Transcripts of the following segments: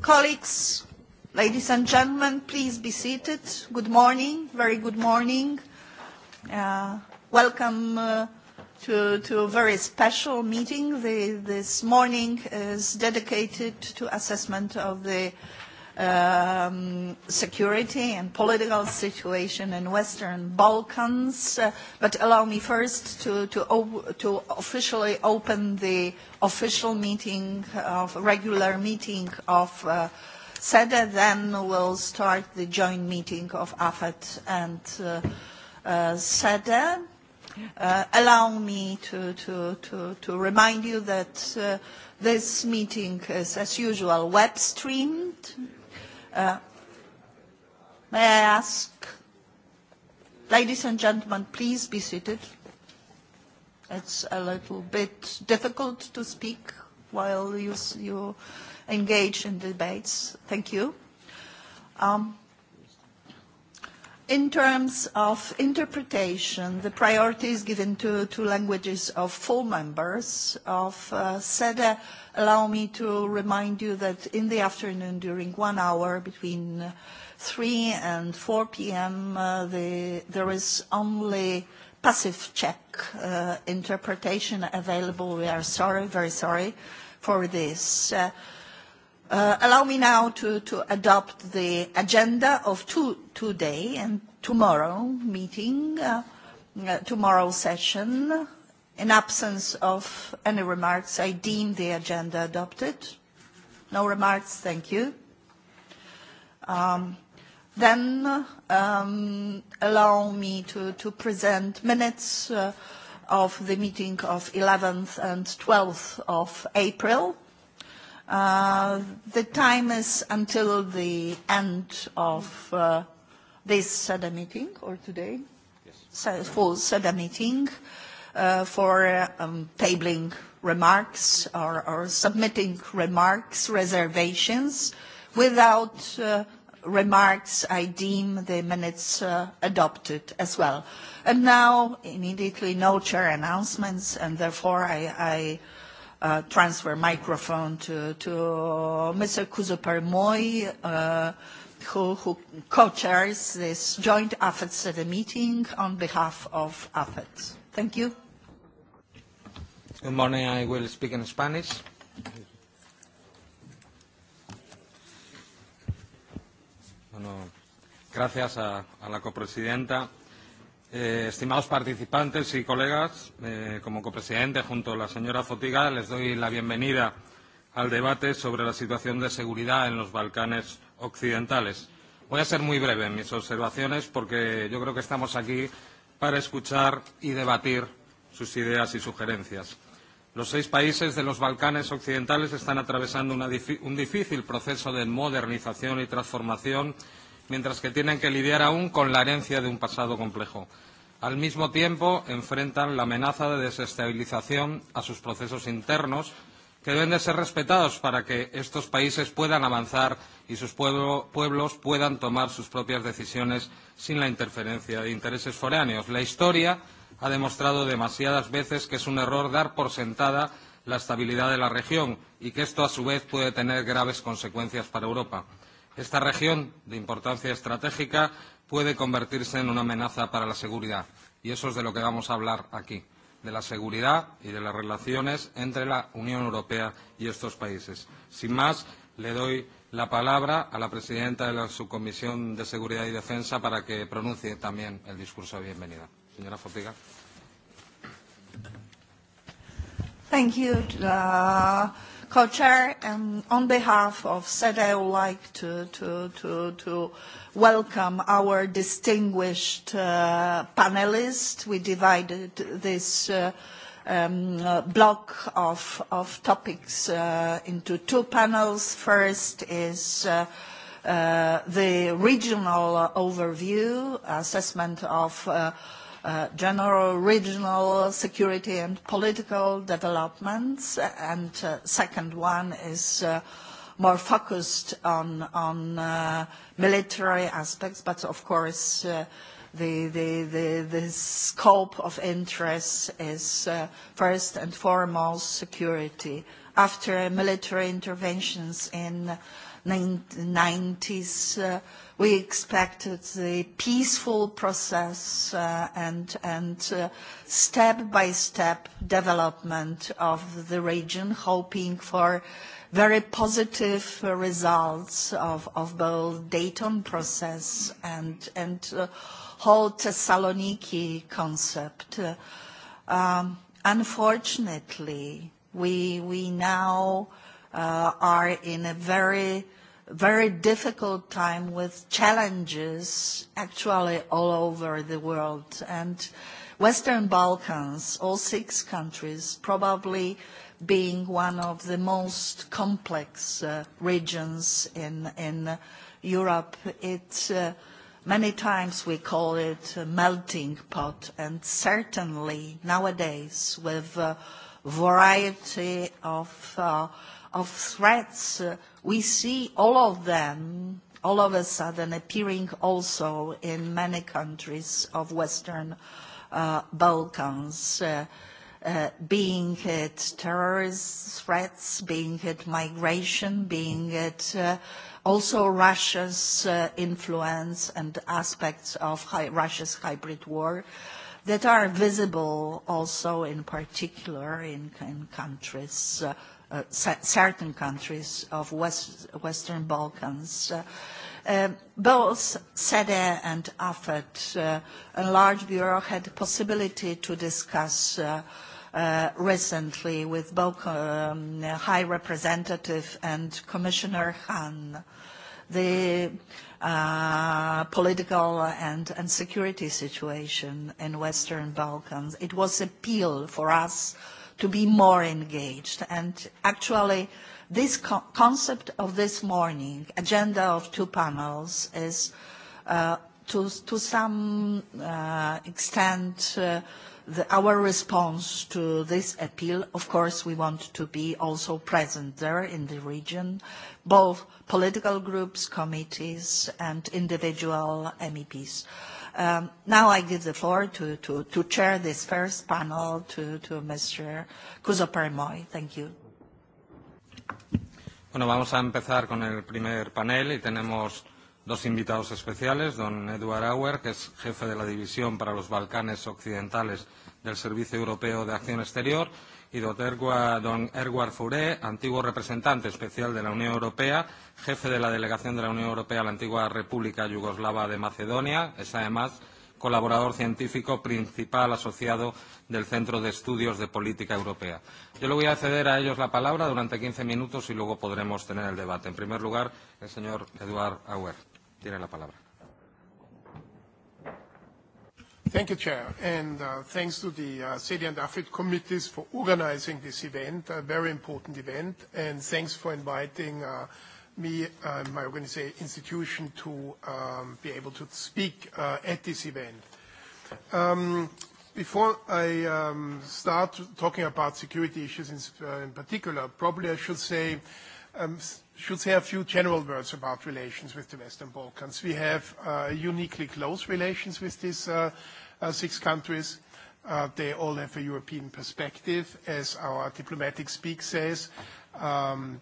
Colleagues, ladies and gentlemen, please be seated. Good morning, very good morning. Uh, welcome uh, to, to a very special meeting. The, this morning is dedicated to assessment of the um, security and political situation in Western Balkans. Uh, but allow me first to, to, op to officially open the official meeting of regular meeting of uh, SEDA. Then we'll start the joint meeting of AFET and uh, uh, SEDA. Uh, allow me to, to, to, to remind you that uh, this meeting is, as usual, web streamed Uh, may I ask, ladies and gentlemen, please be seated. It's a little bit difficult to speak while you, you engage in debates. Thank you. Um, in terms of interpretation, the priority is given to, to languages of full members of uh, SEDE. Allow me to remind you that in the afternoon, during one hour between 3 and 4 p.m., uh, the, there is only passive Czech uh, interpretation available. We are sorry, very sorry for this. Uh, Uh, allow me now to, to adopt the agenda of two, today and tomorrow meeting, uh, uh, tomorrow session. In absence of any remarks, I deem the agenda adopted. No remarks, thank you. Um, then um, allow me to, to present minutes uh, of the meeting of 11th and 12th of April Uh, the time is until the end of uh, this SEDA meeting, or today, yes. full SEDA meeting, uh, for uh, um, tabling remarks or, or submitting remarks, reservations. Without uh, remarks, I deem the minutes uh, adopted as well. And now, immediately, no chair announcements, and therefore I, I uh, transfer microphone to, to Mr. Kuzuper Moy, uh, who, who co-chairs this joint AFET-SEDE meeting on behalf of AFET. Thank you. Good morning. I will speak in Spanish. Bueno, gracias a, a la copresidenta Eh, estimados participantes y colegas, eh, como copresidente junto a la señora Fotiga, les doy la bienvenida al debate sobre la situación de seguridad en los Balcanes occidentales. Voy a ser muy breve en mis observaciones porque yo creo que estamos aquí para escuchar y debatir sus ideas y sugerencias. Los seis países de los Balcanes occidentales están atravesando una, un difícil proceso de modernización y transformación mientras que tienen que lidiar aún con la herencia de un pasado complejo. Al mismo tiempo, enfrentan la amenaza de desestabilización a sus procesos internos, que deben de ser respetados para que estos países puedan avanzar y sus pueblo, pueblos puedan tomar sus propias decisiones sin la interferencia de intereses foráneos. La historia ha demostrado demasiadas veces que es un error dar por sentada la estabilidad de la región y que esto, a su vez, puede tener graves consecuencias para Europa. Esta región de importancia estratégica puede convertirse en una amenaza para la seguridad y eso es de lo que vamos a hablar aquí de la seguridad y de las relaciones entre la Unión Europea y estos países. Sin más, le doy la palabra a la presidenta de la Subcomisión de Seguridad y Defensa para que pronuncie también el discurso de bienvenida. Señora Fotiga. Thank you, uh, co-chair, and on behalf of SEDE, I would like to, to, to, to welcome our distinguished uh, panelists. We divided this uh, um, uh, block of, of topics uh, into two panels. First is uh, uh, the regional overview, assessment of uh, uh, general regional security and political developments. And uh, second one is uh, more focused on, on uh, military aspects, but of course uh, the, the, the, the scope of interest is uh, first and foremost security. After military interventions in 90s, uh, We expected the peaceful process uh, and, and uh, step-by-step -step development of the region, hoping for very positive results of, of both Dayton process and, and uh, whole Thessaloniki concept. Uh, um, unfortunately, we, we now uh, are in a very very difficult time with challenges actually all over the world. And Western Balkans, all six countries, probably being one of the most complex uh, regions in, in Europe. It, uh, many times we call it a melting pot, and certainly nowadays with a variety of, uh, of threats uh, we see all of them all of a sudden appearing also in many countries of Western uh, Balkans, uh, uh, being it terrorist threats, being it migration, being it uh, also Russia's uh, influence and aspects of hi- Russia's hybrid war that are visible also in particular in, in countries uh, uh, certain countries of West, Western Balkans. Uh, um, both SEDE and AFET, uh, a large bureau, had the possibility to discuss uh, uh, recently with both um, High Representative and Commissioner Hahn the uh, political and, and security situation in Western Balkans. It was appeal for us uh, to be more engaged. And actually, this co concept of this morning, agenda of two panels, is uh, to, to some uh, extent uh, the, our response to this appeal. Of course, we want to be also present there in the region, both political groups, committees, and individual MEPs. Uh, Um, now I give the floor to, to, to chair this first panel to, to Mr. Couso Permoy. Thank you. Bueno, vamos a empezar con el primer panel y tenemos dos invitados especiales, don Eduard Auer, que es jefe de la División para los Balcanes Occidentales del Servicio Europeo de Acción Exterior, y y don Erguar Furé, antiguo representante especial de la Unión Europea, jefe de la delegación de la Unión Europea a la antigua República Yugoslava de Macedonia. Es además colaborador científico principal asociado del Centro de Estudios de Política Europea. Yo le voy a ceder a ellos la palabra durante 15 minutos y luego podremos tener el debate. En primer lugar, el señor Eduard Auer. Tiene la palabra. Thank you, Chair, and uh, thanks to the uh, SEDI and AFID committees for organizing this event, a very important event, and thanks for inviting uh, me and my organization institution to um, be able to speak uh, at this event. Um, before I um, start talking about security issues in, uh, in particular, probably I should say um, should say a few general words about relations with the Western Balkans. We have uh, uniquely close relations with this uh, Uh, six countries. Uh, they all have a European perspective, as our diplomatic speak says. Um,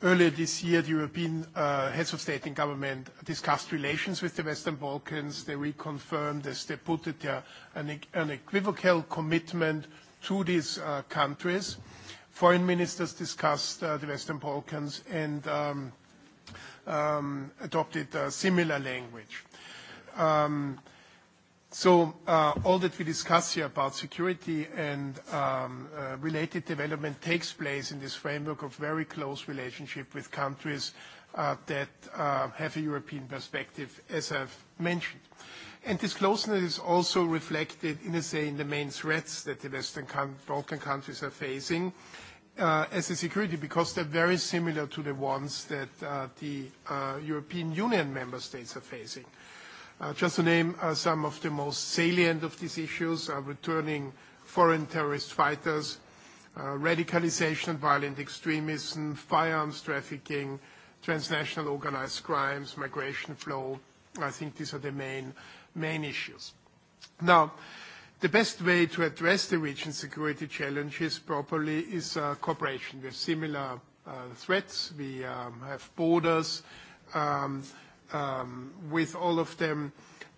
earlier this year, the European uh, heads of state and government discussed relations with the Western Balkans. They reconfirmed, as they put it, uh, an unequivocal commitment to these uh, countries. Foreign ministers discussed uh, the Western Balkans and um, um, adopted a similar language. Um, So uh, all that we discuss here about security and um, uh, related development takes place in this framework of very close relationship with countries uh, that uh, have a European perspective, as I've mentioned. And this closeness is also reflected in, say, in the main threats that the Western Balkan countries are facing uh, as a security, because they're very similar to the ones that uh, the European Union member states are facing. Uh, just to name uh, some of the most salient of these issues are returning foreign terrorist fighters, uh, radicalization and violent extremism, firearms trafficking, transnational organized crimes, migration flow. I think these are the main, main issues. Now, the best way to address the region's security challenges properly is uh, cooperation. We have similar uh, threats. We um, have borders. Um, um, with all of them.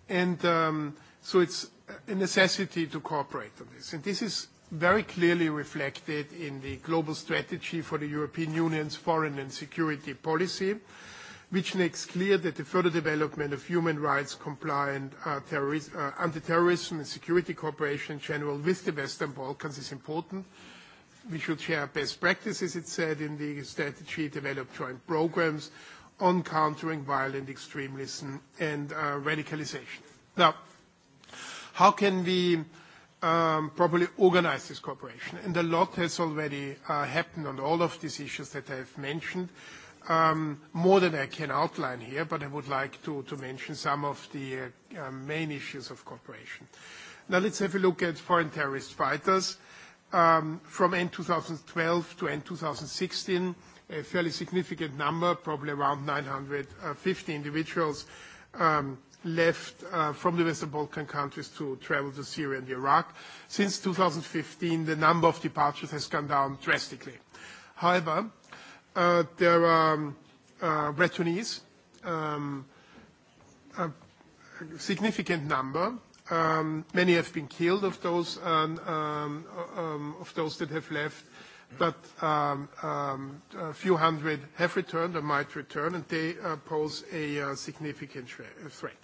And um, so it's a necessity to cooperate on this. And this is very clearly reflected in the global strategy for the European Union's foreign and security policy, which makes clear that the further development of human rights compliant uh, uh, anti-terrorism and security cooperation in general with the Western Balkans is important. We should share best practices, it said in the strategy, develop joint programs, on countering violent extremism and uh, radicalization. Now, how can we um, properly organize this cooperation? And a lot has already uh, happened on all of these issues that I've mentioned. Um, more than I can outline here, but I would like to, to mention some of the uh, main issues of cooperation. Now let's have a look at foreign terrorist fighters. Uh, um, from end 2012 to end 2016, a fairly significant number, probably around 950 individuals, um, left uh, from the Western Balkan countries to travel to Syria and Iraq. Since 2015, the number of departures has gone down drastically. However, uh, there are um, uh, returnees, um, a significant number, Um, many have been killed of those, um, um, um of those that have left, but um, um, a few hundred have returned or might return, and they uh, pose a uh, significant uh, threat.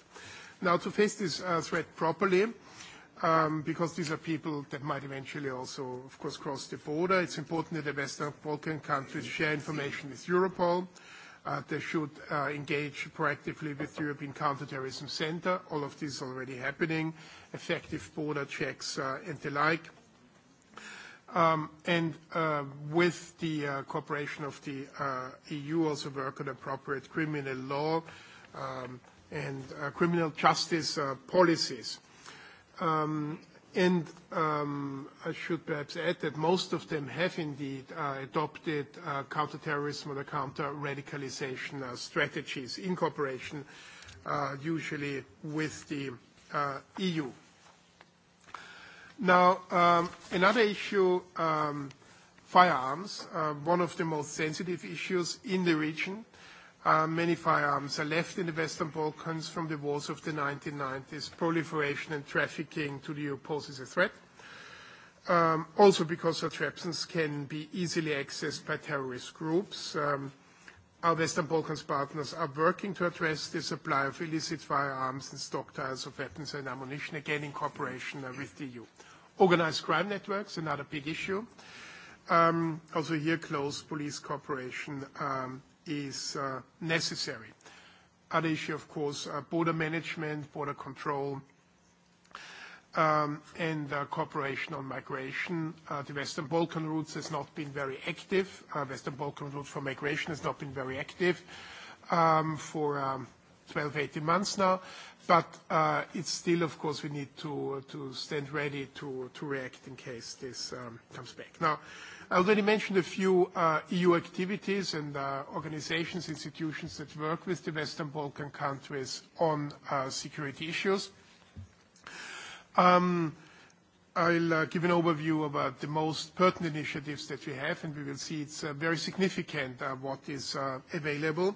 Now, to face this uh, threat properly, Um, because these are people that might eventually also, of course, cross the border. It's important that the Western Balkan countries share information with Europol uh, they should uh, engage proactively with the European Counterterrorism Center. All of this is already happening, effective border checks uh, and the like. Um, and uh, with the uh, cooperation of the uh, EU, also work on appropriate criminal law um, and uh, criminal justice uh, policies. Um, And um, I should perhaps add that most of them have indeed uh, adopted uh, counterterrorism or counter-radicalization uh, strategies in cooperation, uh, usually with the uh, EU. Now, um, another issue, um, firearms, uh, one of the most sensitive issues in the region. Uh, many firearms are left in the Western Balkans from the wars of the 1990s. Proliferation and trafficking to the EU poses a threat. Um, also because contraceptives can be easily accessed by terrorist groups. Um, our Western Balkans partners are working to address the supply of illicit firearms and stockpiles of weapons and ammunition, again, in cooperation uh, with the EU. Organized crime networks, another big issue. Um, also here, close police cooperation um, is uh, necessary. Other issue, of course, uh, border management, border control, um, and uh, cooperation on migration. Uh, the Western Balkan routes has not been very active. Uh, Western Balkan route for migration has not been very active um, for um, 12, 18 months now. But uh, it's still, of course, we need to, to stand ready to, to react in case this um, comes back. Now, I already mentioned a few uh, EU activities and uh, organizations, institutions that work with the Western Balkan countries on uh, security issues. Um, I'll uh, give an overview about the most pertinent initiatives that we have, and we will see it's uh, very significant uh, what is available.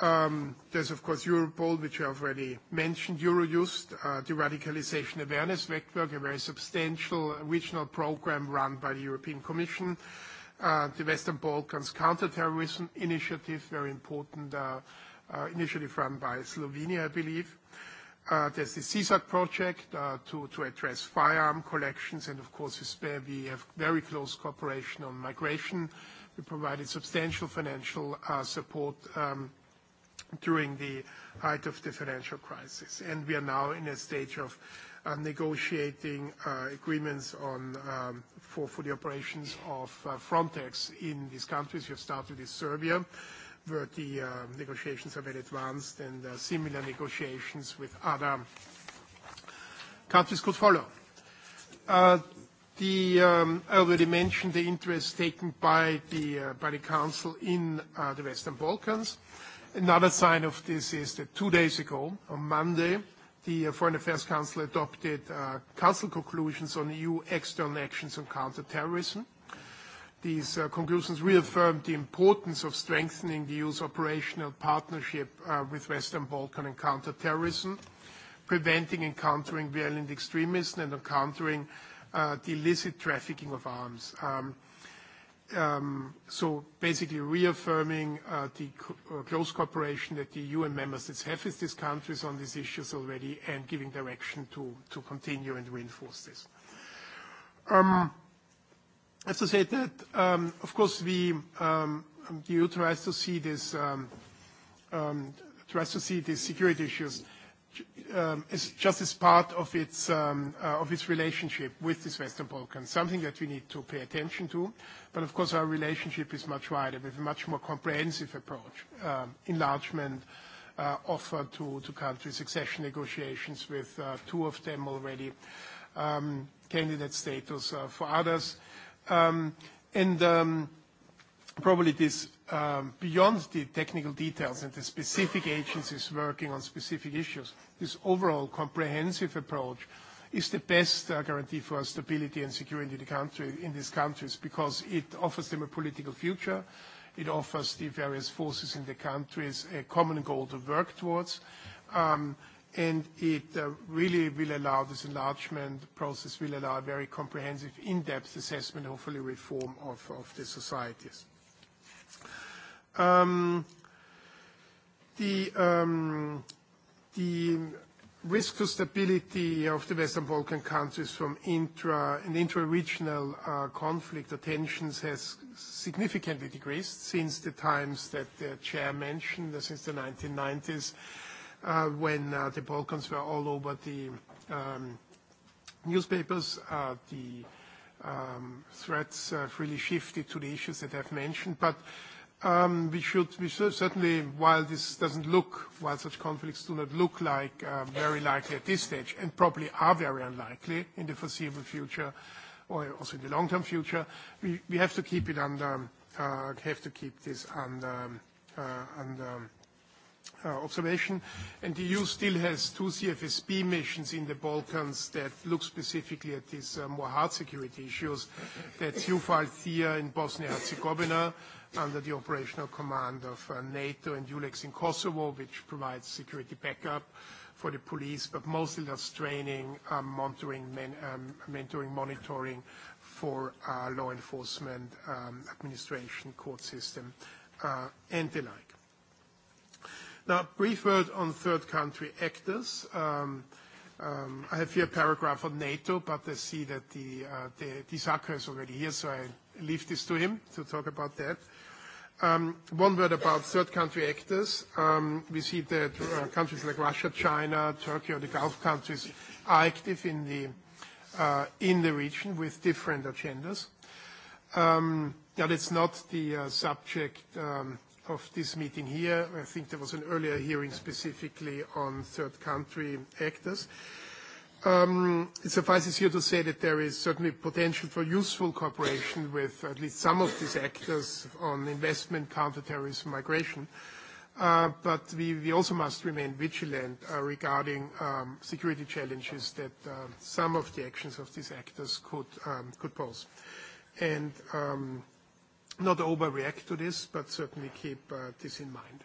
Um, there's, of course, Europol, which I already mentioned, Eurojust, uh, the Radicalization Awareness Network, a very substantial regional program run by the European Commission. Uh, the Western Balkans Counterterrorism Initiative, very important uh, uh initiative run by Slovenia, I believe. Uh, there's the CSAT project uh, to, to address firearm collections, and of course, is where we have very close cooperation on migration. We provided substantial financial support um, during the height of the financial crisis. And we are now in a stage of uh, negotiating uh, agreements on um, for, for the operations of uh, Frontex in these countries. We have started with Serbia, where the uh, negotiations are very advanced, and uh, similar negotiations with other countries could follow. Uh, the, um, I already mentioned the interest taken by the, by the Council in the Western Balkans. Another sign of this is that two days ago, on Monday, the uh, Foreign Affairs Council adopted uh, Council conclusions on EU external actions on counterterrorism. These uh, conclusions reaffirmed the importance of strengthening the EU's operational partnership uh, with Western Balkan and counterterrorism, preventing and countering violent extremism, and on countering uh, the illicit trafficking of arms. Um, Um, so basically reaffirming uh, the co uh, close cooperation that the EU and member states have with these countries on these issues already and giving direction to, to continue and reinforce this. Um, I have to say that, um, of course, we, the EU tries to see this, um, um, tries to see these security issues um, is just as part of its, um, uh, of its relationship with this Western Balkans, something that we need to pay attention to. But of course, our relationship is much wider, with a much more comprehensive approach, um, enlargement, uh, offer to, to countries, accession negotiations with uh, two of them already, um, candidate status uh, for others. Um, and um, probably this um, beyond the technical details and the specific agencies working on specific issues, this overall comprehensive approach is the best uh, guarantee for stability and security in the country, in these countries, because it offers them a political future, it offers the various forces in the countries a common goal to work towards, um, and it uh, really will allow this enlargement process will allow a very comprehensive, in-depth assessment, hopefully reform of, of the societies. Um, the, um, the risk to stability of the Western Balkan countries from intra and intra-regional uh, conflict or tensions has significantly decreased since the times that the chair mentioned, uh, since the 1990s, uh, when uh, the Balkans were all over the um, newspapers. Uh, the um, threats have uh, really shifted to the issues that I've mentioned. But um, we should, we should certainly, while this doesn't look, while such conflicts do not look like uh, very likely at this stage, and probably are very unlikely in the foreseeable future or also in the long-term future, we, we have to keep it under, uh, have to keep this under, uh, under Uh, observation. And the EU still has two CFSP missions in the Balkans that look specifically at these uh, more hard security issues. That's EUFOR Althea in Bosnia-Herzegovina under the operational command of uh, NATO and ULEX in Kosovo, which provides security backup for the police, but mostly does training, um, monitoring, men, um, mentoring, monitoring for uh, law enforcement, um, administration, court system, uh, and the like. Now, brief word on third country actors. Um, um, I have here a paragraph on NATO, but I see that the, uh, the, the Saka is already here, so I leave this to him to talk about that. Um, one word about third country actors. Um, we see that uh, countries like Russia, China, Turkey, or the Gulf countries are active in the, uh, in the region with different agendas. Um, now, that's not the uh, subject um, of this meeting here. I think there was an earlier hearing specifically on third country actors. Um, it suffices here to say that there is certainly potential for useful cooperation with at least some of these actors on investment, counterterrorism, migration. Uh, but we, we also must remain vigilant uh, regarding um, security challenges that uh, some of the actions of these actors could, um, could pose. And um, not overreact to this, but certainly keep uh, this in mind.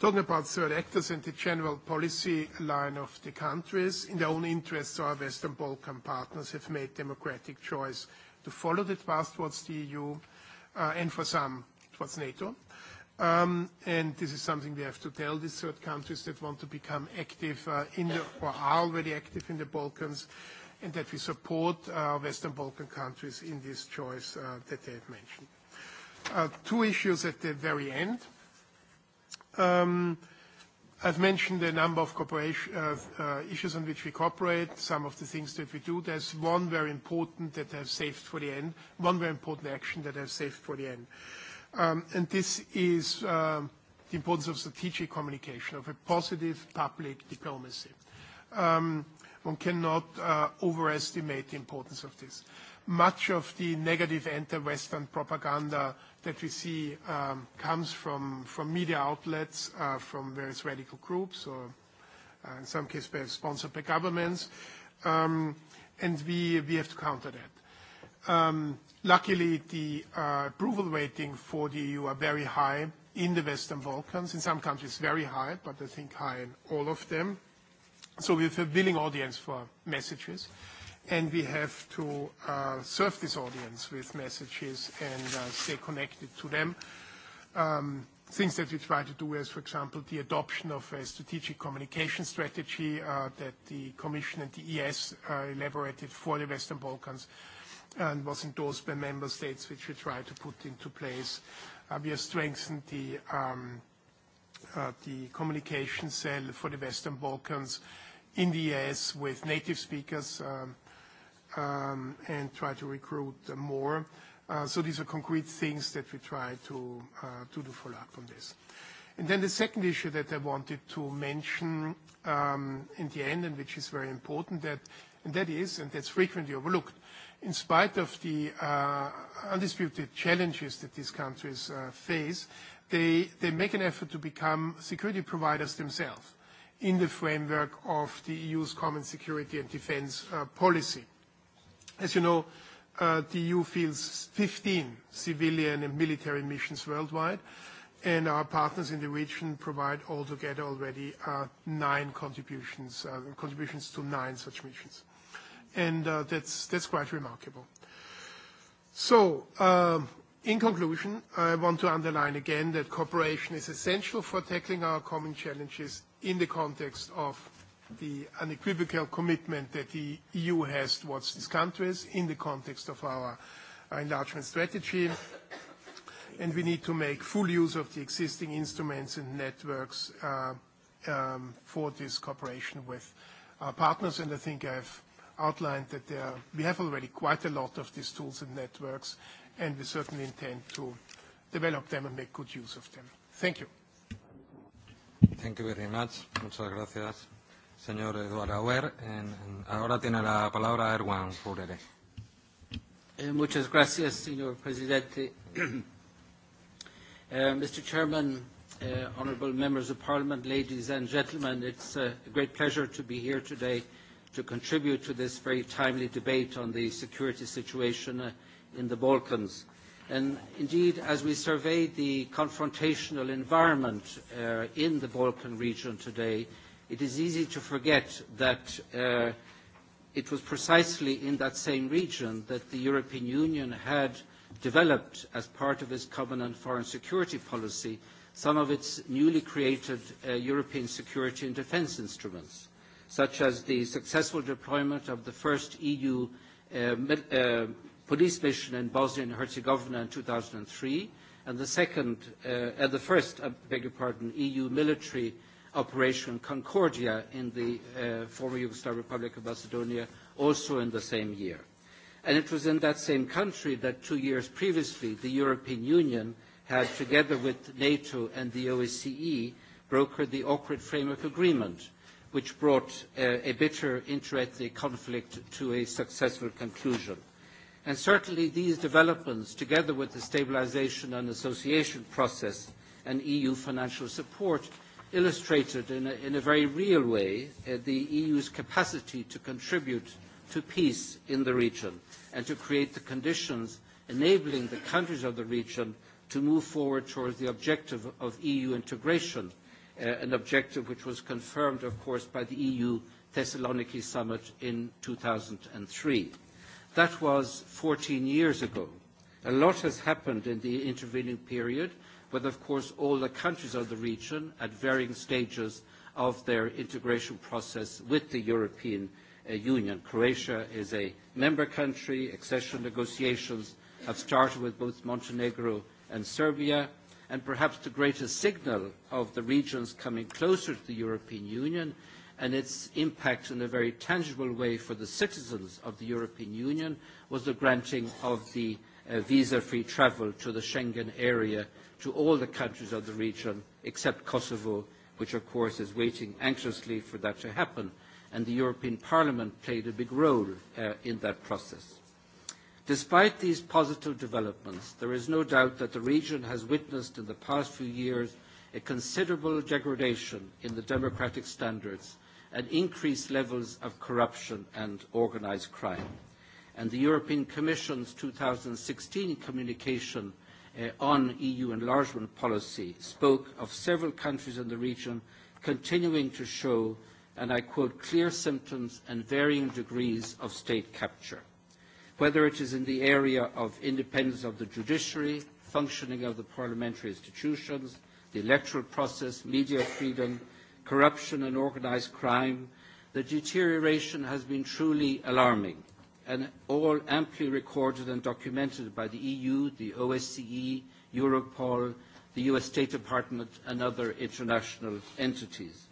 Talking about third actors and the general policy line of the countries, in their own interests, our Western Balkan partners have made democratic choice to follow the path towards the EU, uh, and for some, towards NATO. Um, and this is something we have to tell these third countries that want to become active uh, in the, or are already active in the Balkans, and that we support uh, Western Balkan countries in this choice uh, that they have mentioned uh, two issues at the very end. Um, I've mentioned a number of uh, uh, issues on which we cooperate, some of the things that we do. There's one very important that I've saved for the end, one very important action that I've saved for the end. Um, and this is um, the importance of strategic communication, of a positive public diplomacy. Um, one cannot uh, overestimate the importance of this much of the negative anti-Western propaganda that we see um, comes from, from media outlets, uh, from various radical groups, or uh, in some cases perhaps sponsored by governments, um, and we, we have to counter that. Um, luckily, the uh, approval rating for the EU are very high in the Western Balkans, in some countries very high, but I think high in all of them. So we have a willing audience for messages. Uh, and we have to uh, serve this audience with messages and uh, stay connected to them. Um, things that we try to do is, for example, the adoption of a strategic communication strategy uh, that the Commission and the ES uh, elaborated for the Western Balkans and was endorsed by member states, which we try to put into place. Uh, we have strengthened the, um, uh, the communication cell for the Western Balkans in the ES with native speakers, um, um, and try to recruit more. Uh, so these are concrete things that we try to, uh, to do follow-up on this. And then the second issue that I wanted to mention um, in the end, and which is very important, that, and that is, and that's frequently overlooked, in spite of the uh, undisputed challenges that these countries uh, face, they, they make an effort to become security providers themselves in the framework of the EU's common security and defense uh, policy. As you know, uh, the EU fields 15 civilian and military missions worldwide, and our partners in the region provide altogether already uh, nine contributions, uh, contributions to nine such missions. And uh, that's, that's quite remarkable. So, um, in conclusion, I want to underline again that cooperation is essential for tackling our common challenges in the context of the unequivocal commitment that the EU has towards these countries in the context of our enlargement strategy. And we need to make full use of the existing instruments and networks uh, um, for this cooperation with our partners. And I think I've outlined that there, are, we have already quite a lot of these tools and networks, and we certainly intend to develop them and make good use of them. Thank you. Thank you very much. Muchas gracias señor Eduardo Auer. En, ahora tiene la palabra Erwan Furere. Eh, muchas gracias, señor presidente. uh, eh, Mr. Chairman, uh, eh, honourable members of parliament, ladies and gentlemen, it's a great pleasure to be here today to contribute to this very timely debate on the security situation uh, in the Balkans. And indeed, as we survey the confrontational environment uh, in the Balkan region today, uh, it is easy to forget that uh, it was precisely in that same region that the European Union had developed, as part of its common and foreign security policy, some of its newly created uh, European security and defence instruments, such as the successful deployment of the first EU uh, uh, police mission in Bosnia and Herzegovina in 2003, and the second, uh, and the first, I beg your pardon, EU military Operation Concordia in the uh, former Yugoslav Republic of Macedonia, also in the same year. And it was in that same country that two years previously the European Union had, together with NATO and the OSCE, e, brokered the Awkward Framework Agreement, which brought uh, a bitter interethnic conflict to a successful conclusion. And certainly these developments, together with the stabilization and association process and EU financial support, illustrated in a, in a very real way uh, the EU's capacity to contribute to peace in the region and to create the conditions enabling the countries of the region to move forward towards the objective of EU integration, uh, an objective which was confirmed, of course, by the EU Thessaloniki summit in 2003. That was 14 years ago. A lot has happened in the intervening period, with, of course, all the countries of the region at varying stages of their integration process with the European uh, Union. Croatia is a member country. Accession negotiations have started with both Montenegro and Serbia. And perhaps the greatest signal of the regions coming closer to the European Union and its impact in a very tangible way for the citizens of the European Union was the granting of the uh, visa-free travel to the Schengen area to all the countries of the region except Kosovo, which of course is waiting anxiously for that to happen. And the European Parliament played a big role uh, in that process. Despite these positive developments, there is no doubt that the region has witnessed in the past few years a considerable degradation in the democratic standards and increased levels of corruption and organized crime and the European Commission's 2016 communication uh, on EU enlargement policy spoke of several countries in the region continuing to show, and I quote, clear symptoms and varying degrees of state capture, whether it is in the area of independence of the judiciary, functioning of the parliamentary institutions, the electoral process, media freedom, corruption and organized crime, the deterioration has been truly alarming and all amply recorded and documented by the EU, the OSCE, Europol, the US State Department, and other international entities.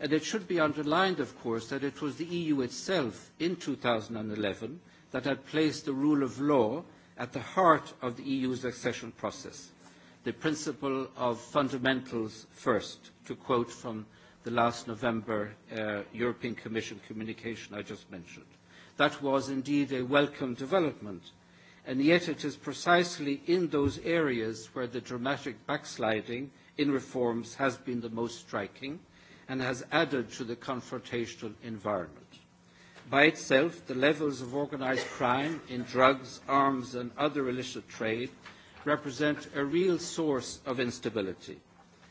And it should be underlined, of course, that it was the EU itself in 2011 that had placed the rule of law at the heart of the EU's accession process, the principle of fundamentals first, to quote from the last November uh, European Commission communication I just mentioned. That was indeed a welcome development. And yet it is precisely in those areas where the dramatic backsliding in reforms has been the most striking and has added to the confrontational environment. By itself, the levels of organized crime in drugs, arms, and other illicit trade represent a real source of instability.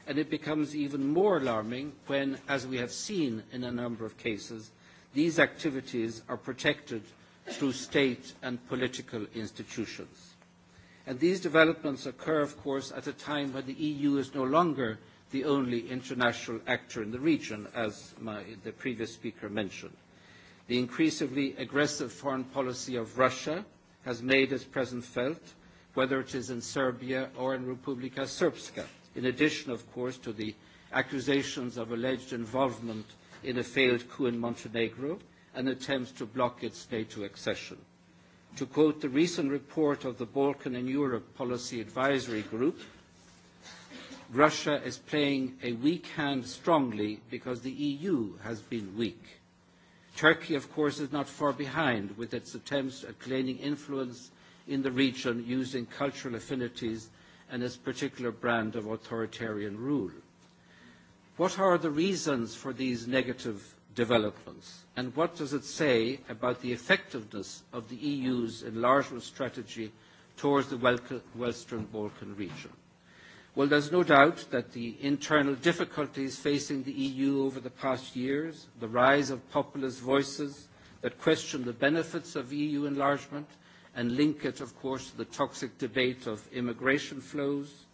And it becomes even more alarming when, as we have seen in a number of cases, these activities are protected through state and political institutions. And these developments occur, of course, at a time when the EU is no longer the only international actor in the region, as my, the previous speaker mentioned. The increasingly aggressive foreign policy of Russia has made its presence felt, whether it is in Serbia or in Republika Srpska, in addition, of course, to the accusations of alleged involvement in a failed coup in Montenegro and attempts to block its NATO accession. To quote the recent report of the Balkan and Europe Policy Advisory Group, Russia is playing a weak hand strongly because the EU has been weak. Turkey, of course, is not far behind with its attempts at gaining influence in the region using cultural affinities and its particular brand of authoritarian rule. What are the reasons for these negative developments? And what does it say about the effectiveness of the EU's enlargement strategy towards the Western Balkan region? Well, there's no doubt that the internal difficulties facing the EU over the past years, the rise of populist voices that question the benefits of EU enlargement and link it, of course, to the toxic debate of immigration flows,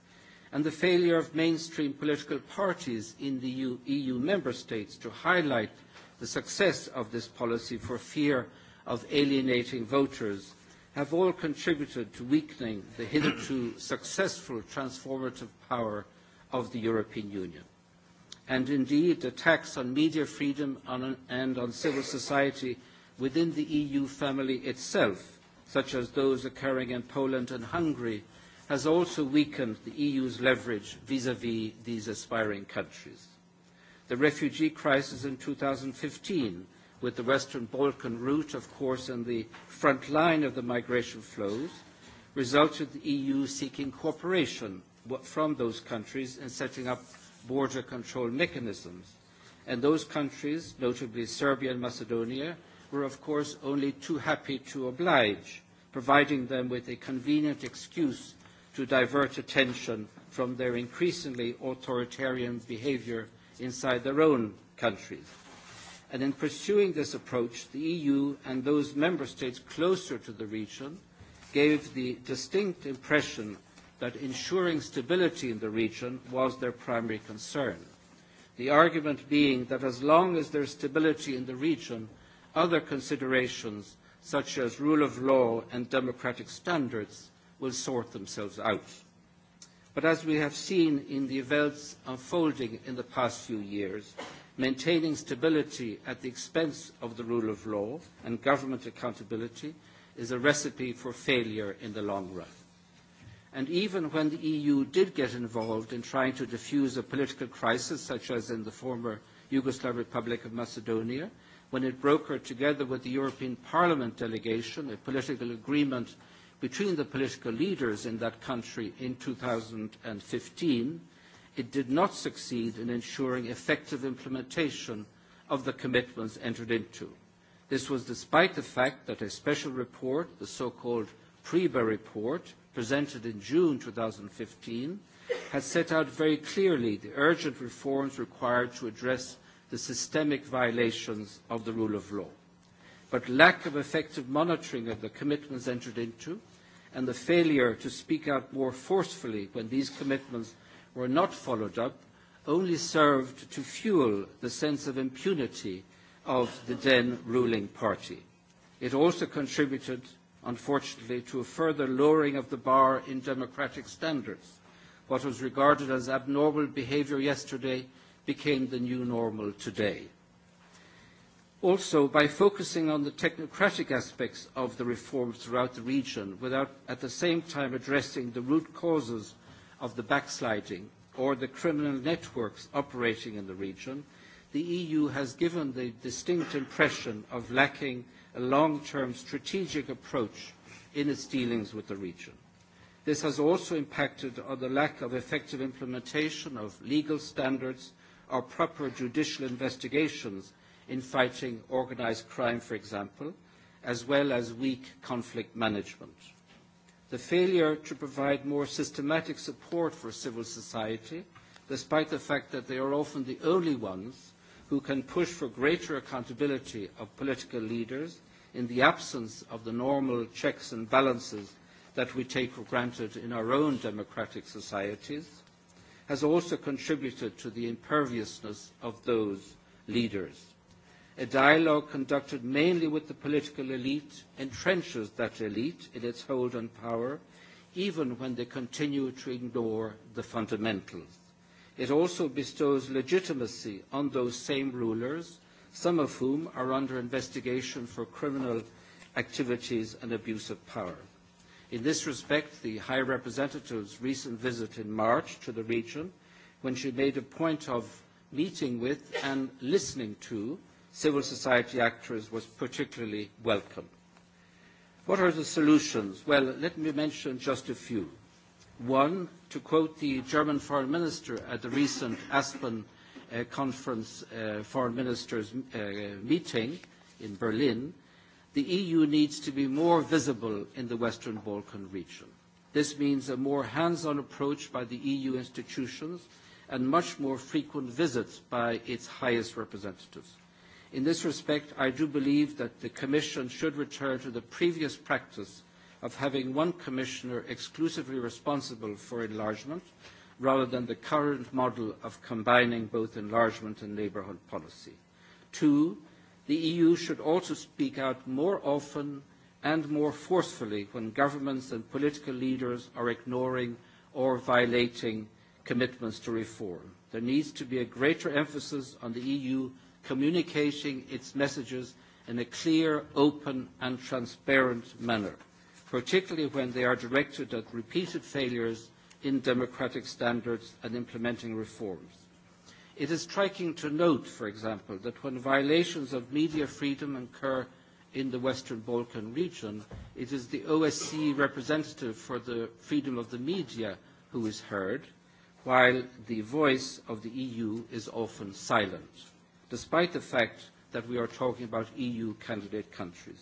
and the failure of mainstream political parties in the EU, EU member states to highlight the success of this policy for fear of alienating voters have all contributed to weakening the hitherto successful transformative power of the European Union. And indeed, attacks on media freedom on an, and on civil society within the EU family itself, such as those occurring in Poland and Hungary, has also weakened the EU's leverage vis-à-vis -vis these aspiring countries. The refugee crisis in 2015, with the Western Balkan route, of course, in the front line of the migration flows, resulted in the EU seeking cooperation from those countries in setting up border control mechanisms. And those countries, notably Serbia and Macedonia, were of course only too happy to oblige, providing them with a convenient excuse to divert attention from their increasingly authoritarian behavior inside their own countries. And in pursuing this approach, the EU and those member states closer to the region gave the distinct impression that ensuring stability in the region was their primary concern. The argument being that as long as there is stability in the region, other considerations such as rule of law and democratic standards will sort themselves out. But as we have seen in the events unfolding in the past few years, maintaining stability at the expense of the rule of law and government accountability is a recipe for failure in the long run. And even when the EU did get involved in trying to defuse a political crisis, such as in the former Yugoslav Republic of Macedonia, when it brokered, together with the European Parliament delegation, a political agreement between the political leaders in that country in 2015, it did not succeed in ensuring effective implementation of the commitments entered into. This was despite the fact that a special report, the so-called PREBA report, presented in June 2015, has set out very clearly the urgent reforms required to address the systemic violations of the rule of law. But lack of effective monitoring of the commitments entered into and the failure to speak out more forcefully when these commitments were not followed up only served to fuel the sense of impunity of the then ruling party. It also contributed, unfortunately, to a further lowering of the bar in democratic standards. What was regarded as abnormal behaviour yesterday became the new normal today. Also, by focusing on the technocratic aspects of the reforms throughout the region without at the same time addressing the root causes of the backsliding or the criminal networks operating in the region, the EU has given the distinct impression of lacking a long-term strategic approach in its dealings with the region. This has also impacted on the lack of effective implementation of legal standards or proper judicial investigations in fighting organized crime, for example, as well as weak conflict management. The failure to provide more systematic support for civil society, despite the fact that they are often the only ones who can push for greater accountability of political leaders in the absence of the normal checks and balances that we take for granted in our own democratic societies, has also contributed to the imperviousness of those leaders. A dialogue conducted mainly with the political elite entrenches that elite in its hold on power, even when they continue to ignore the fundamentals. It also bestows legitimacy on those same rulers, some of whom are under investigation for criminal activities and abuse of power. In this respect, the High Representative's recent visit in March to the region, when she made a point of meeting with and listening to civil society actors was particularly welcome. What are the solutions? Well, let me mention just a few. One, to quote the German Foreign Minister at the recent Aspen uh, Conference uh, Foreign Ministers uh, meeting in Berlin, the EU needs to be more visible in the Western Balkan region. This means a more hands-on approach by the EU institutions and much more frequent visits by its highest representatives. In this respect, I do believe that the Commission should return to the previous practice of having one Commissioner exclusively responsible for enlargement, rather than the current model of combining both enlargement and neighbourhood policy. Two, the EU should also speak out more often and more forcefully when governments and political leaders are ignoring or violating commitments to reform. There needs to be a greater emphasis on the EU communicating its messages in a clear, open and transparent manner, particularly when they are directed at repeated failures in democratic standards and implementing reforms. It is striking to note, for example, that when violations of media freedom occur in the Western Balkan region, it is the OSCE representative for the freedom of the media who is heard, while the voice of the EU is often silent despite the fact that we are talking about EU candidate countries.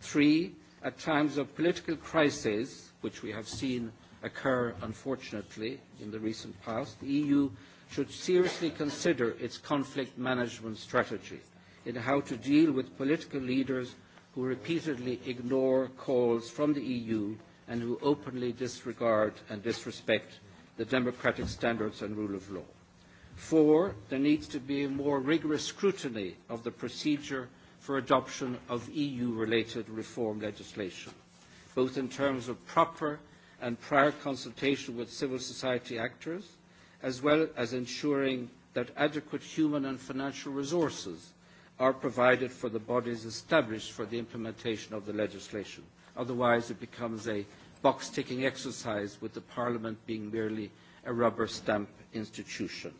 Three, at times of political crises, which we have seen occur, unfortunately, in the recent past, the EU should seriously consider its conflict management strategy in how to deal with political leaders who repeatedly ignore calls from the EU and who openly disregard and disrespect the democratic standards and rule of law. Four, there needs to be a more rigorous scrutiny of the procedure for adoption of EU-related reform legislation, both in terms of proper and prior consultation with civil society actors, as well as ensuring that adequate human and financial resources are provided for the bodies established for the implementation of the legislation. Otherwise, it becomes a box-ticking exercise with the Parliament being merely a rubber stamp institution.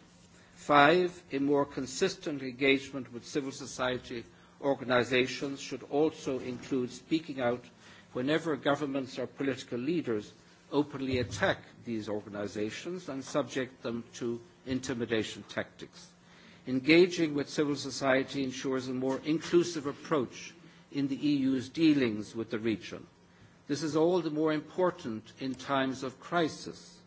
Five, a more consistent engagement with civil society organizations should also include speaking out whenever governments or political leaders openly attack these organizations and subject them to intimidation tactics. Engaging with civil society ensures a more inclusive approach in the EU's dealings with the region. This is all the more important in times of crisis.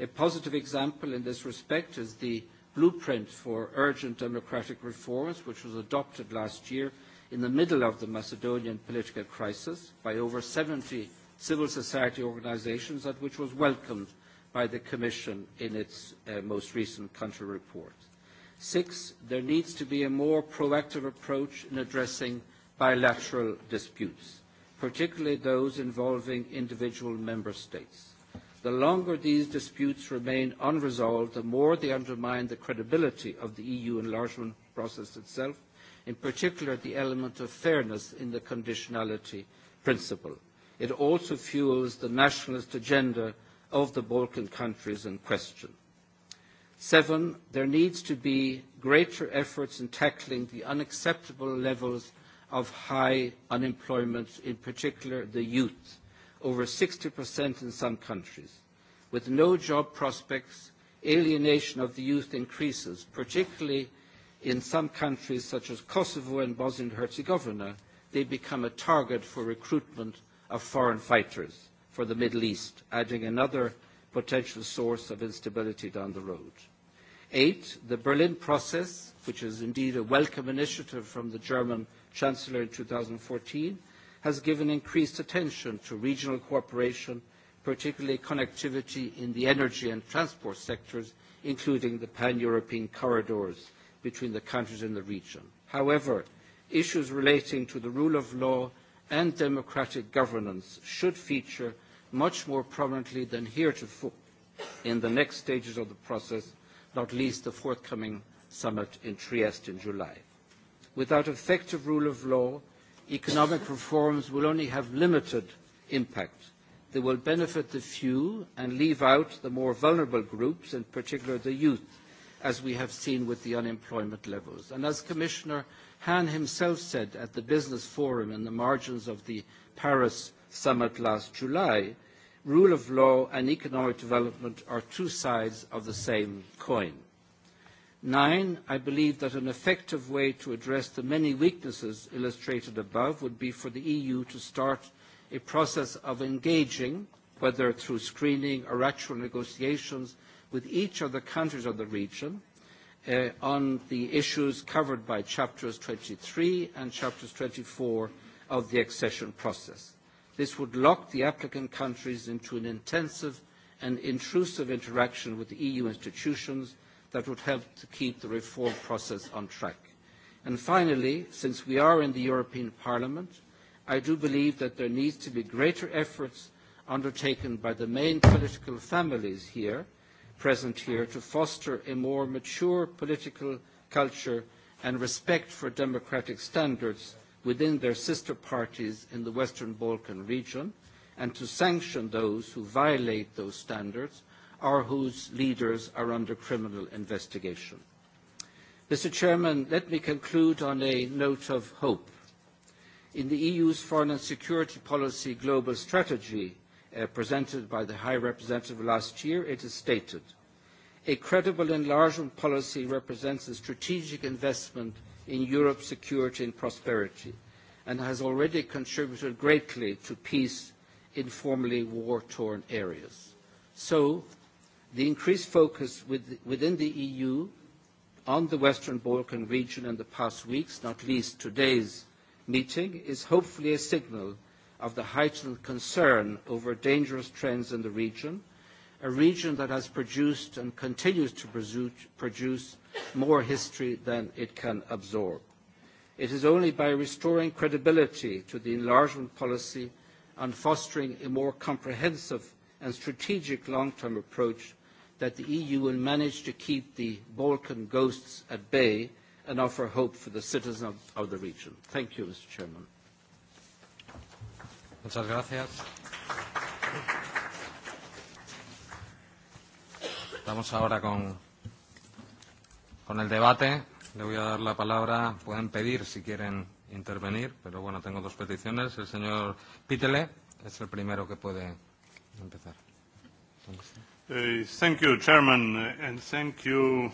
A positive example in this respect is the blueprint for urgent democratic reforms, which was adopted last year in the middle of the Macedonian political crisis by over 70 civil society organizations, and which was welcomed by the Commission in its uh, most recent country report. Six, there needs to be a more proactive approach in addressing bilateral disputes, particularly those involving individual member states. The longer these disputes remain unresolved, the more they undermine the credibility of the EU enlargement process itself, in particular the element of fairness in the conditionality principle. It also fuels the nationalist agenda of the Balkan countries in question. Seven, there needs to be greater efforts in tackling the unacceptable levels of high unemployment, in particular the youth over 60% in some countries. With no job prospects, alienation of the youth increases, particularly in some countries such as Kosovo and Bosnia and Herzegovina. They become a target for recruitment of foreign fighters for the Middle East, adding another potential source of instability down the road. Eight, the Berlin process, which is indeed a welcome initiative from the German Chancellor in 2014, has given increased attention to regional cooperation, particularly connectivity in the energy and transport sectors, including the pan-European corridors between the countries in the region. However, issues relating to the rule of law and democratic governance should feature much more prominently than heretofore in the next stages of the process, not least the forthcoming summit in Trieste in July. Without effective rule of law, economic reforms will only have limited impact. They will benefit the few and leave out the more vulnerable groups, in particular the youth, as we have seen with the unemployment levels. And as Commissioner Hahn himself said at the Business Forum in the margins of the Paris summit last July, rule of law and economic development are two sides of the same coin. Nine, I believe that an effective way to address the many weaknesses illustrated above would be for the EU to start a process of engaging, whether through screening or actual negotiations, with each of the countries of the region uh, on the issues covered by chapters 23 and chapters 24 of the accession process. This would lock the applicant countries into an intensive and intrusive interaction with the EU institutions that would help to keep the reform process on track. And finally, since we are in the European Parliament, I do believe that there needs to be greater efforts undertaken by the main political families here, present here, to foster a more mature political culture and respect for democratic standards within their sister parties in the Western Balkan region, and to sanction those who violate those standards or whose leaders are under criminal investigation. Mr Chairman, let me conclude on a note of hope. In the EU's foreign and security policy global strategy uh, presented by the High Representative last year, it is stated, a credible enlargement policy represents a strategic investment in Europe's security and prosperity and has already contributed greatly to peace in formerly war-torn areas. So, the increased focus with, within the EU on the Western Balkan region in the past weeks, not least today's meeting, is hopefully a signal of the heightened concern over dangerous trends in the region, a region that has produced and continues to produce more history than it can absorb. It is only by restoring credibility to the enlargement policy and fostering a more comprehensive and strategic long-term approach that the EU will manage to keep the Balkan ghosts at bay and offer hope for the citizens of, of the region. Thank you, Mr. Chairman. Muchas gracias. Vamos ahora con, con el debate. Le voy a dar la palabra. Pueden pedir si quieren intervenir, pero bueno, tengo dos peticiones. El señor Pítele es el primero que puede empezar. ¿Dónde está? Uh, thank you, Chairman, uh, and thank you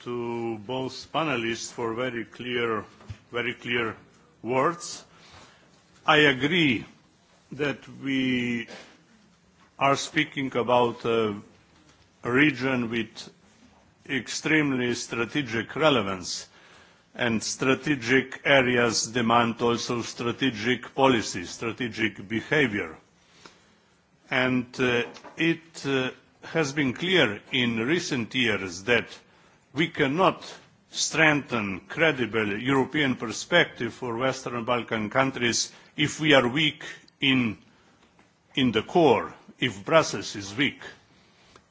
to both panelists for very clear, very clear words. I agree that we are speaking about a region with extremely strategic relevance, and strategic areas demand also strategic policy, strategic behavior and uh, it uh, has been clear in recent years that we cannot strengthen credible European perspective for Western Balkan countries if we are weak in, in the core, if Brussels is weak.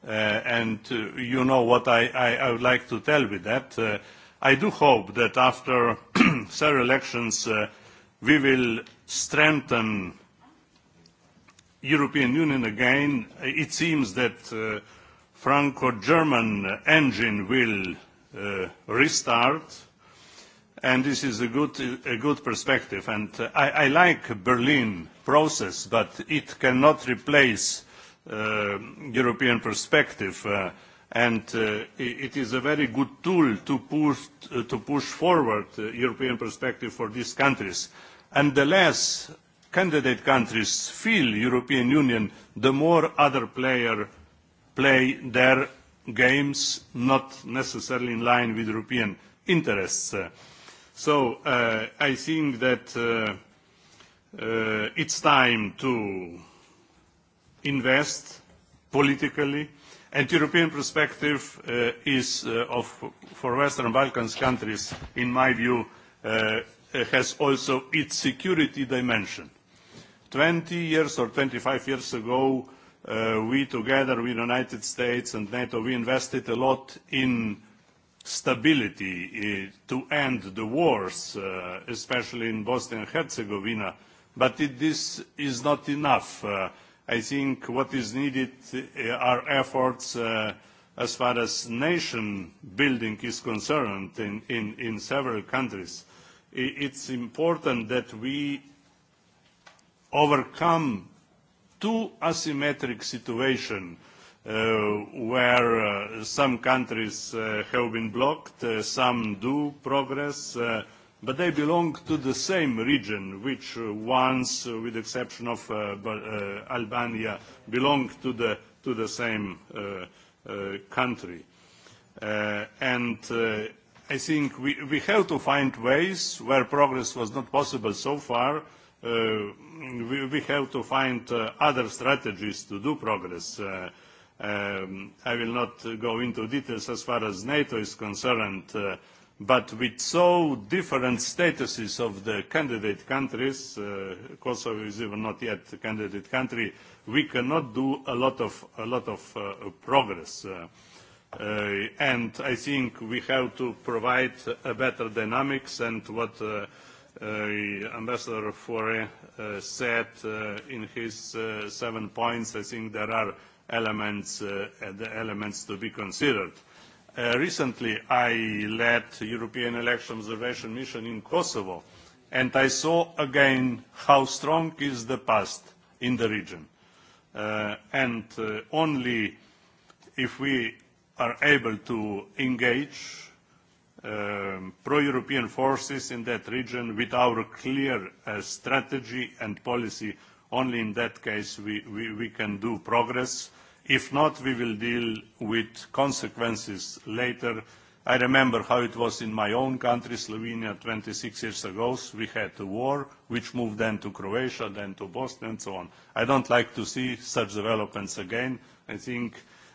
Uh, and uh, you know what I, I, I would like to tell with that. Uh, I do hope that after several elections uh, we will strengthen European Union again, it seems that uh, Franco-German engine will uh, restart, and this is a good, a good perspective. And uh, I, I like Berlin process, but it cannot replace uh, European perspective. Uh, and uh, it is a very good tool to push, uh, to push forward uh, European perspective for these countries. And the less candidate countries feel European Union, the more other players play their games, not necessarily in line with European interests. Uh, so uh, I think that uh, uh, it's time to invest politically, and European perspective uh, is uh, of, for Western Balkans countries, in my view, uh, has also its security dimension. Uh, 20 years or 25 years ago, uh, we together with United States and NATO, we invested a lot in stability uh, to end the wars, uh, especially in Bosnia and Herzegovina. But it, this is not enough. Uh, I think what is needed uh, are efforts uh, as far as nation building is concerned in, in, in several countries. It's important that we overcome two asymmetric situations uh, where uh, some countries uh, have been blocked, uh, some do progress, uh, but they belong to the same region, which uh, once, uh, with the exception of uh, uh, Albania, belonged to the, to the same uh, uh, country. Uh, and uh, I think we, we have to find ways where progress was not possible so far uh, uh, we, we have to find uh, other strategies to do progress. Uh, um, I will not go into details as far as NATO is concerned, uh, but with so different statuses of the candidate countries, uh, Kosovo is even not yet a candidate country, we cannot do a lot of, a lot of uh, progress. Uh, uh, and I think we have to provide a better dynamics and what uh, uh, Ambassador Faure uh, said uh, in his uh, seven points, I think there are elements, uh, the elements to be considered. Uh, recently, I led European Election Observation Mission in Kosovo, and I saw again how strong is the past in the region. Uh, and uh, only if we are able to engage um, pro-European forces in that region with our clear uh, strategy and policy. Only in that case we, we, we can do progress. If not, we will deal with consequences later. I remember how it was in my own country, Slovenia, 26 years ago. We had a war which moved then to Croatia, then to Bosnia, and so on. I don't like to see such developments again. I think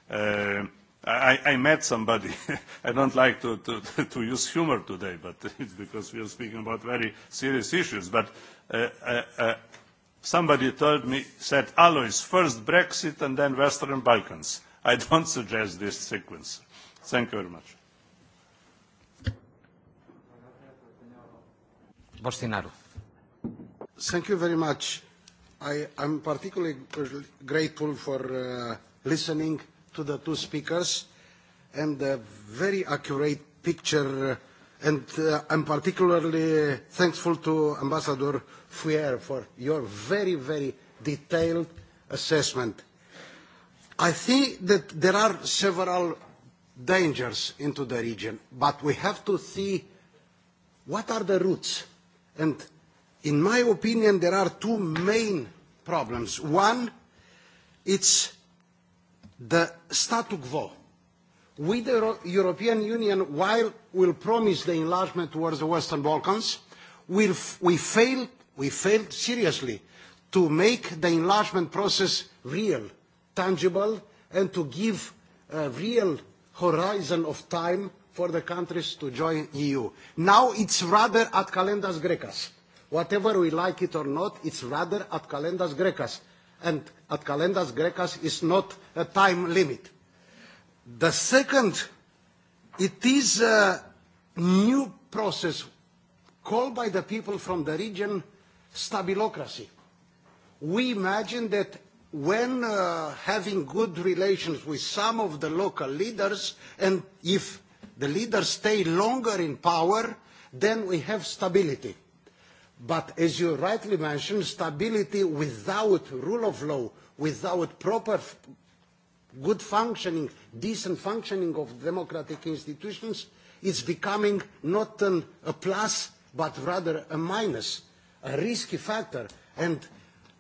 uh, I, I met somebody. I don't like to, to, to use humor today, but it's because we are speaking about very serious issues. But uh, uh, uh, somebody told me, said, Alois, first Brexit and then Western Balkans. I don't suggest this sequence. Thank you very much. Bostinaru. Thank you very much. I, I'm particularly grateful for uh, listening uh, to the two speakers and a very accurate picture. And uh, I'm particularly thankful to Ambassador Fuyer for your very, very detailed assessment. I think that there are several dangers into the region, but we have to see what are the roots. And in my opinion, there are two main problems. One, it's the statu quo. We, the European Union, while will promise the enlargement towards the Western Balkans, we'll, we, failed, we failed seriously to make the enlargement process real, tangible, and to give a real horizon of time for the countries to join EU. Now it's rather at calendas grecas. Whatever we like it or not, it's rather at calendas grecas and at Calendas Grecas is not a time limit. The second, it is a new process called by the people from the region stabilocracy. We imagine that when uh, having good relations with some of the local leaders, and if the leaders stay longer in power, then we have stability But as you rightly mentioned, stability without rule of law, without proper good functioning, decent functioning of democratic institutions is becoming not an, a plus, but rather a minus, a risky factor. And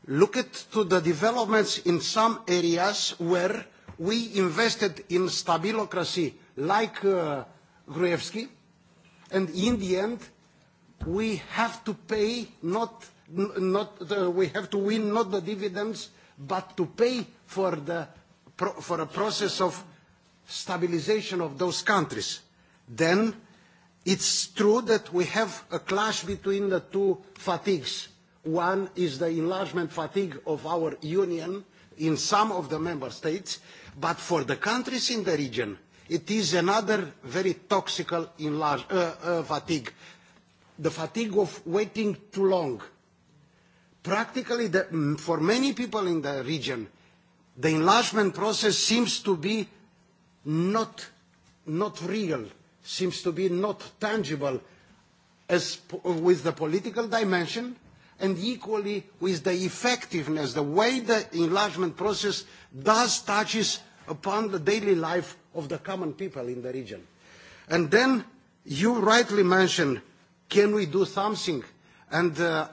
look at to the developments in some areas where we invested in stabilocracy, like uh, Gruevski, and in the end, we have to pay not, not the, we have to win not the dividends, but to pay for, the, for a process of stabilization of those countries. Then it's true that we have a clash between the two fatigues. One is the enlargement fatigue of our union in some of the member states, but for the countries in the region, it is another very toxic enlarge, uh, uh, fatigue the fatigue of waiting too long. Practically, the, mm, for many people in the region, the enlargement process seems to be not, not real, seems to be not tangible as with the political dimension and equally with the effectiveness, the way the enlargement process does touches upon the daily life of the common people in the region. And then you rightly mentioned Can we do something? And uh,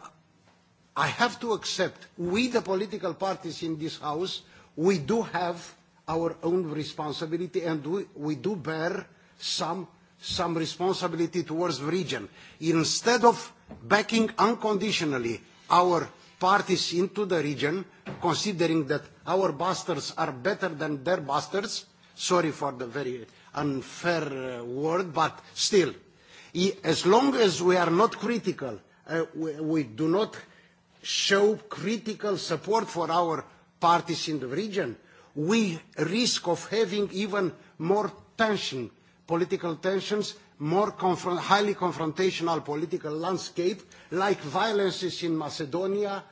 I have to accept, we the political parties in this House, we do have our own responsibility and we, we do bear some, some responsibility towards the region. Instead of backing unconditionally our parties into the region, considering that our bastards are better than their bastards, sorry for the very unfair uh, word, but still, As long as we are not critical, uh, we, we do not show critical support for our parties in the region, we risk of having even more tension, political tensions, more confront, highly confrontational political landscape, like violences in Macedonia,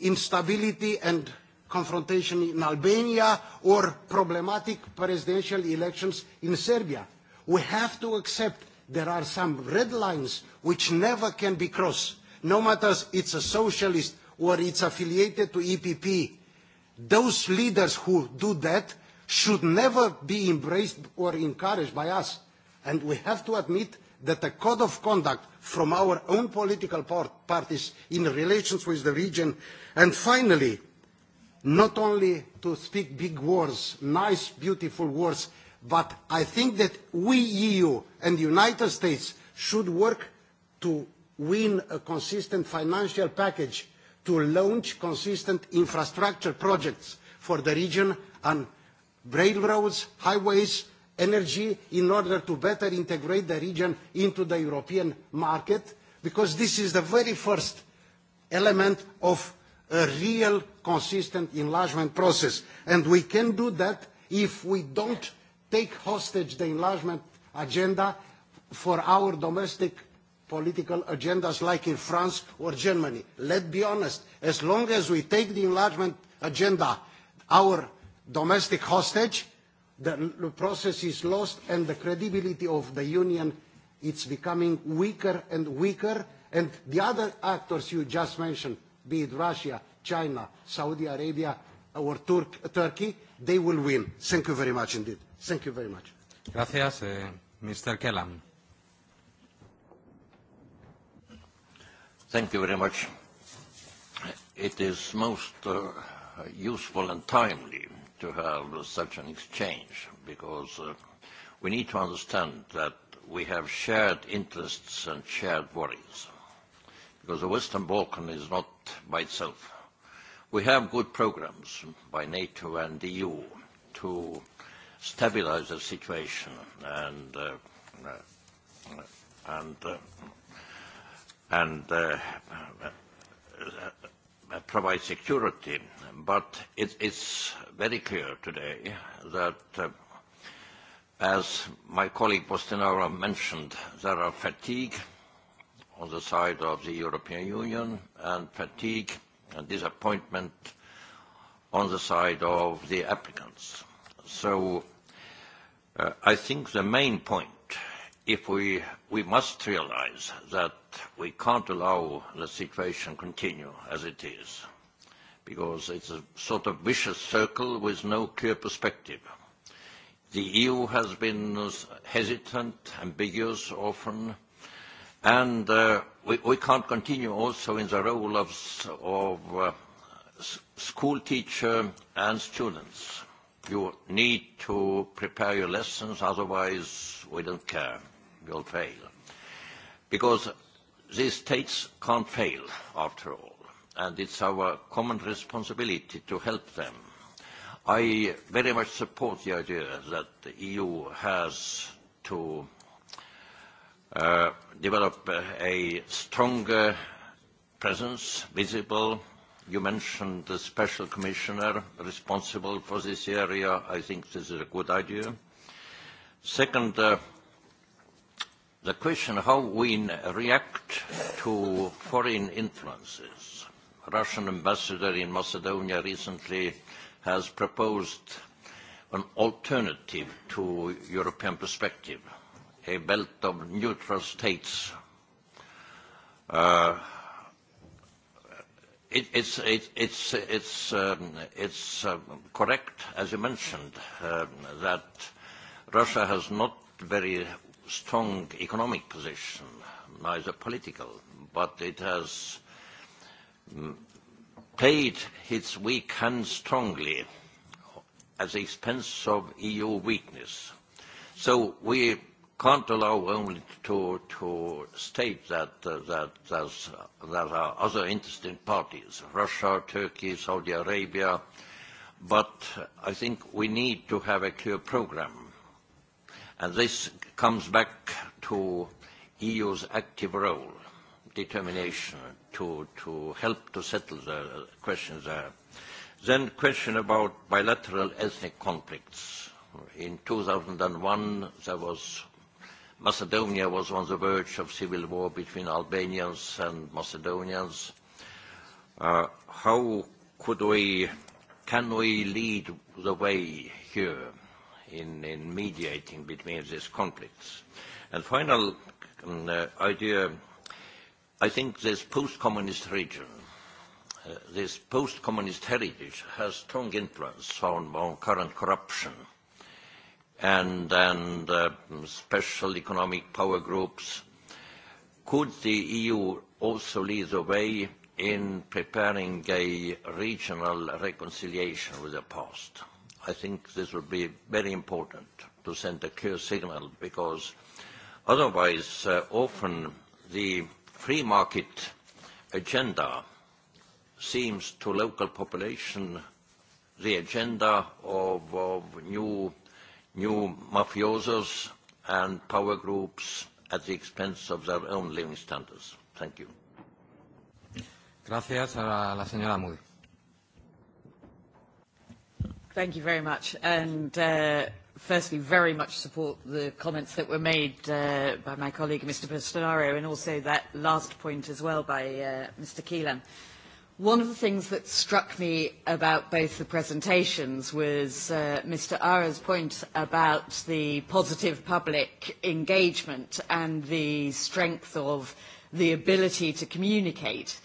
instability and confrontation in Albania, or problematic presidential elections in Serbia. We have to accept there are some red lines which never can be crossed, no matter it's a socialist or it's affiliated to EPP. Those leaders who do that should never be embraced or encouraged by us. And we have to admit that a code of conduct from our own political part parties in relations with the region. And finally, not only to speak big words, nice, beautiful words, But I think that we, EU and the United States, should work to win a consistent financial package to launch consistent infrastructure projects for the region on railroads, highways, energy, in order to better integrate the region into the European market, because this is the very first element of a real consistent enlargement process. And we can do that if we don't take hostage the enlargement agenda for our domestic political agendas like in France or Germany. Let's be honest, as long as we take the enlargement agenda, our domestic hostage, the process is lost and the credibility of the Union is becoming weaker and weaker. And the other actors you just mentioned, be it Russia, China, Saudi Arabia, or Turk, Turkey, they will win. Thank you very much indeed. Thank you very much. Gracias, eh, Mr. Kellam. Thank you very much. It is most uh, useful and timely to have such an exchange because uh, we need to understand that we have shared interests and shared worries because the Western Balkan is not by itself We have good programs by NATO and EU e to stabilize the situation and uh, uh and uh, and uh, uh, uh, provide security. But it, it's very clear today that, uh, as my colleague Bostenaro mentioned, there are fatigue on the side of the European Union and fatigue disappointment on the side of the applicants. So uh, I think the main point, if we, we must realize that we can't allow the situation continue as it is, because it's a sort of vicious circle with no clear perspective. The EU has been hesitant, ambiguous often, and uh, we, we can't continue also in the role of, of uh, school teacher and students. You need to prepare your lessons, otherwise we don't care. You'll fail. Because these states can't fail, after all, and it's our common responsibility to help them. I very much support the idea that the EU has to uh, develop a stronger presence, visible. You mentioned the special commissioner responsible for this area. I think this is a good idea. Second, uh, the question how we react to foreign influences. Russian ambassador in Macedonia recently has proposed an alternative to European perspective – a belt of neutral states. Uh, it, it's it, it's, it's, um, it's um, correct, as you mentioned, um, that Russia has not very strong economic position, neither political, but it has mm, played its weak hand strongly at the expense of EU weakness. So we can't allow only to, to state that, uh, that there's, uh, there are other interested parties, Russia, Turkey, Saudi Arabia, but I think we need to have a clear program. And this comes back to EU's active role, determination to, to help to settle the questions there. Then question about bilateral ethnic conflicts. In 2001, there was Macedonia was on the verge of civil war between Albanians and Macedonians. Uh, how could we, can we lead the way here in, in mediating between these conflicts? And final um, uh, idea, I think this post-communist region, uh, this post-communist heritage has strong influence on, on current corruption. Uh, and, and uh, special economic power groups. Could the EU also lead the way in preparing a regional reconciliation with the past? I think this would be very important to send a clear signal because otherwise uh, often the free market agenda seems to local population the agenda of, of new new mafiosos and power groups at the expense of their own living standards. Thank you. Gracias a la señora Moody. Thank you very much. And uh, firstly, very much support the comments that were made uh, by my colleague, Mr. Pistolario, and also that last point as well by uh, Mr. Keelan. Uh, One of the things that struck me about both the presentations was uh, Mr. Ara's point about the positive public engagement and the strength of the ability to communicate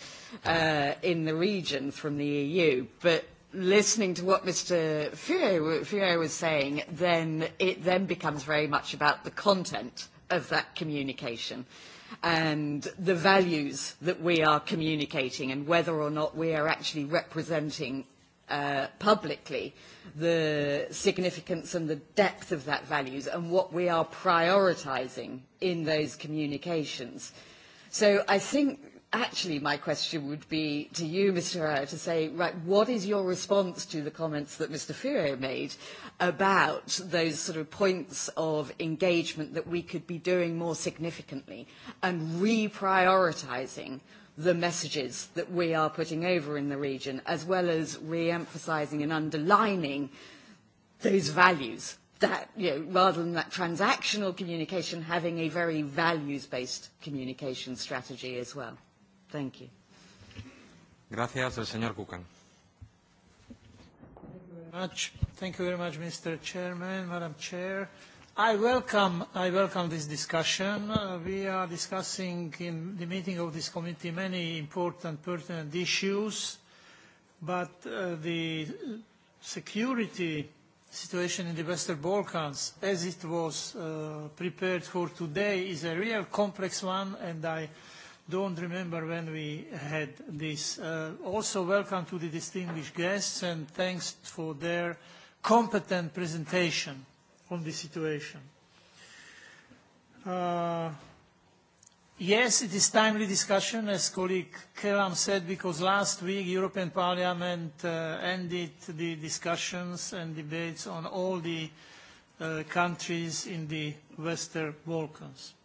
uh, in the region from the EU. But listening to what Mr. Fure was saying, then it then becomes very much about the content of that communication. Uh, and the values that we are communicating and whether or not we are actually representing uh, publicly the significance and the depth of that values and what we are prioritizing in those communications. So I think actually my question would be to you, Mr. Arrow, to say, right, what is your response to the comments that Mr. Furo made about those sort of points of engagement that we could be doing more significantly and reprioritizing the messages that we are putting over in the region, as well as re-emphasizing and underlining those values that, you know, rather than that transactional communication, having a very values-based communication strategy as well. Thank you. Gracias, el señor Kukan. Much. Thank you very much, Mr. Chairman, Madam Chair. I welcome, I welcome this discussion. Uh, we are discussing in the meeting of this committee many important, pertinent issues, but uh, the security situation in the Western Balkans, as it was uh, prepared for today, is a real complex one, and I uh, don't remember when we had this. Uh, also, welcome to the distinguished guests, and thanks for their competent presentation on the situation. Uh, yes, it is timely discussion, as colleague Kelam said, because last week European Parliament uh, ended the discussions and debates on all the uh, countries in the Western Balkans.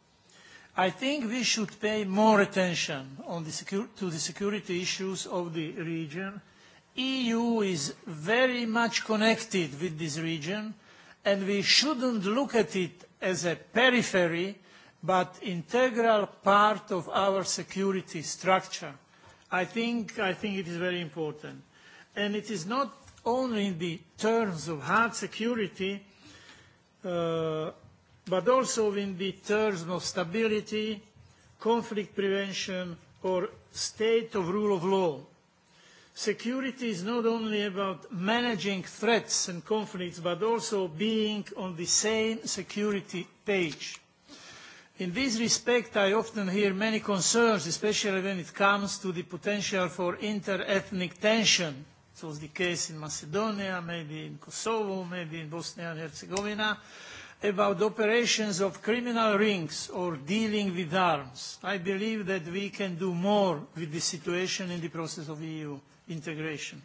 I think we should pay more attention on the secur to the security issues of the region. EU is very much connected with this region, and we shouldn't look at it as a periphery, but integral part of our security structure. I think, I think it is very important. And it is not only in the terms of hard security, uh, but also in the terms of stability, conflict prevention, or state of rule of law. Security is not only about managing threats and conflicts, but also being on the same security page. In this respect, I often hear many concerns, especially when it comes to the potential for inter-ethnic tension. It was the case in Macedonia, maybe in Kosovo, maybe in Bosnia and Herzegovina. Uh, about operations of criminal rings or dealing with arms. I believe that we can do more with the situation in the process of EU integration.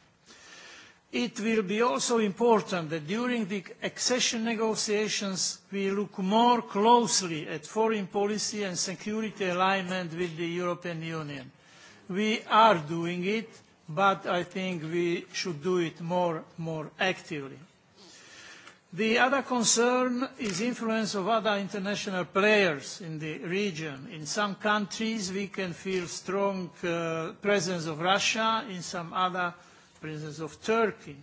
It will be also important that during the accession negotiations we look more closely at foreign policy and security alignment with the European Union. We are doing it, but I think we should do it more, more actively. The other concern is influence of other international players in the region. In some countries, we can feel strong uh, presence of Russia, in some other presence of Turkey.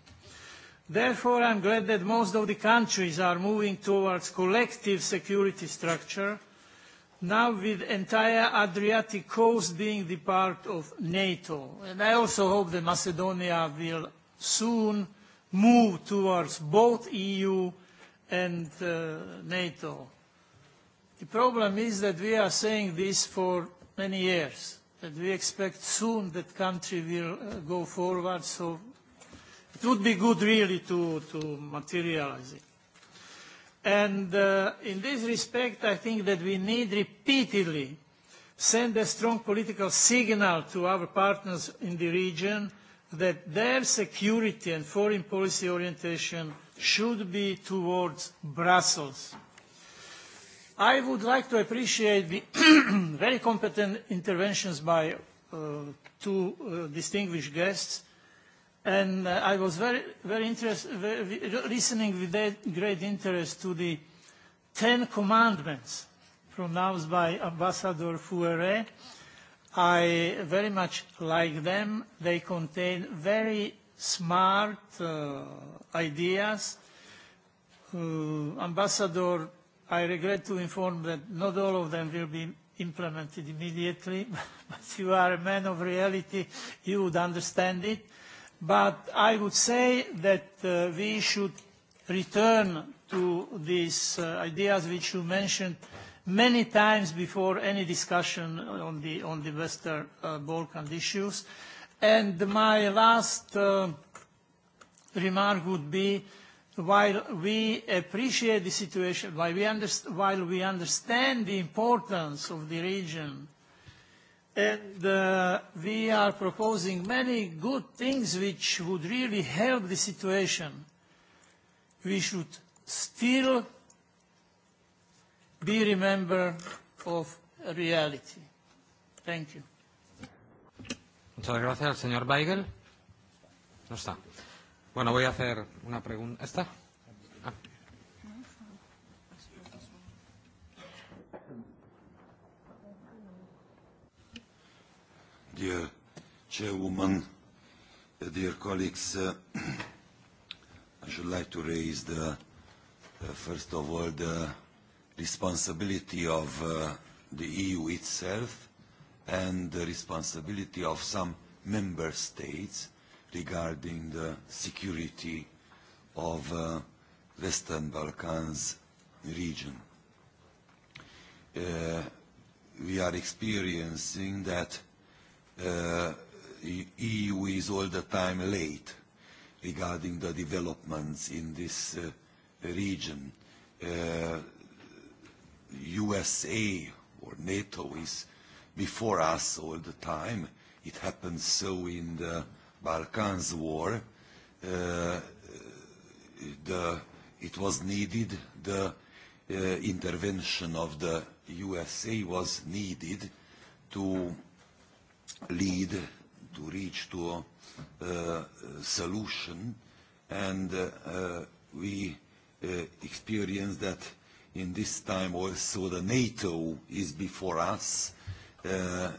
Therefore, I'm glad that most of the countries are moving towards collective security structure, now with entire Adriatic coast being the part of NATO. And I also hope that Macedonia will soon uh, move towards both EU and uh, NATO. The problem is that we are saying this for many years, that we expect soon that country will uh, go forward, so it would be good really to, to materialize it. And uh, in this respect, I think that we need repeatedly send a strong political signal to our partners in the region that their security and foreign policy orientation should be towards Brussels. I would like to appreciate the very competent interventions by uh, two uh, distinguished guests, and uh, I was very, very interested, listening with that great interest to the Ten Commandments pronounced by Ambassador Fouret, uh, I very much like them. They contain very smart uh, ideas. Uh, Ambassador, I regret to inform that not all of them will be implemented immediately, but you are a man of reality, you would understand it. But I would say that uh, we should return to these uh, ideas which you mentioned uh, many times before any discussion on the, on the Western uh, Balkan issues. And my last uh, remark would be, while we appreciate the situation, while we, underst while we understand the importance of the region, and uh, we are proposing many good things which would really help the situation, we should still be a member of reality. Thank you. Muchas gracias, señor Weigel. No está. Bueno, voy a hacer una pregunta. ¿Está? Ah. Dear Chairwoman, dear colleagues, uh, I should like to raise the, uh, first of all, the responsibility of uh, the EU itself and the responsibility of some member states regarding the security of uh, Western Balkans region. Uh, we are experiencing that uh, EU is all the time late regarding the developments in this uh, region. Uh, USA or NATO is before us all the time. It happened so in the Balkans war. Uh, the, it was needed, the uh, intervention of the USA was needed to lead, to reach to a uh, solution. And uh, uh, we uh, experienced that in this time also the NATO is before us uh,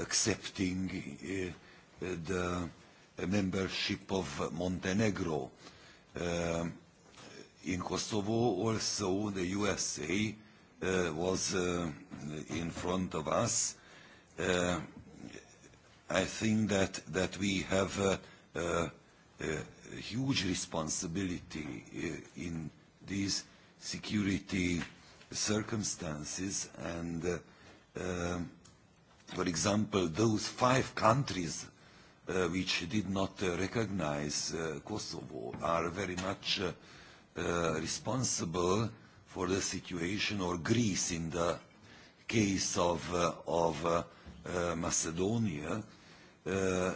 accepting uh, the membership of Montenegro. Uh, in Kosovo also the USA uh, was uh, in front of us. Uh, I think that, that we have a, uh, a, uh, a huge responsibility uh, in these security circumstances and, uh, uh, for example, those five countries uh, which did not uh, recognize uh, Kosovo are very much uh, uh, responsible for the situation or Greece in the case of, uh, of uh, uh, Macedonia. Uh,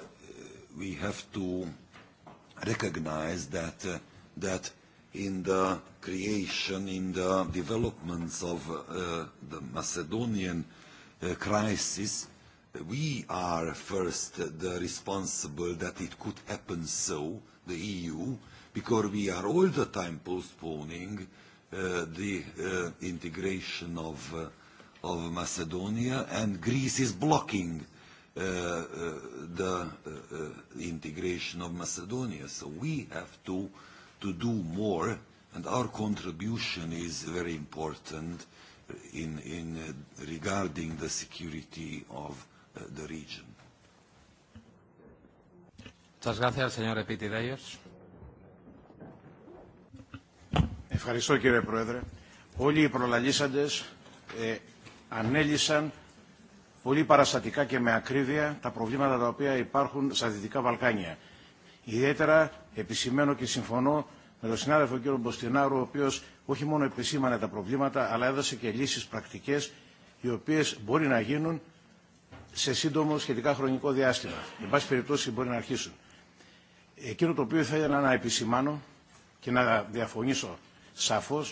we have to recognize that, uh, that in the creation, in the developments of uh, the Macedonian uh, crisis, we are first the responsible that it could happen so, the EU, because we are all the time postponing uh, the uh, integration of, uh, of Macedonia, and Greece is blocking uh, uh, the uh, uh, integration of Macedonia. So we have to uh, to do more, and our contribution is very important in, in uh, regarding the security of uh, the region. Muchas gracias, señor Epitideios. Ευχαριστώ κύριε Πρόεδρε. Όλοι οι προλαλήσαντες ε, ανέλησαν πολύ παραστατικά και με ακρίβεια τα προβλήματα τα οποία υπάρχουν στα Δυτικά Βαλκάνια. Ιδιαίτερα επισημαίνω και συμφωνώ με τον συνάδελφο κύριο Μποστινάρου, ο οποίο όχι μόνο επισήμανε τα προβλήματα, αλλά έδωσε και λύσει πρακτικέ, οι οποίε μπορεί να γίνουν σε σύντομο σχετικά χρονικό διάστημα. Εν πάση περιπτώσει, μπορεί να αρχίσουν. Εκείνο το οποίο ήθελα να επισημάνω και να διαφωνήσω σαφώ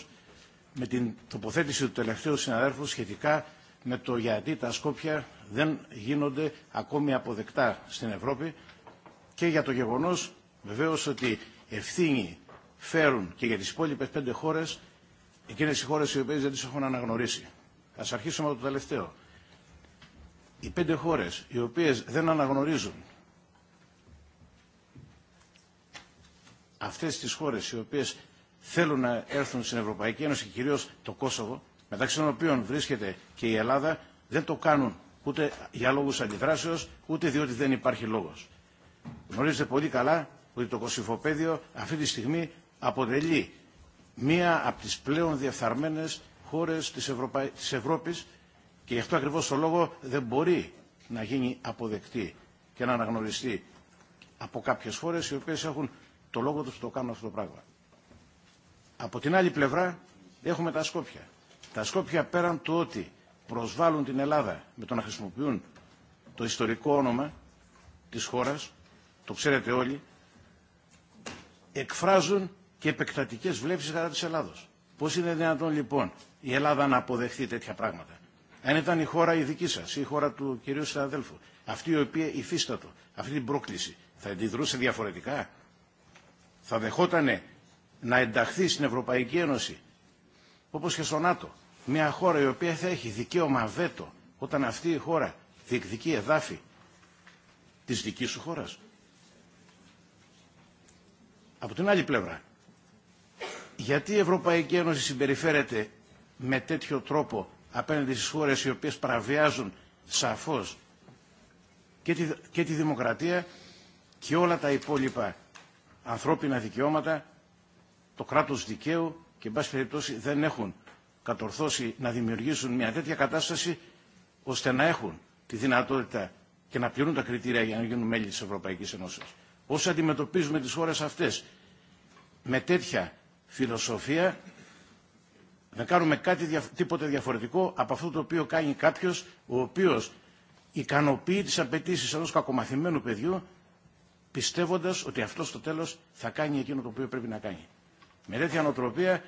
με την τοποθέτηση του τελευταίου συναδέλφου σχετικά με το γιατί τα Σκόπια δεν γίνονται ακόμη αποδεκτά στην Ευρώπη και για το γεγονός βεβαίως ότι ευθύνη φέρουν και για τις υπόλοιπες πέντε χώρες, εκείνες οι χώρες οι οποίες δεν τις έχουν αναγνωρίσει. Ας αρχίσουμε από το τελευταίο. Οι πέντε χώρες οι οποίες δεν αναγνωρίζουν αυτές τις χώρες οι οποίες θέλουν να έρθουν στην Ευρωπαϊκή Ένωση και κυρίως το Κόσοβο, μεταξύ των οποίων βρίσκεται και η Ελλάδα, δεν το κάνουν ούτε για λόγους αντιδράσεως, ούτε διότι δεν υπάρχει λόγος. Γνωρίζετε πολύ καλά ότι το Κωσυφοπαίδιο αυτή τη στιγμή αποτελεί μία από τις πλέον διεφθαρμένες χώρες της, Ευρωπα... της Ευρώπης και γι' αυτό ακριβώς το λόγο δεν μπορεί να γίνει αποδεκτή και να αναγνωριστεί από κάποιες χώρες οι οποίες έχουν το λόγο τους το κάνουν αυτό το πράγμα. Από την άλλη πλευρά έχουμε τα Σκόπια. Τα Σκόπια πέραν του ότι προσβάλλουν την Ελλάδα με το να χρησιμοποιούν το ιστορικό όνομα της χώρας, το ξέρετε όλοι, εκφράζουν και επεκτατικές βλέψεις κατά της Ελλάδος. Πώς είναι δυνατόν λοιπόν η Ελλάδα να αποδεχθεί τέτοια πράγματα. Αν ήταν η χώρα η δική σας, η χώρα του κυρίου συναδέλφου, αυτή η οποία υφίστατο, αυτή την πρόκληση, θα αντιδρούσε διαφορετικά. Θα δεχότανε να ενταχθεί στην Ευρωπαϊκή Ένωση, όπως και στο ΝΑΤΟ, μια χώρα η οποία θα έχει δικαίωμα βέτο όταν αυτή η χώρα διεκδικεί εδάφη της δικής σου χώρας. Από την άλλη πλευρά, γιατί η Ευρωπαϊκή Ένωση συμπεριφέρεται με τέτοιο τρόπο απέναντι στις χώρες οι οποίες παραβιάζουν σαφώς και τη, και τη δημοκρατία και όλα τα υπόλοιπα ανθρώπινα δικαιώματα, το κράτος δικαίου και εν πάση περιπτώσει δεν έχουν κατορθώσει να δημιουργήσουν μια τέτοια κατάσταση ώστε να έχουν τη δυνατότητα και να πληρούν τα κριτήρια για να γίνουν μέλη της Ευρωπαϊκής Ένωσης. Όσο αντιμετωπίζουμε τις χώρες αυτές με τέτοια φιλοσοφία να κάνουμε κάτι, τίποτε διαφορετικό από αυτό το οποίο κάνει κάποιος ο οποίος ικανοποιεί τις απαιτήσει ενός κακομαθημένου παιδιού πιστεύοντας ότι αυτό στο τέλος θα κάνει εκείνο το οποίο πρέπει να κάνει. Με τέτοια νοοτροπία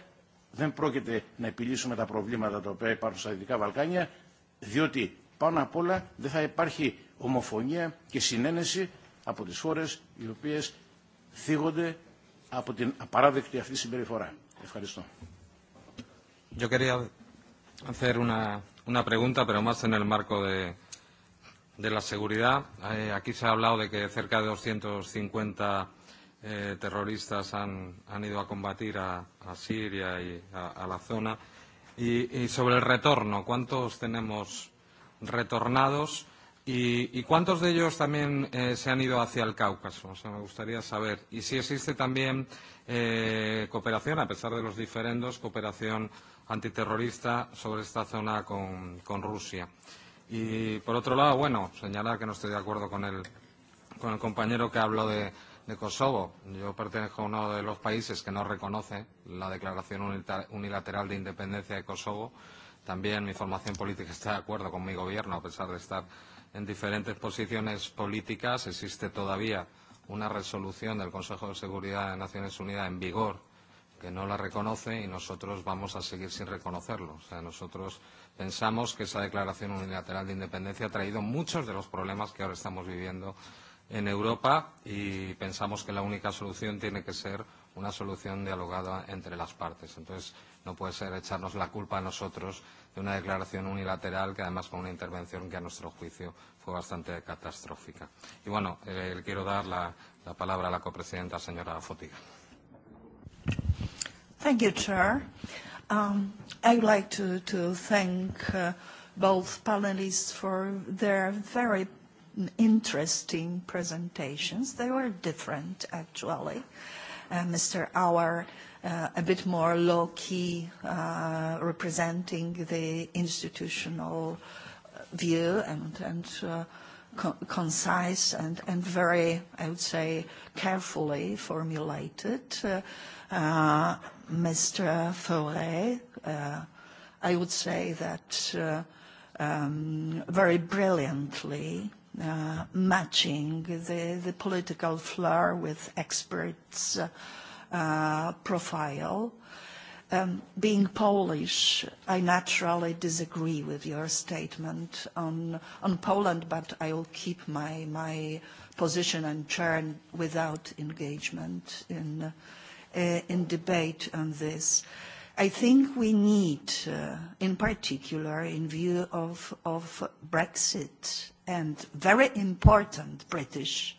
δεν πρόκειται να επιλύσουμε τα προβλήματα τα οποία υπάρχουν στα Δυτικά Βαλκάνια, διότι πάνω απ' όλα δεν θα υπάρχει ομοφωνία και συνένεση από τις χώρες οι οποίες θίγονται από την απαράδεκτη αυτή συμπεριφορά. Ευχαριστώ. Yo quería hacer una, una pregunta, pero más en el marco de, de la seguridad. Eh, aquí se ha hablado de que cerca de 250 eh, terroristas han, han ido a combatir a, a Siria y a, a la zona. Y, y sobre el retorno, ¿cuántos tenemos retornados? ¿Y, y cuántos de ellos también eh, se han ido hacia el Cáucaso? O sea, me gustaría saber. Y si existe también eh, cooperación, a pesar de los diferendos, cooperación antiterrorista sobre esta zona con, con Rusia. Y por otro lado, bueno, señalar que no estoy de acuerdo con el, con el compañero que habló de, de Kosovo. Yo pertenezco a uno de los países que no reconoce la declaración unilateral de independencia de Kosovo. También mi formación política está de acuerdo con mi gobierno, a pesar de estar en diferentes posiciones políticas. Existe todavía una resolución del Consejo de Seguridad de Naciones Unidas en vigor que no la reconoce y nosotros vamos a seguir sin reconocerlo. O sea, nosotros pensamos que esa declaración unilateral de independencia ha traído muchos de los problemas que ahora estamos viviendo en Europa y pensamos que la única solución tiene que ser una solución dialogada entre las partes. Entonces, no puede ser echarnos la culpa a nosotros de una declaración unilateral que además con una intervención que a nuestro juicio fue bastante catastrófica. Y bueno, eh, le quiero dar la, la palabra a la copresidenta, señora Fotiga. Thank you, Chair. Um, I would like to, to thank uh, both panelists for their very interesting presentations. They were different, actually. Uh, uh, Mr. Auer uh, a bit more low-key, uh, representing the institutional uh, view and, and uh, co concise and, and very, I would say, carefully formulated. Uh, uh, Mr. Faure, uh, I would say that uh, um, very brilliantly uh, matching the, the political flair with experts' uh, uh, profile. Um, being Polish, I naturally disagree with your statement on, on Poland, but I will keep my, my position unchurned without engagement in, uh, in debate on this. I think we need, uh, in particular, in view of, of Brexit, and very important British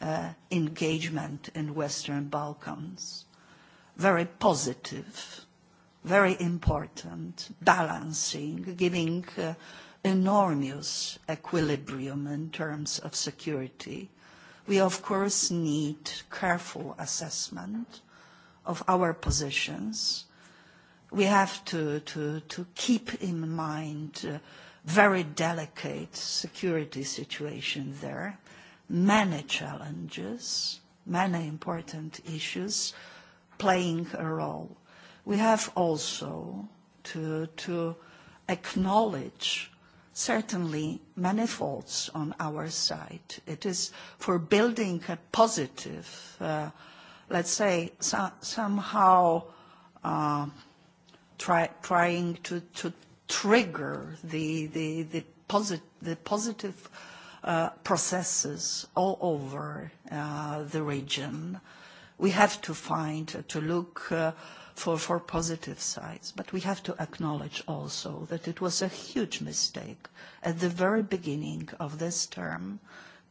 uh, engagement in Western Balkans, very positive, very important, balancing, giving uh, enormous equilibrium in terms of security. We, of course, need careful assessment of our positions. We have to, to, to keep in mind uh, very delicate security situation there, many challenges, many important issues playing a role. We have also to, to acknowledge certainly many faults on our side. It is for building a positive, uh, let's say, so, somehow uh, try, trying to, to trigger the, the, the, posit the positive uh, processes all over uh, the region. We have to find, uh, to look uh, for, for positive sides, but we have to acknowledge also that it was a huge mistake at the very beginning of this term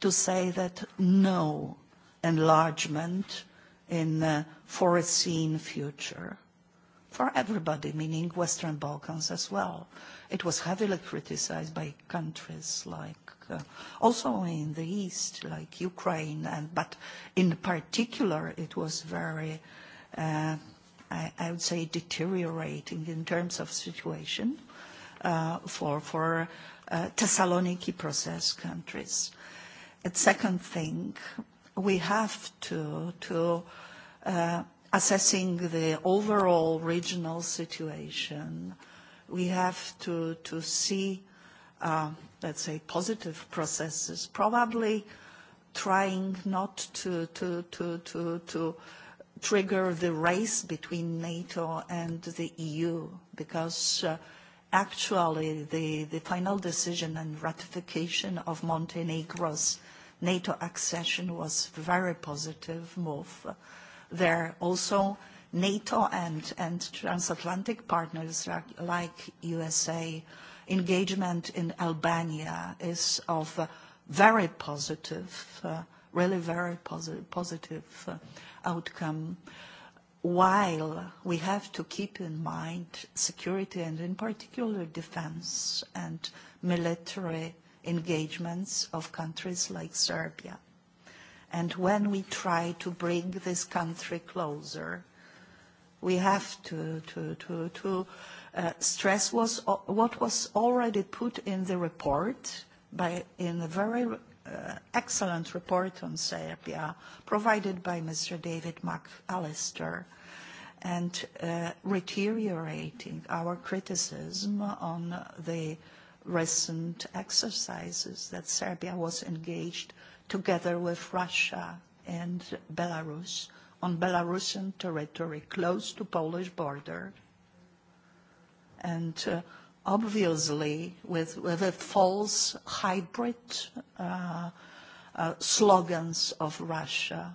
to say that no enlargement in the foreseen future for everybody, meaning Western Balkans as well. It was heavily criticized by countries like, uh, also in the East, like Ukraine, and, but in particular, it was very, uh, I, I would say, deteriorating in terms of situation uh, for, for uh, Thessaloniki process countries. And second thing, we have to, to uh, assessing the overall regional situation, we have to, to see, uh, let's say, positive processes, probably trying not to, to, to, to, to trigger the race between NATO and the EU, because uh, actually the, the final decision and ratification of Montenegro's NATO accession was a very positive move. Uh, there also NATO and, and transatlantic partners like USA engagement in Albania is of uh, very positive, uh, really very posi positive uh, outcome, while we have to keep in mind security and in particular defense and military engagements of countries like Serbia and when we try to bring this country closer, we have to, to, to, to uh, stress was, uh, what was already put in the report by, in a very uh, excellent report on Serbia provided by Mr. David McAllister and uh, reiterating our criticism on the recent exercises that Serbia was engaged in together with Russia and Belarus on Belarusian territory close to Polish border. And uh, obviously with, with a false hybrid uh, uh, slogans of Russia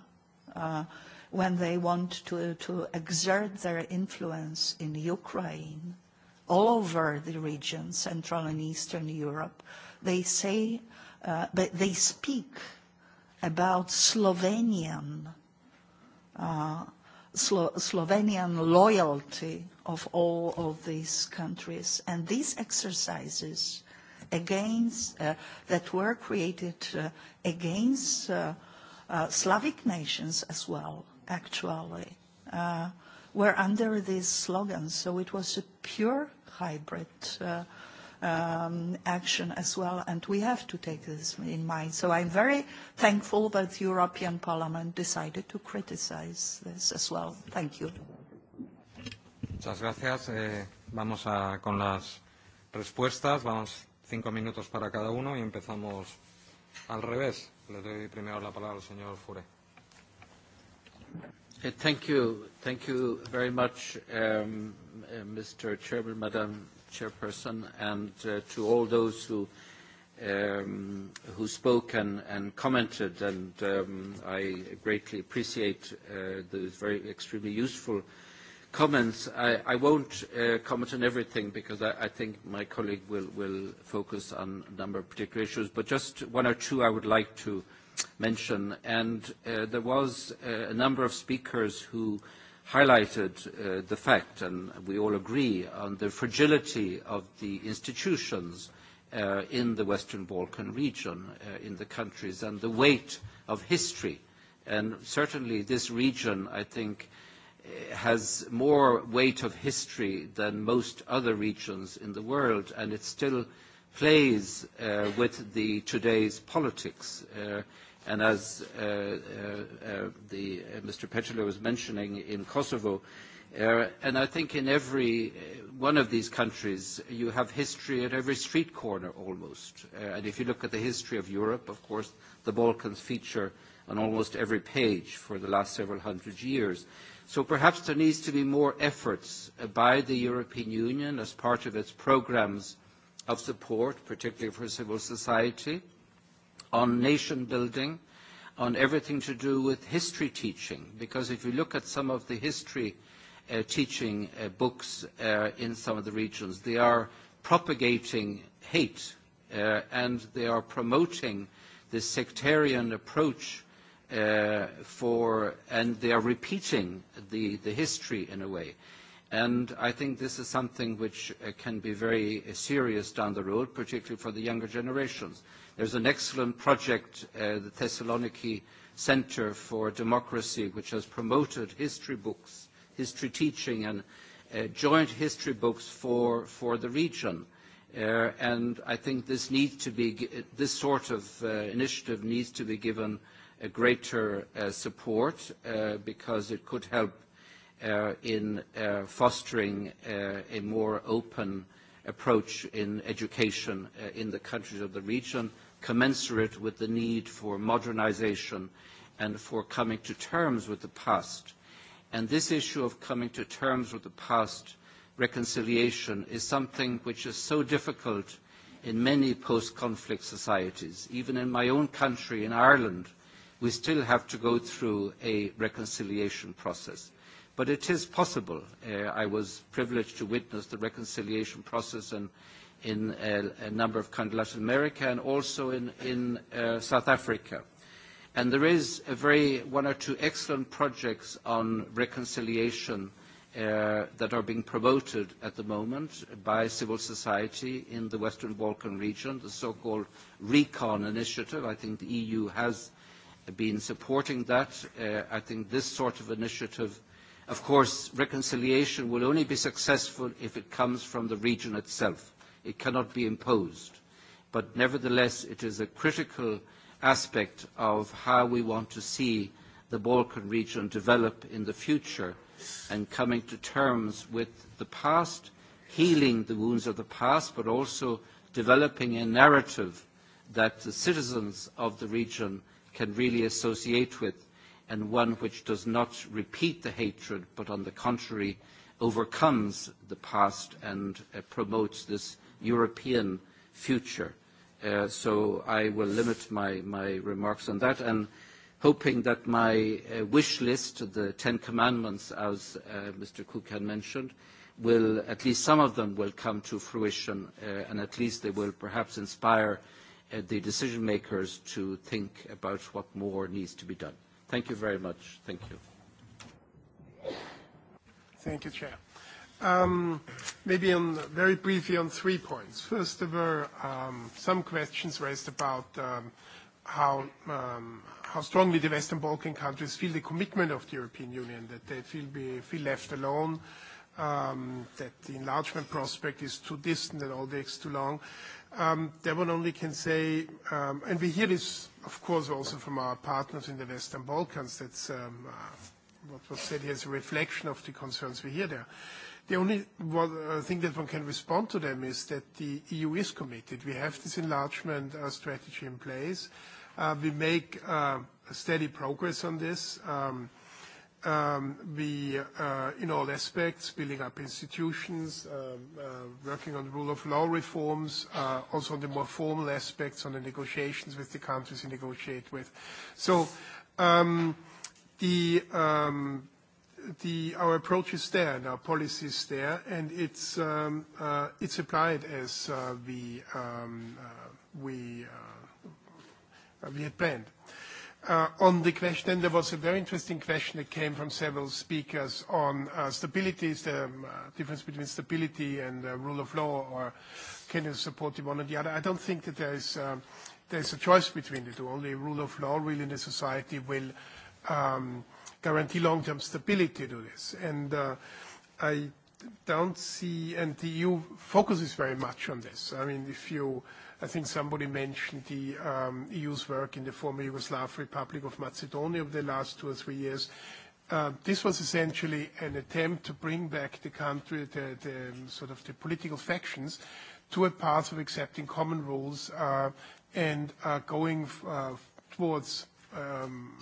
uh, when they want to, to exert their influence in Ukraine, all over the region, Central and Eastern Europe. They say, uh, but they speak about Slovenian, uh, Slo Slovenian loyalty of all of these countries. And these exercises against, uh, that were created uh, against uh, uh, Slavic nations as well, actually, uh, were under this slogan. So it was a pure hybrid uh, um, action as well, and we have to take this in mind. So I'm very thankful that the European Parliament decided to criticize this as well. Thank you. Muchas gracias. Eh, vamos a, con las respuestas. Vamos cinco minutos para cada uno y empezamos al revés. Le doy primero la palabra al señor Fure. Eh, thank you. Thank you very much, um, uh, eh, Mr. Chairman, Madam Chairperson, and uh, to all those who, um, who spoke and, and commented. And um, I greatly appreciate uh, those very extremely useful comments. I, I won't uh, comment on everything because I, I think my colleague will, will focus on a number of particular issues, but just one or two I would like to mention. And uh, there was uh, a number of speakers who uh, highlighted uh, the fact, and we all agree, on the fragility of the institutions uh, in the Western Balkan region, uh, in the countries, and the weight of history. And certainly this region, I think, uh, has more weight of history than most other regions in the world, and it still plays uh, with the today's politics. Uh, And as uh, uh, uh, the, uh, Mr. Petula was mentioning in Kosovo, uh, and I think in every uh, one of these countries, you have history at every street corner almost. Uh, and if you look at the history of Europe, of course, the Balkans feature on almost every page for the last several hundred years. So perhaps there needs to be more efforts by the European Union as part of its programs of support, particularly for civil society, uh, on nation building, on everything to do with history teaching. Because if you look at some of the history uh, teaching uh, books uh, in some of the regions, they are propagating hate uh, and they are promoting this sectarian approach uh, for, and they are repeating the, the history in a way. Uh, And I think this is something which uh, can be very uh, serious down the road, particularly for the younger generations. There's an excellent project, uh, the Thessaloniki Center for Democracy, which has promoted history books, history teaching, and uh, joint history books for, for the region. Uh, and I think this needs to be, uh, this sort of uh, initiative needs to be given a greater uh, support uh, because it could help uh, uh, in uh, fostering uh, a more open approach in education uh, in the countries of the region, commensurate with the need for modernization and for coming to terms with the past. And this issue of coming to terms with the past reconciliation is something which is so difficult in many post-conflict societies. Even in my own country, in Ireland, we still have to go through a reconciliation process. But it is possible. Uh, I was privileged to witness the reconciliation process in, in uh, a number of countries, Latin America and also in, in uh, South Africa. And there is a very, one or two excellent projects on reconciliation uh, that are being promoted at the moment by civil society in the Western Balkan region, the so-called RECON initiative. I think the EU has been supporting that. Uh, I think this sort of initiative Of course, reconciliation will only be successful if it comes from the region itself. It cannot be imposed. But nevertheless, it is a critical aspect of how we want to see the Balkan region develop in the future and coming to terms with the past, healing the wounds of the past, but also developing a narrative that the citizens of the region can really associate with and one which does not repeat the hatred, but on the contrary, overcomes the past and uh, promotes this European future. Uh, so I will limit my, my remarks on that, and hoping that my uh, wish list, the Ten Commandments, as uh, Mr. Kukan mentioned, will, at least some of them will come to fruition, uh, and at least they will perhaps inspire uh, the decision makers to think about what more needs to be done. Thank you very much. Thank you. Thank you, Chair. Um, maybe on very briefly on three points. First, there were um, some questions raised about um, how, um, how strongly the Western Balkan countries feel the commitment of the European Union, that they feel, be, feel left alone, um, that the enlargement prospect is too distant and all takes too long. Um, that one only can say, and we hear this of course, also from our partners in the Western Balkans. That's um, uh, what was said here is a reflection of the concerns we hear there. The only one uh, thing that one can respond to them is that the EU is committed. We have this enlargement uh, strategy in place. Uh, we make uh, steady progress on this. Um, um, be uh, in all aspects, building up institutions, um, uh, working on the rule of law reforms, uh, also on the more formal aspects, on the negotiations with the countries we negotiate with. So um, the, um, the, our approach is there and our policy is there, and it's, um, uh, it's applied as uh, we, um, uh, we, uh, we had planned. Uh, on the question, there was a very interesting question that came from several speakers on uh, stability, the um, uh, difference between stability and uh, rule of law, or can you support the one or the other? I don't think that there is, um, there is a choice between the two. Only rule of law really in a society will um, guarantee long-term stability to this. And uh, I don't see, and the EU focuses very much on this. I mean, if you I think somebody mentioned the um, EU's work in the former Yugoslav Republic of Macedonia over the last two or three years. Uh, this was essentially an attempt to bring back the country, the, the um, sort of the political factions, to a path of accepting common rules uh, and uh, going uh, towards um,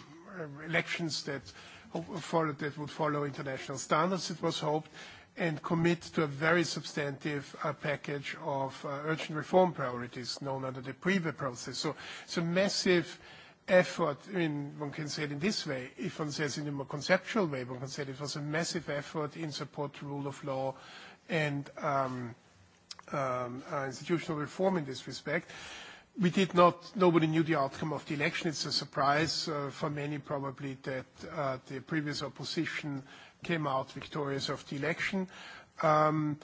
elections that, follow, that would follow international standards, it was hoped, and commit to a very substantive uh, package of uh, urgent reform priorities known under the PRIVA process. So it's a massive effort, I mean, one can say it in this way, if one says in a more conceptual way, one can say it was a massive effort in support to rule of law and um, um, uh, institutional reform in this respect. We did not. Nobody knew the outcome of the election. It's a surprise uh, for many probably that uh, the previous opposition uh, came out victorious of the election. Um,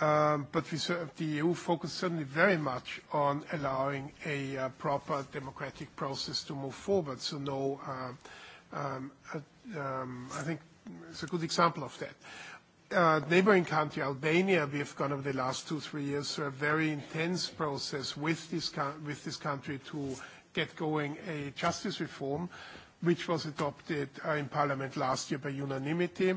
um, but we, the EU focused certainly very much on allowing a uh, proper democratic process to move forward. So no, uh, um, uh, um, I think it's a good example of that. Uh, neighboring country, Albania, we have gone over the last two, three years through a very intense process with this, with this country to get going a justice reform. Uh, which was adopted uh, in Parliament last year by unanimity.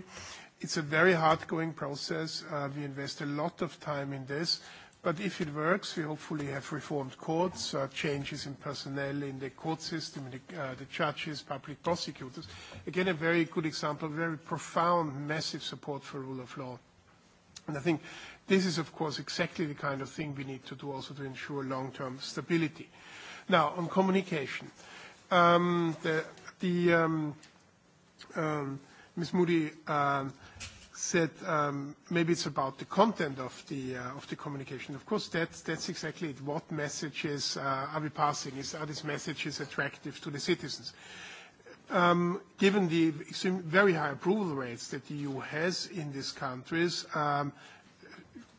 It's a very hard-going process. Uh, we invest a lot of time in this, but if it works, we hopefully have reformed courts, uh, changes in personnel in the court system, in the, uh, the judges, public prosecutors. Again, a very good example, very profound, massive support for rule of law. And I think this is, of course, exactly the kind of thing we need to do also to ensure long-term stability. Now, on communication. Um, the the um, um, Ms. Moody um, said, um, maybe it's about the content of the uh, of the communication. Of course, that's that's exactly it. What messages uh, are we passing? Is, are these messages attractive to the citizens? Um, given the extreme, very high approval rates that the EU has in these countries, um,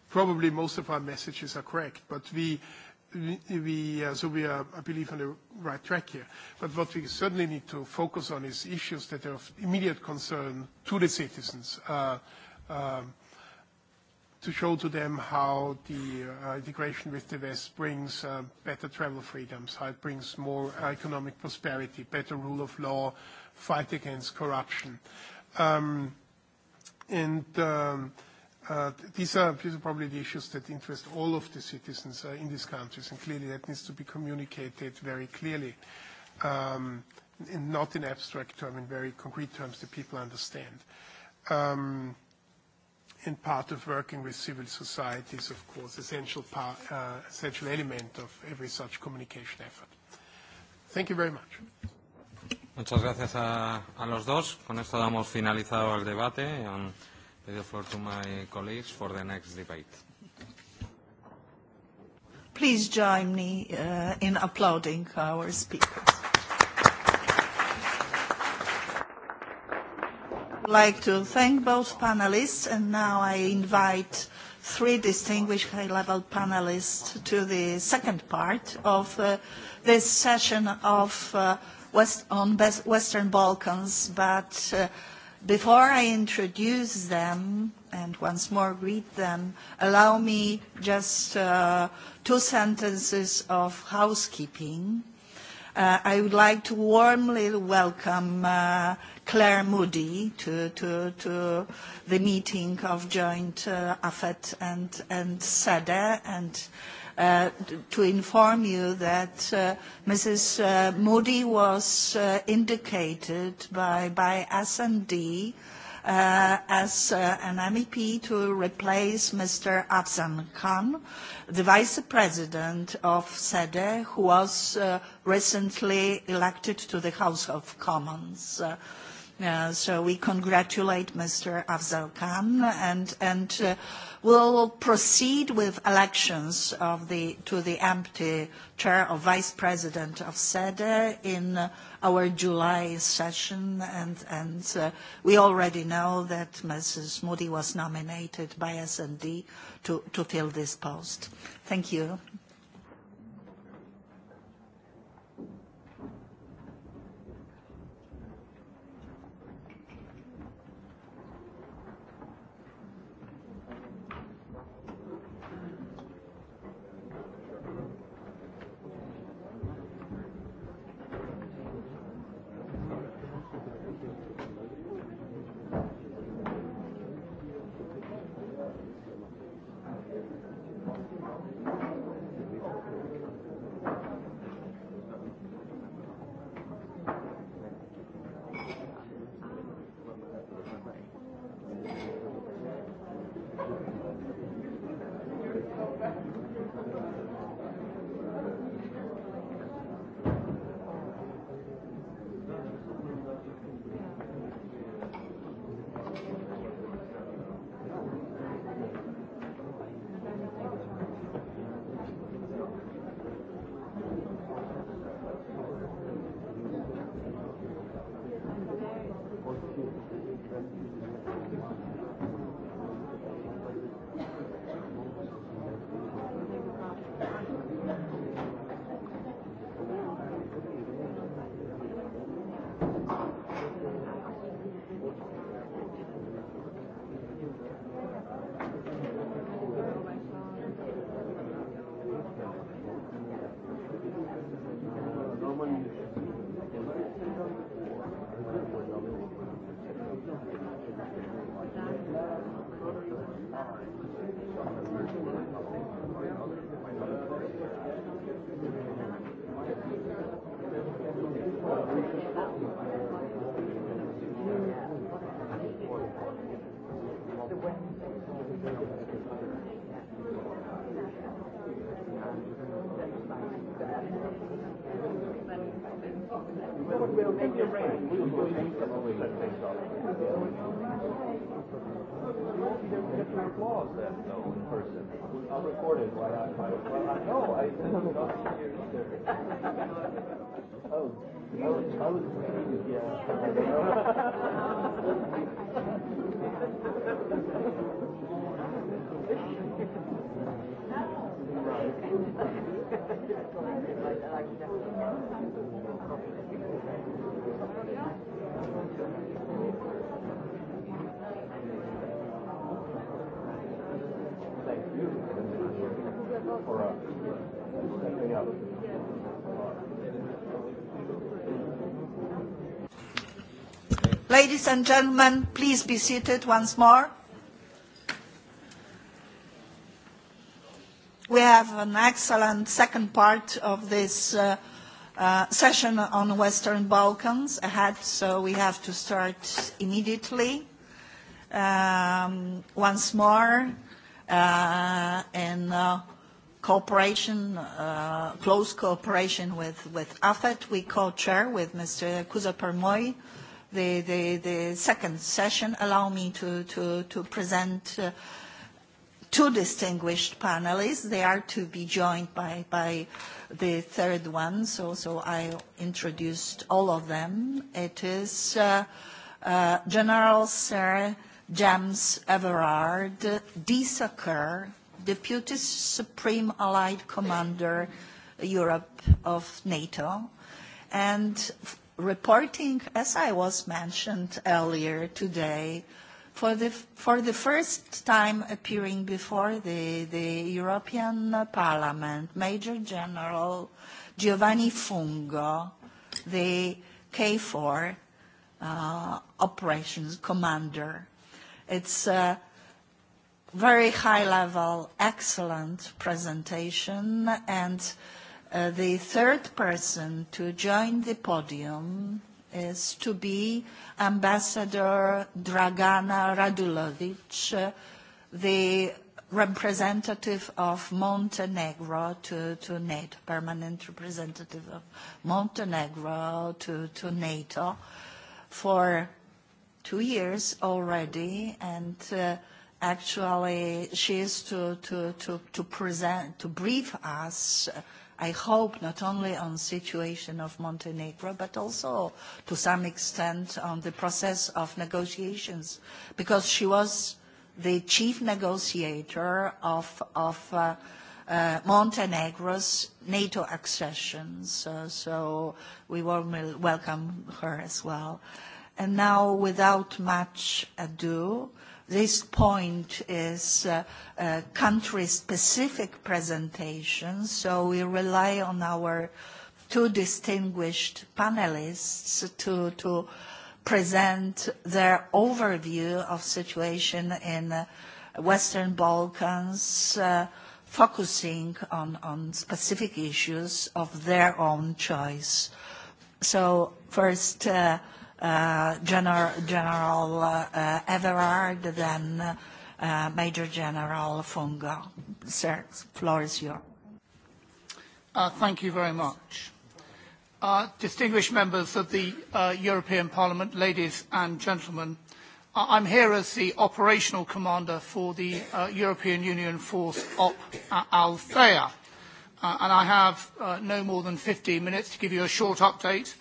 probably most of our messages are correct. But we we, uh, so we are, I believe, on the right track here. But what we certainly need to focus on is issues that are of immediate concern to the citizens, uh, um, to show to them how the uh, integration with the West brings uh, better travel freedoms, how it brings more economic prosperity, better rule of law, fight against corruption. Um, and um, Uh, these, are, these are probably the issues that interest all of the citizens uh, in these countries, and clearly that needs to be communicated very clearly, um, and not in abstract terms, in very concrete terms that people understand. Um, and part of working with civil society is, of course, essential, part, uh, essential element of every such communication effort. Thank you very much. Muchas gracias a, a los dos. Con esto damos finalizado el debate. Um, the floor to my colleagues for the next debate. Please join me uh, in applauding our speakers. I'd like to thank both panelists, and now I invite three distinguished high-level panelists to the second part of uh, this session of uh, West on West Western Balkans, but uh, Before I introduce them and once more read them, allow me just uh, two sentences of housekeeping. Uh, I would like to warmly welcome uh, Claire Moody to, to, to the meeting of joint uh, AFET and, and SEDE and uh, uh, to inform you that uh, Mrs. Uh, Modi was uh, indicated by, by SND uh, as uh, an MEP to replace Mr. Afzan Khan, the Vice President of SEDE, e, who was uh, recently elected to the House of Commons. Uh, uh, so we congratulate Mr. Afzal Khan and, and uh, will proceed with elections of the, to the empty chair or vice president of SEDE e in our July session. And, and uh, we already know that Mrs. Moody was nominated by S&D to, to fill this post. Thank you. will make it rain. We will make it rain. There's no applause then, though, in person. I'll record it. Why not? Well, I know. I didn't talk to you either. Oh, I was, I was confused. Yeah. right. for uh, stepping up. Ladies and gentlemen, please be seated once more. We have an excellent second part of this uh, uh, session on Western Balkans ahead, so we have to start immediately. Um, once more, uh, and uh, cooperation, uh, close cooperation with, with AFET. We co-chair with Mr. Kuzapermoy the, the, the second session. Allow me to, to, to present uh, two distinguished panelists. They are to be joined by, by the third one, so, so I introduced all of them. It is uh, uh, General Sir James Everard, D. Sucker, Deputy Supreme Allied Commander Europe of NATO, and reporting, as I was mentioned earlier today, for the, for the first time appearing before the, the European Parliament, Major General Giovanni Fungo, the K4 uh, operations commander. It's a uh, Very high level, excellent presentation. And uh, the third person to join the podium is to be Ambassador Dragana Radulovic, uh, the representative of Montenegro to, to NATO, permanent representative of Montenegro to, to NATO for two years already. And uh, Actually, she is to, to, to, to present, to brief us, I hope, not only on situation of Montenegro, but also to some extent on the process of negotiations, because she was the chief negotiator of, of uh, uh, Montenegro's NATO accession. So, so we warmly welcome her as well. And now, without much ado, uh, This point is uh, uh, country-specific presentation, so we rely on our two distinguished panelists to, to present their overview of situation in uh, Western Balkans, uh, focusing on, on specific issues of their own choice. So first, uh, uh, General, General uh, Everard, then uh, Major General Fungo. Sir, floor is yours. Uh, thank you very much. Uh, distinguished members of the uh, European Parliament, ladies and gentlemen, I'm here as the operational commander for the uh, European Union Force Op Althea, uh, and I have uh, no more than 15 minutes to give you a short update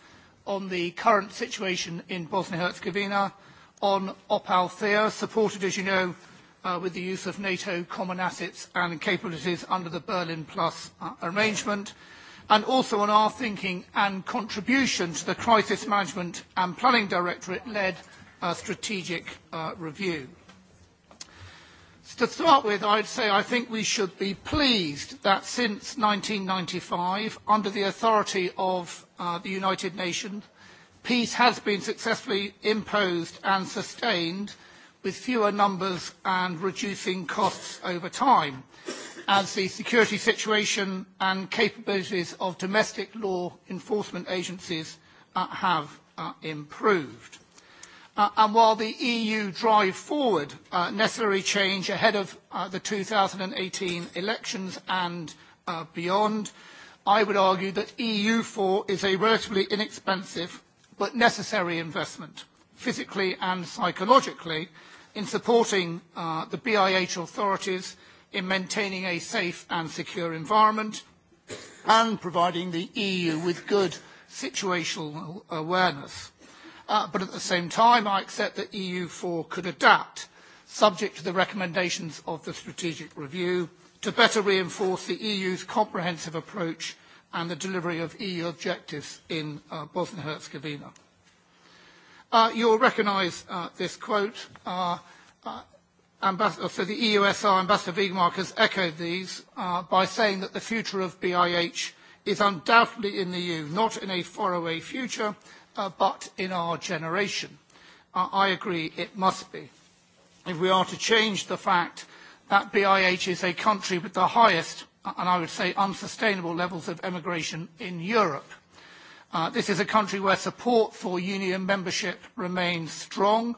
on the current situation in Bosnia-Herzegovina, on Opal Thea, supported, as you know, uh, with the use of NATO common assets and capabilities under the Berlin Plus uh, arrangement, and also on our thinking and contribution to the Crisis Management and Planning Directorate-led uh, strategic uh, review. So to start with, I'd say I think we should be pleased that since 1995, under the authority of uh, the United Nations, peace has been successfully imposed and sustained with fewer numbers and reducing costs over time as the security situation and capabilities of domestic law enforcement agencies uh, have uh, improved. Uh, and while the EU drive forward uh, necessary change ahead of uh, the 2018 elections and uh, beyond, uh, I would argue that EU4 is a relatively inexpensive but necessary investment, physically and psychologically, in supporting uh, the BIH authorities in maintaining a safe and secure environment and providing the EU with good situational uh, awareness. Uh, but at the same time, I accept that EU4 could adapt, subject to the recommendations of the strategic review, uh, to better reinforce the EU's comprehensive approach and the delivery of EU objectives in uh, Bosnia-Herzegovina. Uh, you'll recognise uh, this quote. Uh, uh, Ambassador, uh, so the EUSR Ambassador Wiegmark has echoed these uh, by saying that the future of BIH is undoubtedly in the EU, not in a faraway future, uh, but in our generation. Uh, I agree it must be. If we are to change the fact that BIH is a country with the highest, and I would say unsustainable, levels of emigration in Europe. Uh, this is a country where support for union membership remains strong.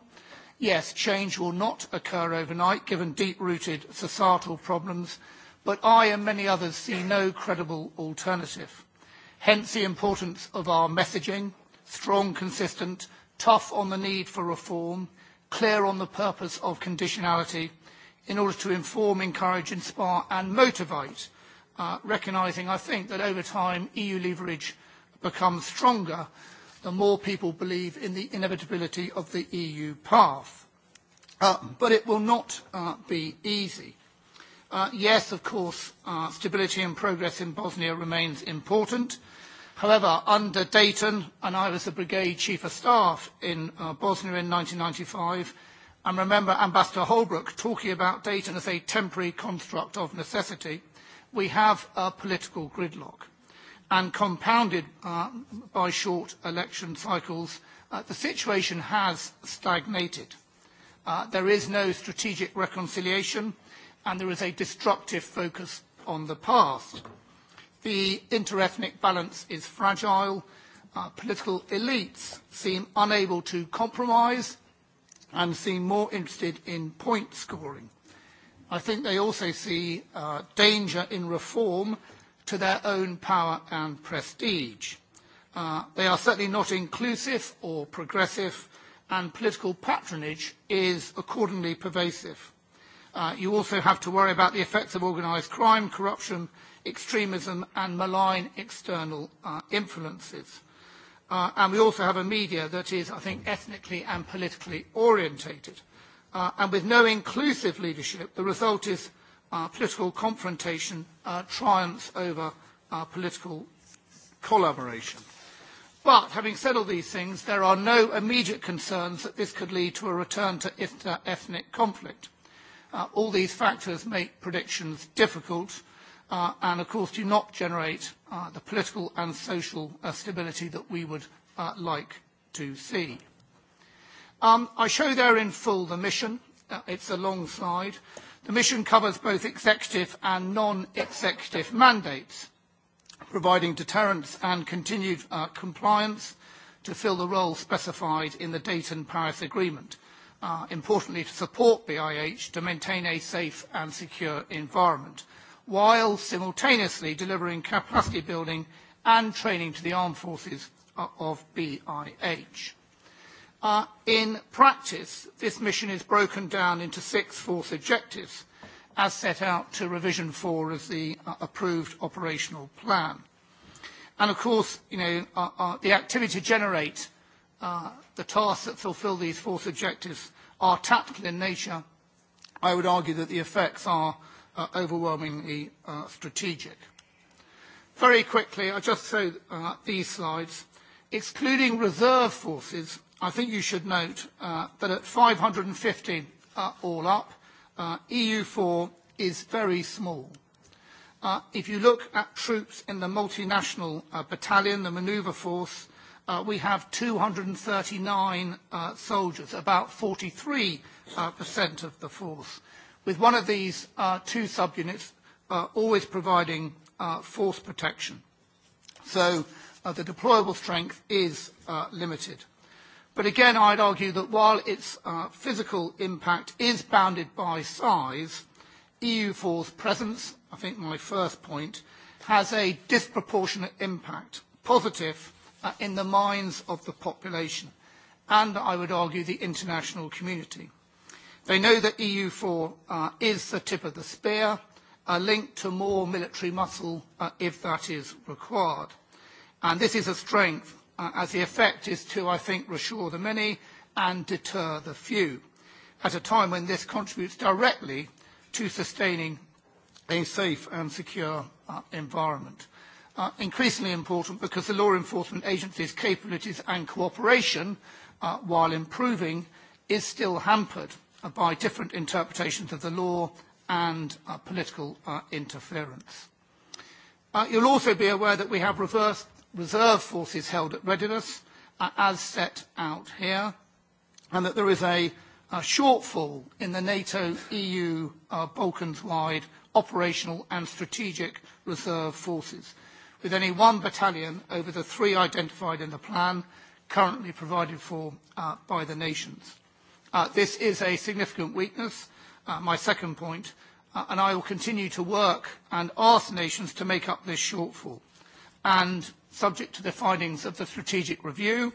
Yes, change will not occur overnight, given deep-rooted societal problems, but I and many others see no credible alternative. Hence the importance of our messaging, strong, consistent, tough on the need for reform, clear on the purpose of conditionality, in order to inform, encourage, inspire and motivate, uh, recognising, I think, that over time EU leverage becomes stronger the more people believe in the inevitability of the EU path. Uh, but it will not uh, be easy. Uh, yes, of course, uh, stability and progress in Bosnia remains important. However, under Dayton, and I was the brigade chief of staff in uh, Bosnia in 1995, and remember Ambassador Holbrooke talking about Dayton as a temporary construct of necessity, we have a political gridlock. And compounded uh, by short election cycles, uh, the situation has stagnated. Uh, there is no strategic reconciliation, and there is a destructive focus on the past. The interethnic balance is fragile. Uh, political elites seem unable to compromise and seem more interested in point scoring. I think they also see uh, danger in reform to their own power and prestige. Uh, they are certainly not inclusive or progressive, and political patronage is accordingly pervasive. Uh, you also have to worry about the effects of organised crime, corruption, extremism, and malign external uh, influences. Uh, and we also have a media that is, I think, ethnically and politically orientated. Uh, and with no inclusive leadership, the result is uh, political confrontation uh, triumphs over uh, political collaboration. But having said all these things, there are no immediate concerns that this could lead to a return to inter-ethnic conflict. Uh, all these factors make predictions difficult, uh, and of course do not generate uh, the political and social uh, stability that we would uh, like to see. Um, I show there in full the mission. Uh, it's a long slide. The mission covers both executive and non-executive mandates, providing deterrence and continued uh, compliance to fill the role specified in the Dayton Paris Agreement. Uh, importantly, to support BIH to maintain a safe and secure environment. Uh, while simultaneously delivering capacity building and training to the armed forces of BIH. Uh, in practice, this mission is broken down into six force objectives, as set out to Revision 4 of the uh, approved operational plan. And of course, you know, uh, uh, the activity to generate uh, the tasks that fulfill these force objectives are tactical in nature. I would argue that the effects are uh, overwhelmingly uh, strategic. Very quickly, I'll just show uh, these slides. Excluding reserve forces, I think you should note uh, that at 550 uh, all up, uh, EU4 is very small. Uh, if you look at troops in the multinational uh, battalion, the manoeuvre force, uh, we have 239 uh, soldiers, about 43% uh, percent of the force with one of these uh, two subunits uh, always providing uh, force protection. So uh, the deployable strength is uh, limited. But again, I'd argue that while its uh, physical impact is bounded by size, EU4's presence, I think my first point, has a disproportionate impact, positive, uh, in the minds of the population, and I would argue the international community. They know that EU4 uh, is the tip of the spear, a uh, link to more military muscle uh, if that is required. And this is a strength, uh, as the effect is to, I think, reassure the many and deter the few, at a time when this contributes directly to sustaining a safe and secure uh, environment. Uh, increasingly important because the law enforcement agencies' capabilities and cooperation, uh, while improving, is still hampered uh, by different interpretations of the law and uh, political uh, interference. Uh, you'll also be aware that we have reversed reserve forces held at readiness, uh, as set out here, and that there is a, a shortfall in the NATO-EU uh, Balkans-wide operational and strategic reserve forces, with only one battalion over the three identified in the plan currently provided for uh, by the nations. Uh, this is a significant weakness, uh, my second point, uh, and I will continue to work and ask nations to make up this shortfall. And subject to the findings of the strategic review,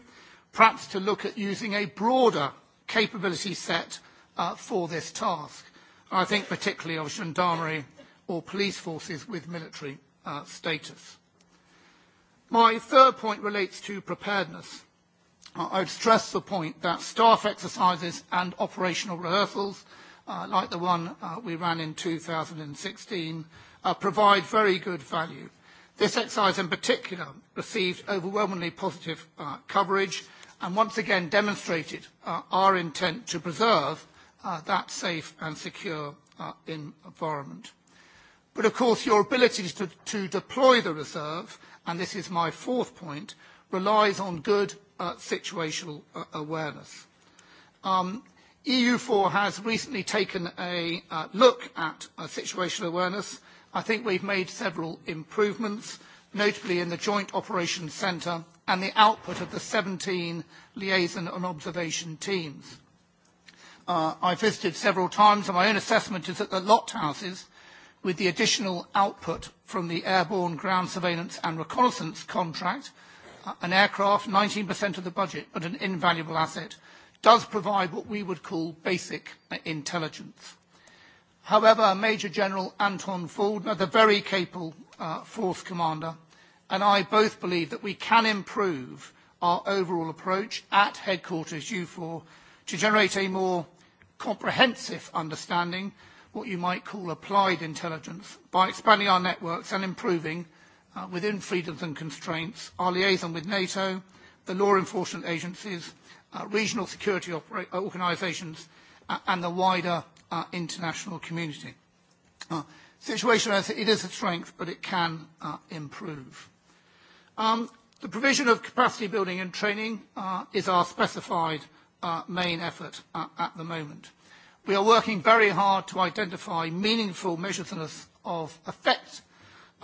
perhaps to look at using a broader capability set uh, for this task. I think particularly of gendarmerie or police forces with military uh, status. My third point relates to preparedness. I would stress the point that staff exercises and operational rehearsals, uh, like the one uh, we ran in 2016, uh, provide very good value. This exercise in particular received overwhelmingly positive uh, coverage and once again demonstrated uh, our intent to preserve uh, that safe and secure uh, environment. But of course your ability to, to deploy the reserve, and this is my fourth point, relies on good uh, situational uh, awareness. Um, EU4 has recently taken a uh, look at uh, situational awareness. I think we've made several improvements, notably in the Joint Operations Centre and the output of the 17 liaison and observation teams. Uh, I visited several times, and my own assessment is that the locked houses, with the additional output from the airborne ground surveillance and reconnaissance contract, an aircraft, 19% of the budget, but an invaluable asset, does provide what we would call basic intelligence. However, Major General Anton Fuldner, the very capable uh, Force Commander, and I both believe that we can improve our overall approach at headquarters EUFOR to generate a more comprehensive understanding, what you might call applied intelligence, by expanding our networks and improving uh, within freedoms and constraints, our liaison with NATO, the law enforcement agencies, uh, regional security opera- uh, organisations, uh, and the wider uh, international community. Uh, situation as it is a strength, but it can uh, improve. Um, the provision of capacity building and training uh, is our specified uh, main effort uh, at the moment. We are working very hard to identify meaningful measures of effect uh,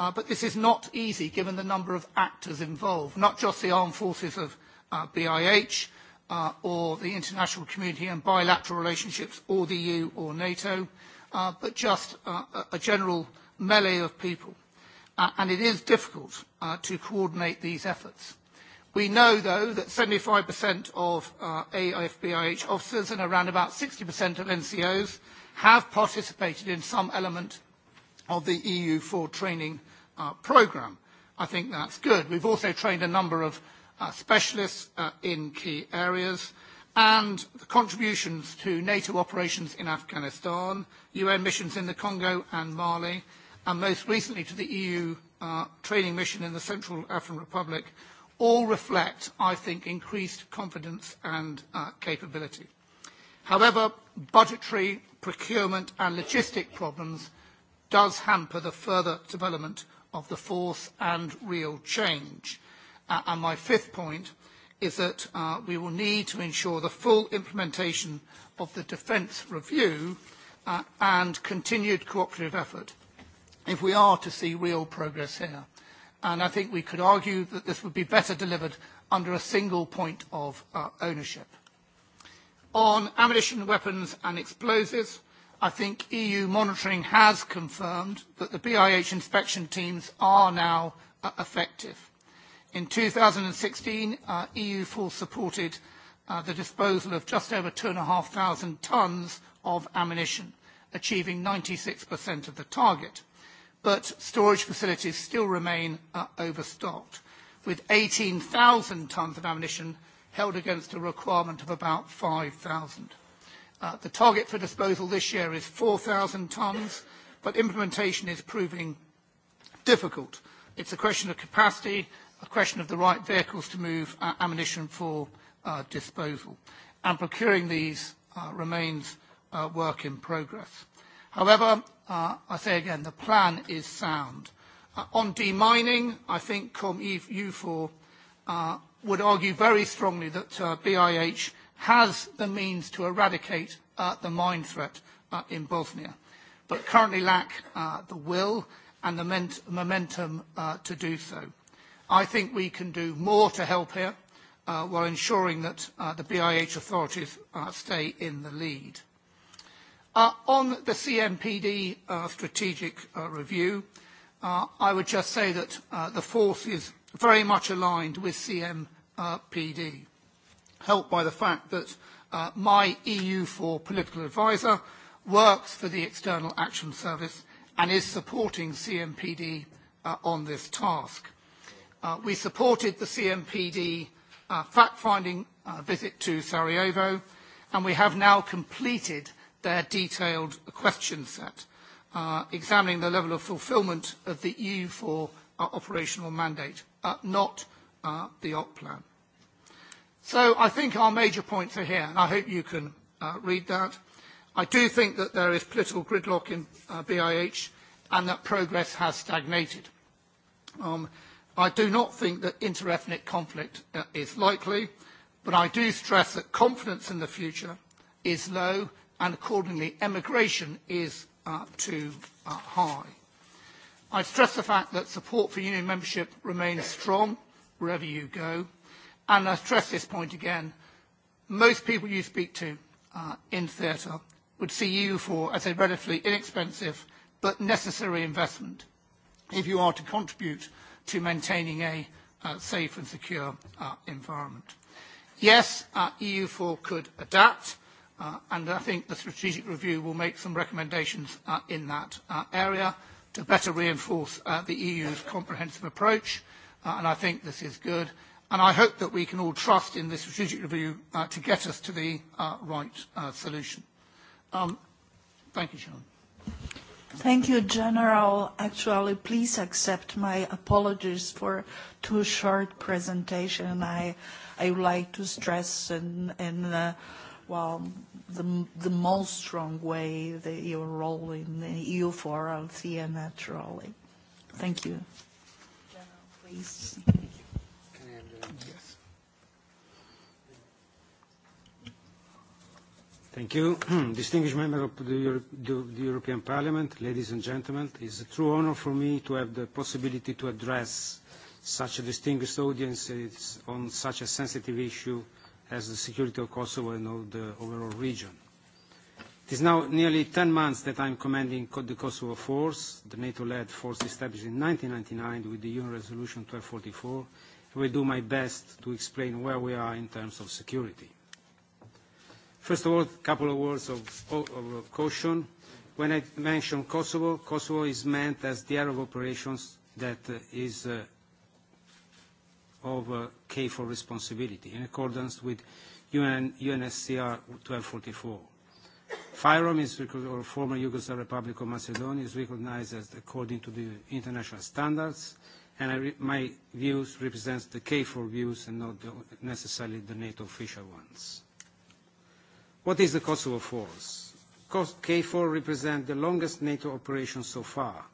Uh, but this is not easy given the number of actors involved, not just the armed forces of uh, BIH uh, or the international community and bilateral relationships or the EU or NATO, uh, but just uh, a general melee of people. Uh, and it is difficult uh, to coordinate these efforts. We know, though, that 75% of uh, AFBIH officers and around about 60% of NCOs have participated in some element of the EU4 training uh, programme. I think that's good. We've also trained a number of uh, specialists uh, in key areas, and the contributions to NATO operations in Afghanistan, UN missions in the Congo and Mali, and most recently to the EU uh, training mission in the Central African Republic, all reflect, I think, increased confidence and uh, capability. However, budgetary, procurement, and logistic problems does hamper the further development of the fourth and real change. Uh, and my fifth point is that uh, we will need to ensure the full implementation of the defence review uh, and continued cooperative effort if we are to see real progress here. And I think we could argue that this would be better delivered under a single point of uh, ownership. On ammunition, weapons and explosives, I think EU monitoring has confirmed that the BIH inspection teams are now uh, effective. In 2016, uh, EU Full supported uh, the disposal of just over 2,500 tons of ammunition, achieving 96% of the target. But storage facilities still remain uh, overstocked, with 18,000 tons of ammunition held against a requirement of about 5,000. Uh, the target for disposal this year is 4,000 tons, but implementation is proving difficult. It's a question of capacity, a question of the right vehicles to move uh, ammunition for uh, disposal, and procuring these uh, remains uh, work in progress. However, uh, I say again, the plan is sound. On demining, I think COMEUFOR would argue very strongly that BIH has the means to eradicate uh, the mine threat uh, in Bosnia, but currently lack uh, the will and the ment- momentum uh, to do so. I think we can do more to help here uh, while ensuring that uh, the BIH authorities uh, stay in the lead. Uh, on the CMPD uh, strategic uh, review, uh, I would just say that uh, the force is very much aligned with CMPD. Uh, PD helped by the fact that uh, my EU for political advisor works for the External Action Service and is supporting CMPD uh, on this task. Uh, we supported the CMPD uh, fact-finding uh, visit to Sarajevo, and we have now completed their detailed question set, uh, examining the level of fulfillment of the EU4 uh, operational mandate, uh, not uh, the OP plan. So I think our major points are here, and I hope you can uh, read that. I do think that there is political gridlock in uh, BIH and that progress has stagnated. Um, I do not think that interethnic conflict uh, is likely, but I do stress that confidence in the future is low and accordingly emigration is uh, too uh, high. I stress the fact that support for union membership remains strong wherever you go. And I stress this point again, most people you speak to uh, in theatre would see you for as a relatively inexpensive but necessary investment if you are to contribute to maintaining a uh, safe and secure uh, environment. Yes, uh, EU4 could adapt, uh, and I think the strategic review will make some recommendations uh, in that uh, area to better reinforce uh, the EU's comprehensive approach, uh, and I think this is good and I hope that we can all trust in this strategic review uh, to get us to the uh, right uh, solution. Um, thank you, Sharon. Thank you, General. Actually, please accept my apologies for too short presentation. I, I would like to stress in, in uh, well, the, the most strong way the, your role in the EU for Althea, naturally. Thank you. General, please. Thank you. Distinguished member of the, Euro the European Parliament, ladies and gentlemen, it is a true honor for me to have the possibility to address such a distinguished audience on such a sensitive issue as the security of Kosovo and of the overall region. It is now nearly 10 months that I am commanding the Kosovo force, the NATO-led force established in 1999 with the UN Resolution 1244. I will do my best to explain where we are in terms of security. First of all, a couple of words of, of caution. When I mention Kosovo, Kosovo is meant as the area of operations that uh, is uh, of KFOR uh, responsibility in accordance with UN, UNSCR 1244. FYROM is, or former Yugoslav Republic of Macedonia, is recognized as according to the international standards, and I re, my views represents the KFOR views and not the, necessarily the NATO official ones. What is the Kosovo force? K4 represents the longest NATO operation so far,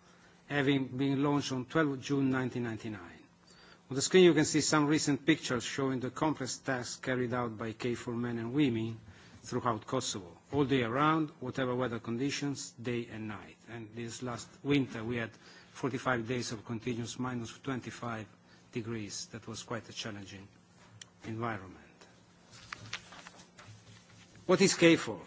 having been launched on 12 June 1999. On the screen, you can see some recent pictures showing the complex tasks carried out by K4 men and women throughout Kosovo, all day around, whatever weather conditions, day and night. And this last winter, we had 45 days of continuous minus 25 degrees. That was quite a challenging environment. What is KFOR?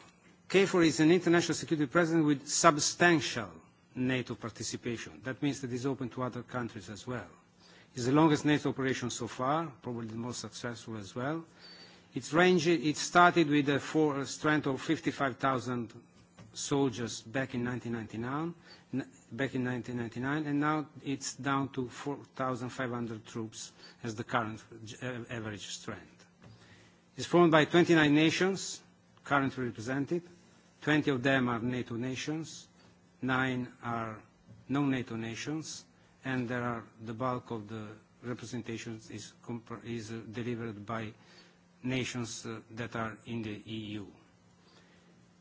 KFOR is an international security presence with substantial NATO participation. That means that it's open to other countries as well. It's the longest NATO operation so far, probably the most successful as well. Its range, it started with a four, strength of 55,000 soldiers back in 1999, back in 1999, and now it's down to 4,500 troops as the current uh, average strength. It's formed by 29 nations, currently represented. 20 of them are NATO nations, nine are non-NATO nations, and there are the bulk of the representations is, is uh, delivered by nations uh, that are in the EU.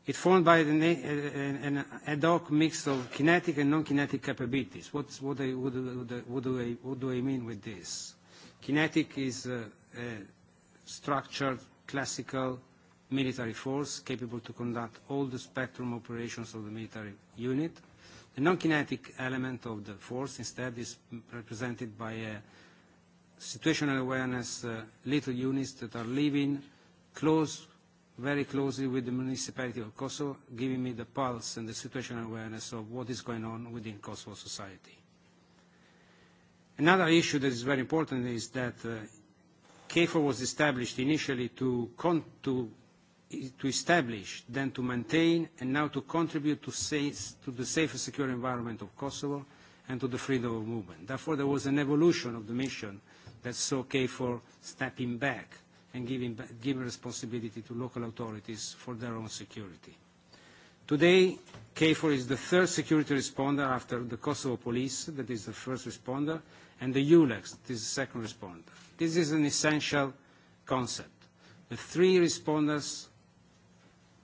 It's formed by the uh, an ad hoc mix of kinetic and non-kinetic capabilities. What's, what, I, what, do, what, do I, what do I mean with this? Kinetic is uh, uh, structured, classical, military force capable to conduct all the spectrum operations of the military unit. The non-kinetic element of the force instead is represented by a situational awareness uh, little units that are living close, very closely with the municipality of Kosovo, giving me the pulse and the situational awareness of what is going on within Kosovo society. Another issue that is very important is that uh, KFOR was established initially to, con to to establish, then to maintain, and now to contribute to, safe, to the safe and secure environment of Kosovo and to the freedom of movement. Therefore, there was an evolution of the mission that saw KFOR stepping back and giving, giving responsibility to local authorities for their own security. Today, KFOR is the third security responder after the Kosovo police, that is the first responder, and the ULEX, that is the second responder. This is an essential concept. The three responders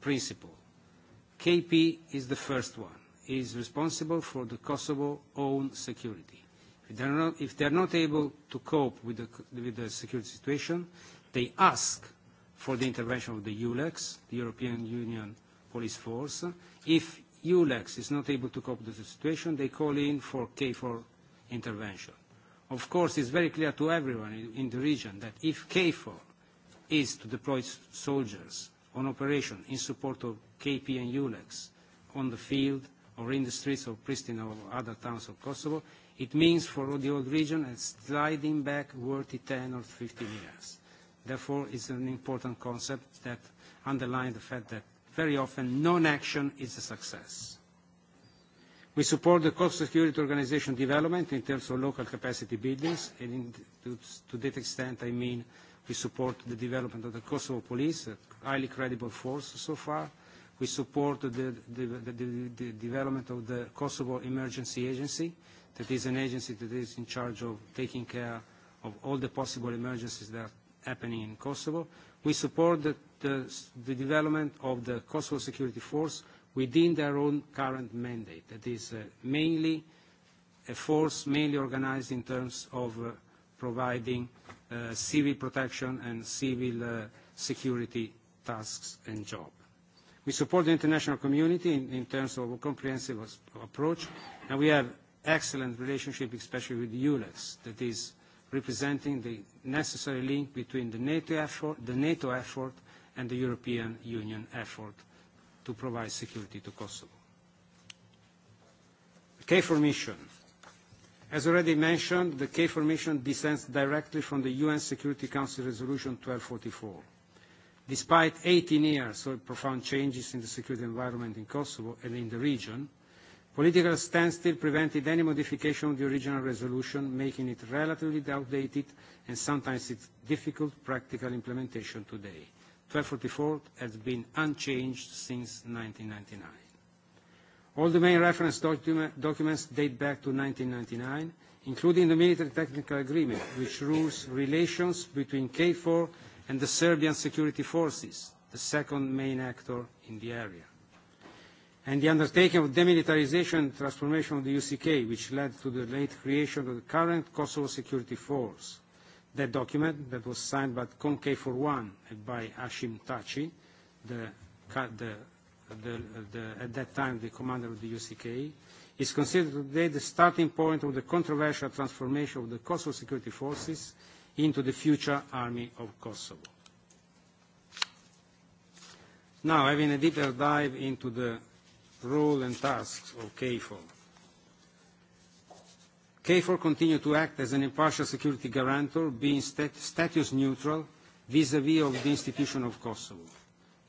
principle. KP is the first one. It is responsible for the Kosovo own security. If they're not, if they're not able to cope with the, with the security situation, they ask for the intervention of the ULEX, the European Union Police Force. If ULEX is not able to cope with the situation, they call in for KFOR intervention. Of course, it's very clear to everyone in the region that if KFOR is to deploy soldiers on operation in support of KP and ULEX on the field or in the streets of Pristina or other towns of Kosovo, it means for the old region a sliding backward 10 or 15 years. Therefore, it's an important concept that underlines the fact that very often non-action is a success. We support the Kosovo Security Organization development in terms of local capacity buildings, and in, to, to that extent I mean We support the development of the Kosovo police, a highly credible force so far. We support the, the, the, the, the development of the Kosovo Emergency Agency, that is an agency that is in charge of taking care of all the possible emergencies that are happening in Kosovo. We support the, the, the development of the Kosovo Security Force within their own current mandate. That is uh, mainly a force mainly organized in terms of uh, providing uh, uh, civil protection and civil uh, security tasks and jobs. We support the international community in, in terms of a comprehensive approach, and we have excellent relationship, especially with ULEX, that is representing the necessary link between the NATO effort, the NATO effort and the European Union effort to provide security to Kosovo. KFOR mission. As already mentioned, the K Formation descends directly from the UN Security Council Resolution 1244. Despite 18 years of profound changes in the security environment in Kosovo and in the region, political standstill prevented any modification of the original resolution, making it relatively outdated and sometimes its difficult practical implementation today. 1244 has been unchanged since 1999. All the main reference docu documents date back to 1999, including the military technical agreement, which rules relations between KFOR and the Serbian security forces, the second main actor in the area. And the undertaking of demilitarization and transformation of the UCK, which led to the late creation of the current Kosovo Security Force. That document that was signed by CONK41 and by Ashim Tachi, the, the the, the, at that time the commander of the UCK, is considered today the starting point of the controversial transformation of the Kosovo security forces into the future army of Kosovo. Now, having a deeper dive into the role and tasks of KFOR. KFOR continue to act as an impartial security guarantor, being stat status neutral vis-à-vis -vis of the institution of Kosovo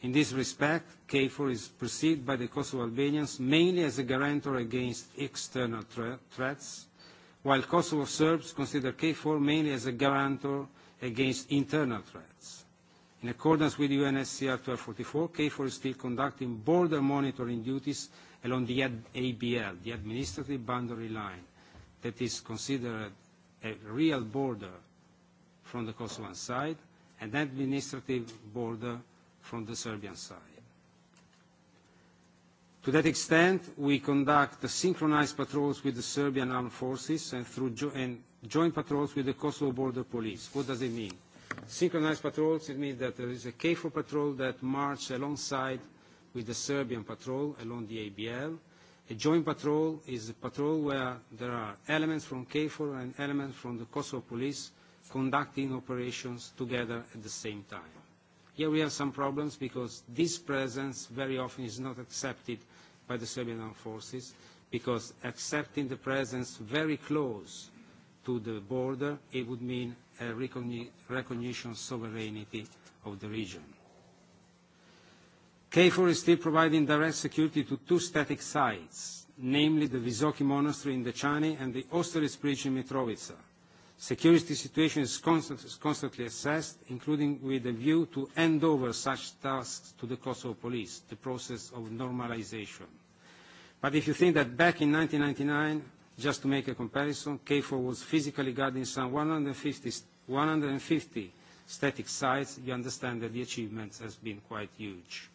In this respect, KFOR is perceived by the Kosovo Albanians mainly as a guarantor against external threats, while Kosovo Serbs consider KFOR mainly as a guarantor against internal threats. In accordance with UNSCR 1244, KFOR is still conducting border monitoring duties along the ABL, the administrative boundary line, that is considered a real border from the Kosovan side, an administrative border from the Serbian side. To that extent, we conduct synchronized patrols with the Serbian armed forces and through jo and joint patrols with the Kosovo border police. What does it mean? Synchronized patrols, it means that there is a KFOR patrol that marches alongside with the Serbian patrol along the ABL. A joint patrol is a patrol where there are elements from KFOR and elements from the Kosovo police conducting operations together at the same time. Here we have some problems because this presence very often is not accepted by the Serbian armed forces because accepting the presence very close to the border, it would mean a recogni recognition sovereignty of the region. KFOR is still providing direct security to two static sites, namely the Visoki Monastery in Dechani and the Austerlitz Bridge in Mitrovica Security situation is constant, constantly assessed, including with a view to hand over such tasks to the Kosovo police, the process of normalization. But if you think that back in 1999, just to make a comparison, KFOR was physically guarding some 150, 150 static sites, you understand that the achievement has been quite huge.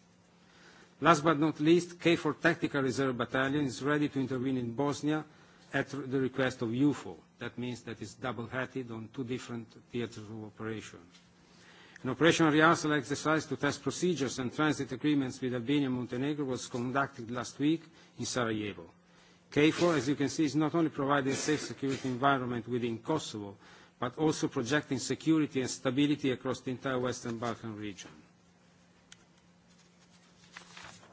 Last but not least, KFOR Tactical Reserve Battalion is ready to intervene in Bosnia at the request of UFO. That means that it's double-headed on two different theaters of operation. An operational rehearsal exercise to test procedures and transit agreements with Albania and Montenegro was conducted last week in Sarajevo. KFOR, as you can see, is not only providing safe security environment within Kosovo, but also projecting security and stability across the entire Western Balkan region.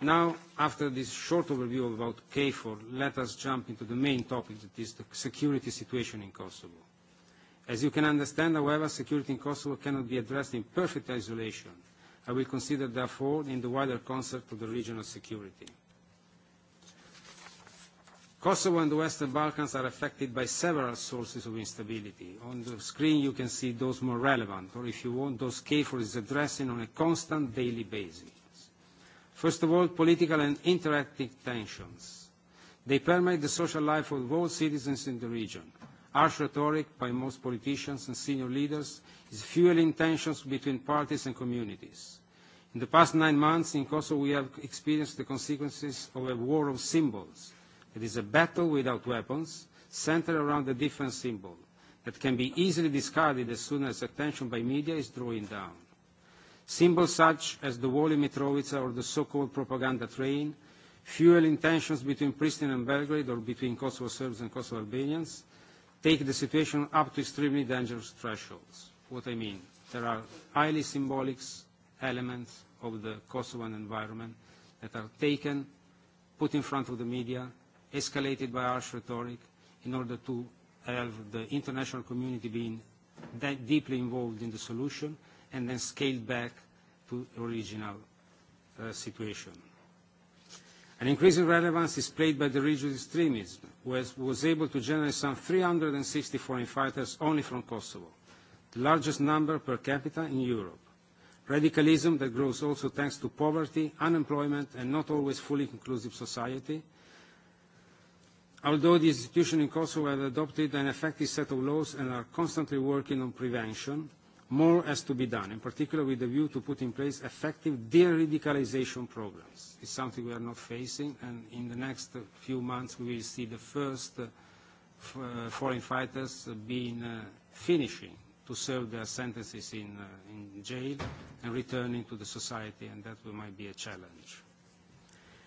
Now, after this short overview about KFOR, let us jump into the main topic that is the security situation in Kosovo. As you can understand, however, security in Kosovo cannot be addressed in perfect isolation. I will consider, therefore, in the wider concept of the regional security. Kosovo and the Western Balkans are affected by several sources of instability. On the screen you can see those more relevant, or if you want, those KFOR is addressing on a constant daily basis. First of all, political and interethnic tensions. They permeate the social life of all citizens in the region. Harsh rhetoric by most politicians and senior leaders is fueling tensions between parties and communities. In the past nine months in Kosovo, we have experienced the consequences of a war of symbols. It is a battle without weapons, centered around a different symbol that can be easily discarded as soon as attention by media is drawing down. Symbols such as the wall in Mitrovica or the so-called propaganda train fuel tensions between Pristina and Belgrade or between Kosovo Serbs and Kosovo Albanians, take the situation up to extremely dangerous thresholds. What I mean, there are highly symbolic elements of the Kosovan environment that are taken, put in front of the media, escalated by harsh rhetoric in order to have the international community being deeply involved in the solution and then scaled back to original uh, situation. An increasing relevance is played by the region's extremism, who was able to generate some 360 foreign fighters only from Kosovo, the largest number per capita in Europe. Radicalism that grows also thanks to poverty, unemployment, and not always fully inclusive society. Although the institutions in Kosovo have adopted an effective set of laws and are constantly working on prevention, more has to be done, in particular with a view to put in place effective de-radicalization programs. It's something we are not facing, and in the next few months we will see the first uh, uh foreign fighters being uh, finishing to serve their sentences in, uh, in jail and returning to the society, and that might be a challenge.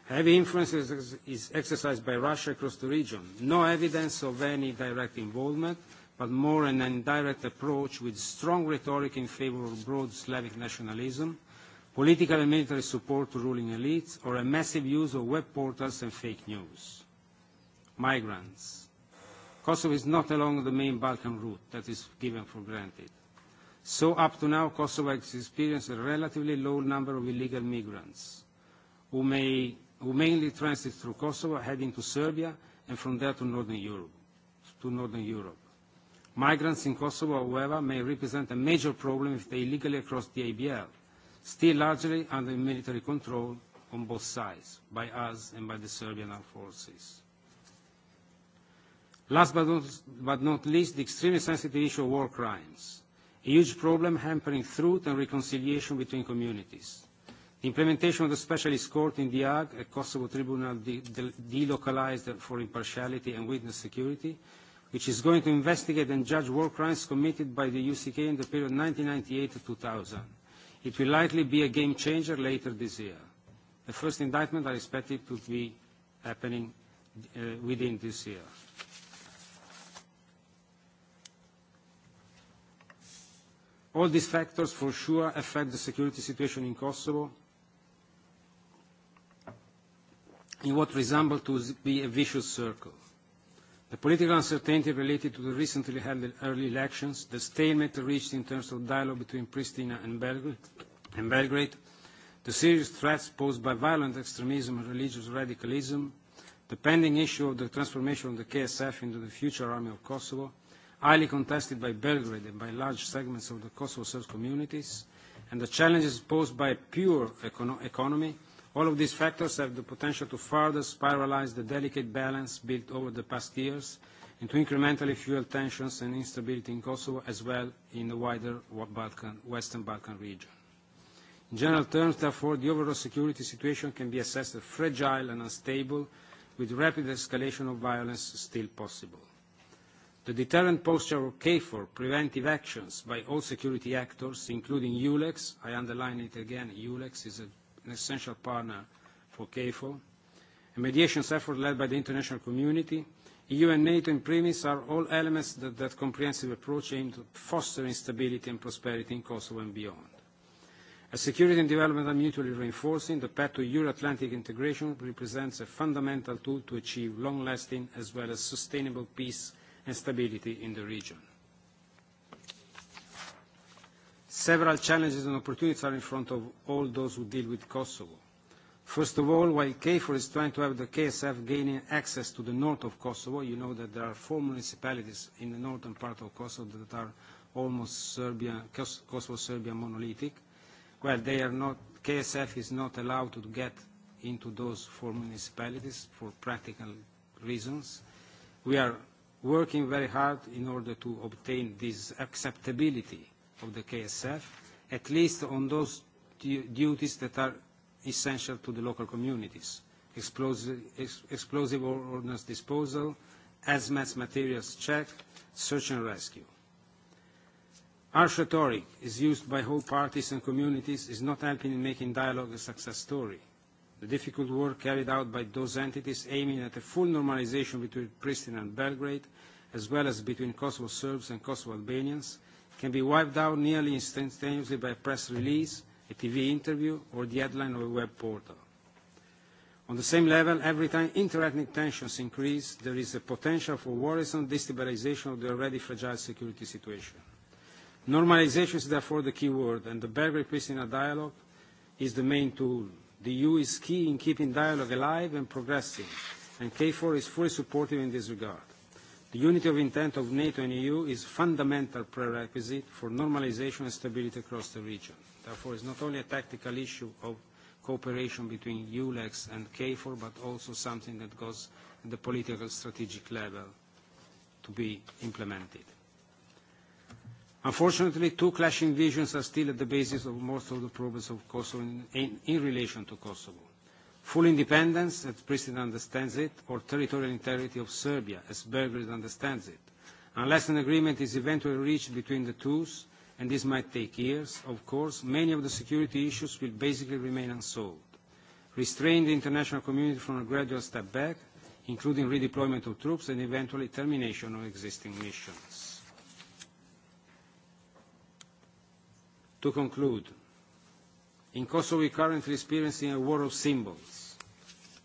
Heavy influence is, is exercised by Russia across the region. No evidence of any direct involvement, but more an indirect approach with strong rhetoric in favour of broad Slavic nationalism, political and military support to ruling elites, or a massive use of web portals and fake news. Migrants. Kosovo is not along the main Balkan route that is given for granted. So up to now, Kosovo has experienced a relatively low number of illegal migrants who, may, who mainly transit through Kosovo, heading to Serbia, and from there to Northern Europe. To Northern Europe. Migrants in Kosovo, however, may represent a major problem if they illegally cross the ABL, still largely under military control on both sides, by us and by the Serbian armed forces. Last but not, but not least, the extremely sensitive issue of war crimes, a huge problem hampering truth and reconciliation between communities. The implementation of the specialist court in The Hague, a Kosovo tribunal de de delocalized for impartiality and witness security, which is going to investigate and judge war crimes committed by the UCK in the period 1998 to 2000. It will likely be a game changer later this year. The first indictment are expected to be happening uh, within this year. All these factors for sure affect the security situation in Kosovo in what resembles to be a vicious circle. The political uncertainty related to the recently held early elections, the stalemate reached in terms of dialogue between Pristina and Belgrade, and Belgrade the serious threats posed by violent extremism and religious radicalism, the pending issue of the transformation of the KSF into the future army of Kosovo, highly contested by Belgrade and by large segments of the Kosovo Serb communities, and the challenges posed by a pure econo economy All of these factors have the potential to further spiralize the delicate balance built over the past years and to incrementally fuel tensions and instability in Kosovo as well in the wider Balkan, Western Balkan region. In general terms, therefore, the overall security situation can be assessed as fragile and unstable, with rapid escalation of violence still possible. The deterrent posture of KFOR preventive actions by all security actors, including ULEX, I underline it again, ULEX is a an essential partner for KFOR. A mediation effort led by the international community, EU and NATO in premise are all elements that that comprehensive approach aims at fostering stability and prosperity in Kosovo and beyond. As security and development are mutually reinforcing, the path to Euro-Atlantic integration represents a fundamental tool to achieve long-lasting as well as sustainable peace and stability in the region. Several challenges and opportunities are in front of all those who deal with Kosovo. First of all, while KFOR is trying to have the KSF gaining access to the north of Kosovo, you know that there are four municipalities in the northern part of Kosovo that are almost Serbia, Kosovo-Serbia monolithic. Well, they are not, KSF is not allowed to get into those four municipalities for practical reasons. We are working very hard in order to obtain this acceptability of the KSF, at least on those duties that are essential to the local communities, explosive, ex explosive or ordnance disposal, hazmat materials check, search and rescue. Harsh rhetoric is used by whole parties and communities is not helping in making dialogue a success story. The difficult work carried out by those entities aiming at a full normalization between Pristina and Belgrade, as well as between Kosovo Serbs and Kosovo Albanians, can be wiped out nearly instantaneously by a press release, a TV interview, or the headline of a web portal. On the same level, every time interethnic tensions increase, there is a potential for worrisome destabilization of the already fragile security situation. Normalization is therefore the key word, and the Belgrade-Pristina dialogue is the main tool. The EU is key in keeping dialogue alive and progressing, and KFOR is fully supportive in this regard. The unity of intent of NATO and EU is fundamental prerequisite for normalization and stability across the region. Therefore, it's not only a tactical issue of cooperation between ULEX and KFOR, but also something that goes at the political strategic level to be implemented. Unfortunately, two clashing visions are still at the basis of most of the problems of Kosovo in, in, in relation to Kosovo. Full independence, as Pristina understands it, or territorial integrity of Serbia, as Belgrade understands it, unless an agreement is eventually reached between the two, and this might take years, of course, many of the security issues will basically remain unsolved. Restrain the international community from a gradual step back, including redeployment of troops and eventually termination of existing missions. To conclude, In Kosovo, we are currently experiencing a war of symbols.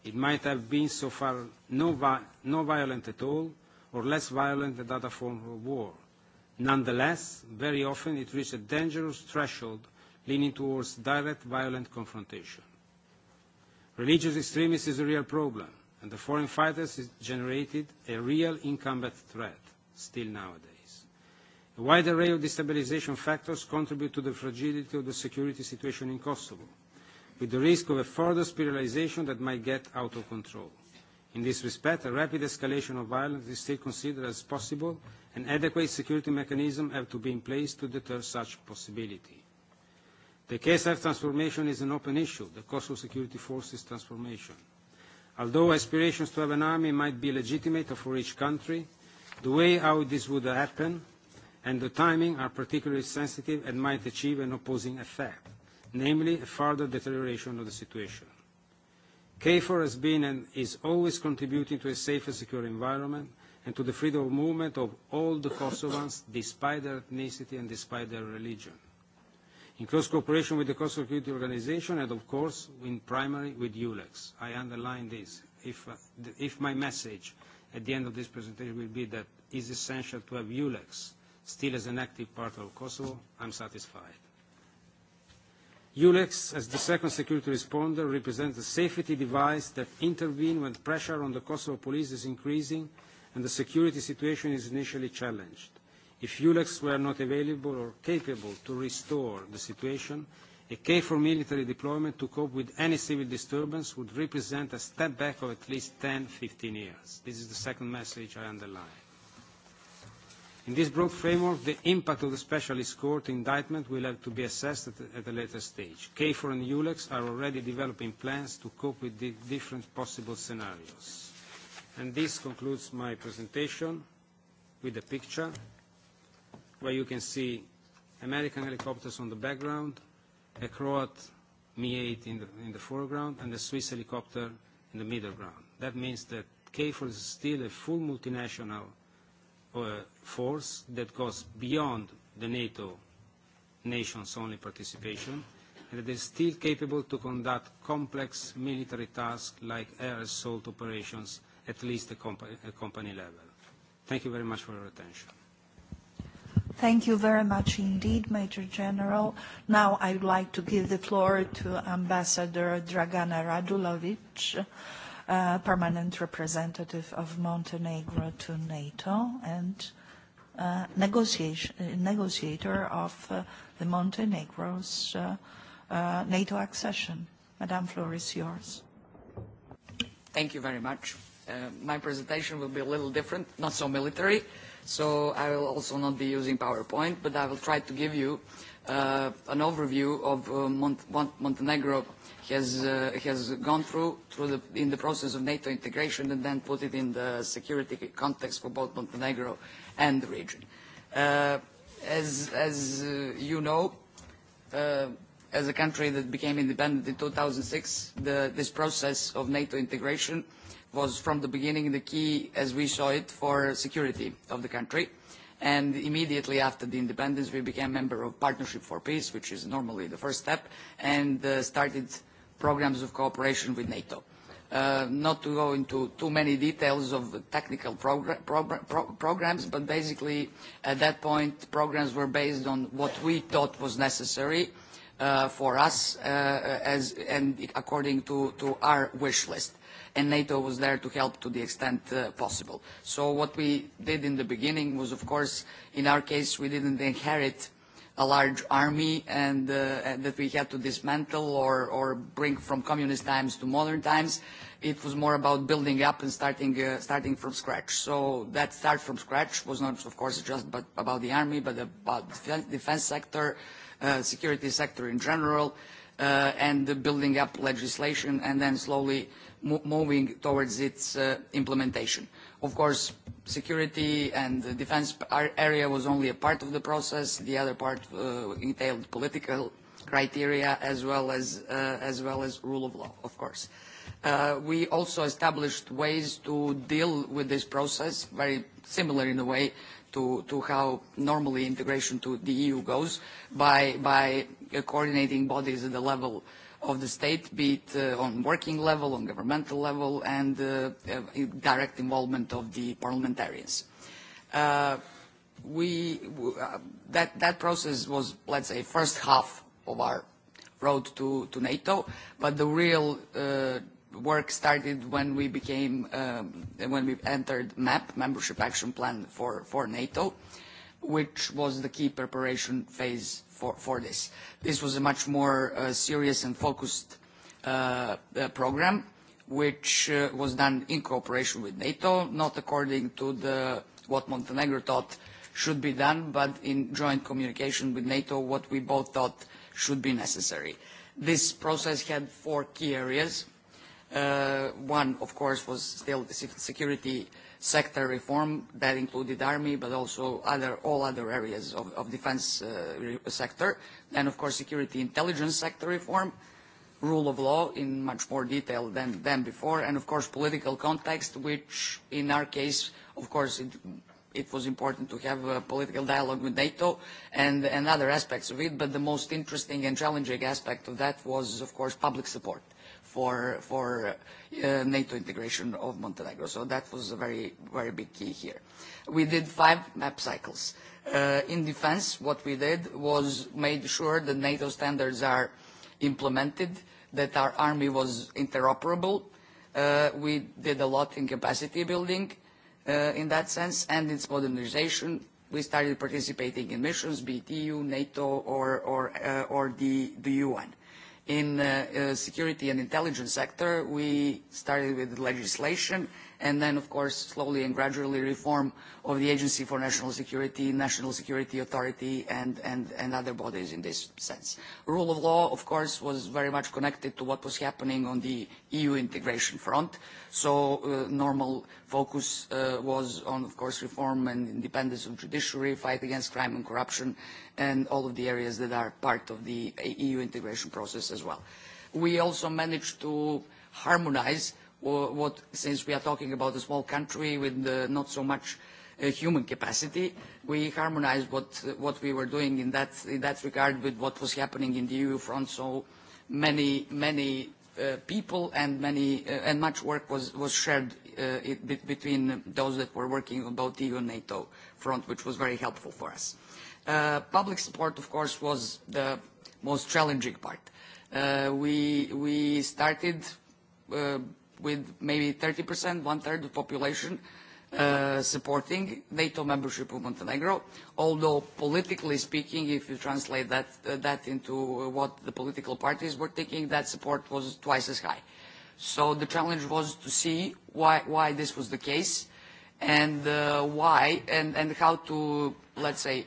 It might have been so far no, vi no violent at all, or less violent than other forms of war. Nonetheless, very often it reached a dangerous threshold leaning towards direct violent confrontation. Religious extremism is a real problem, and the foreign fighters generated a real incumbent threat still nowadays. A wide array of destabilization factors contribute to the fragility of the security situation in Kosovo, with the risk of a further spiralization that might get out of control. In this respect, a rapid escalation of violence is still considered as possible, and adequate security mechanisms have to be in place to deter such possibility. The KSF transformation is an open issue, the Kosovo Security Forces transformation. Although aspirations to have an army might be legitimate for each country, the way how this would happen and the timing are particularly sensitive and might achieve an opposing effect, namely a further deterioration of the situation. KFOR has been and is always contributing to a safe and secure environment and to the freedom of movement of all the Kosovans, despite their ethnicity and despite their religion, in close cooperation with the Kosovo Security Organization and, of course, in primary with ULEX. I underline this. If, uh, if my message at the end of this presentation will be that it's essential to have ULEX still as an active part of Kosovo, I'm satisfied. EULEX, as the second security responder, represents a safety device that intervenes when pressure on the Kosovo police is increasing and the security situation is initially challenged. If EULEX were not available or capable to restore the situation, a K4 military deployment to cope with any civil disturbance would represent a step back of at least 10, 15 years. This is the second message I underline. In this broad framework, the impact of the specialist court indictment will have to be assessed at, at a later stage. KFOR and ULEX are already developing plans to cope with the different possible scenarios. And this concludes my presentation with a picture where you can see American helicopters on the background, a Croat Mi-8 in the, in the foreground, and a Swiss helicopter in the middle ground. That means that KFOR is still a full multinational uh, force that goes beyond the NATO nations' only participation, and that is still capable to conduct complex military tasks like air assault operations at least at comp company level. Thank you very much for your attention. Thank you very much indeed, Major General. Now I would like to give the floor to Ambassador Dragana Radulovic uh, permanent representative of Montenegro to NATO and uh, negotiator of uh, the Montenegro's uh, uh, NATO accession. Madame Fleur is yours. Thank you very much. Uh, my presentation will be a little different, not so military, so I will also not be using PowerPoint, but I will try to give you uh, uh, an overview of uh, Mont Mont Montenegro has, uh, has gone through, through the, in the process of NATO integration and then put it in the security context for both Montenegro and the region. Uh, as as uh, you know, uh, as a country that became independent in 2006, the, this process of NATO integration was from the beginning the key, as we saw it, for security of the country. Uh, and immediately after the independence we became member of Partnership for Peace, which is normally the first step, and uh, started programs of cooperation with NATO. Uh, not to go into too many details of technical progr progr pro programs, but basically at that point programs were based on what we thought was necessary uh, for us uh, as, and according to, to our wish list and NATO was there to help to the extent uh, possible. So what we did in the beginning was, of course, in our case, we didn't inherit a large army and, uh, and that we had to dismantle or, or bring from communist times to modern times. It was more about building up and starting, uh, starting from scratch. So that start from scratch was not, of course, just but about the army, but about the defense sector, uh, security sector in general, uh, and the building up legislation and then slowly uh, mo moving towards its uh, implementation. Of course, security and the defense area was only a part of the process. The other part uh, entailed political criteria as well as, uh, as well as rule of law, of course. Uh, we also established ways to deal with this process, very similar in a way to, to how normally integration to the EU goes, by, by coordinating bodies at the level uh, of the state, be it uh, on working level, on governmental level, and uh, uh, direct involvement of the parliamentarians. Uh, we, uh, that, that process was, let's say, first half of our road to, to NATO, but the real uh, work started when we became, um, when we entered MAP, Membership Action Plan for, for NATO, which was the key preparation phase for, for this. This was a much more uh, serious and focused uh, uh, program, which uh, was done in cooperation with NATO, not according to the, what Montenegro thought should be done, but in joint communication with NATO, what we both thought should be necessary. This process had four key areas. Uh, one, of course, was still security uh, sector reform that included army, but also other, all other areas of, of defense uh, sector. Then, of course, security intelligence sector reform, rule of law in much more detail than, than before, and, of course, political context, which in our case, of course, it, it was important to have a political dialogue with NATO and, and other aspects of it, but the most interesting and challenging aspect of that was, of course, public support for, for uh, NATO integration of Montenegro. So that was a very, very big key here. We did five map cycles. Uh, in defense, what we did was made sure that NATO standards are implemented, that our army was interoperable. Uh, we did a lot in capacity building uh, in that sense and its modernization. We started participating in missions, be it EU, NATO, or, or, uh, or the, the UN. Uh, in uh, uh, security and intelligence sector, we started with legislation uh, and then, of course, slowly and gradually reform of the Agency for National Security, National Security Authority, and, and, and other bodies in this sense. Rule of law, of course, was very much connected to what was happening on the EU integration front, so uh, normal focus uh, was on, of course, reform and independence of judiciary, fight against crime and corruption, and all of the areas that are part of the EU integration process as well. We also managed to harmonize uh, or what, since we are talking about a small country with uh, not so much uh, human capacity, we harmonized what, uh, what we were doing in that, in that regard with what was happening in the EU front. So many, many uh, people and, many, uh, and much work was, was shared uh, it, be, between those that were working on both EU and NATO front, which was very helpful for us. Uh, public support, of course, was the most challenging part. Uh, we, we started uh, with maybe 30%, one-third of the population uh, supporting NATO membership of Montenegro, although politically speaking, if you translate that, uh, that into what the political parties were thinking, that support was twice as high. So the challenge was to see why, why this was the case and uh, why and, and how to, let's say,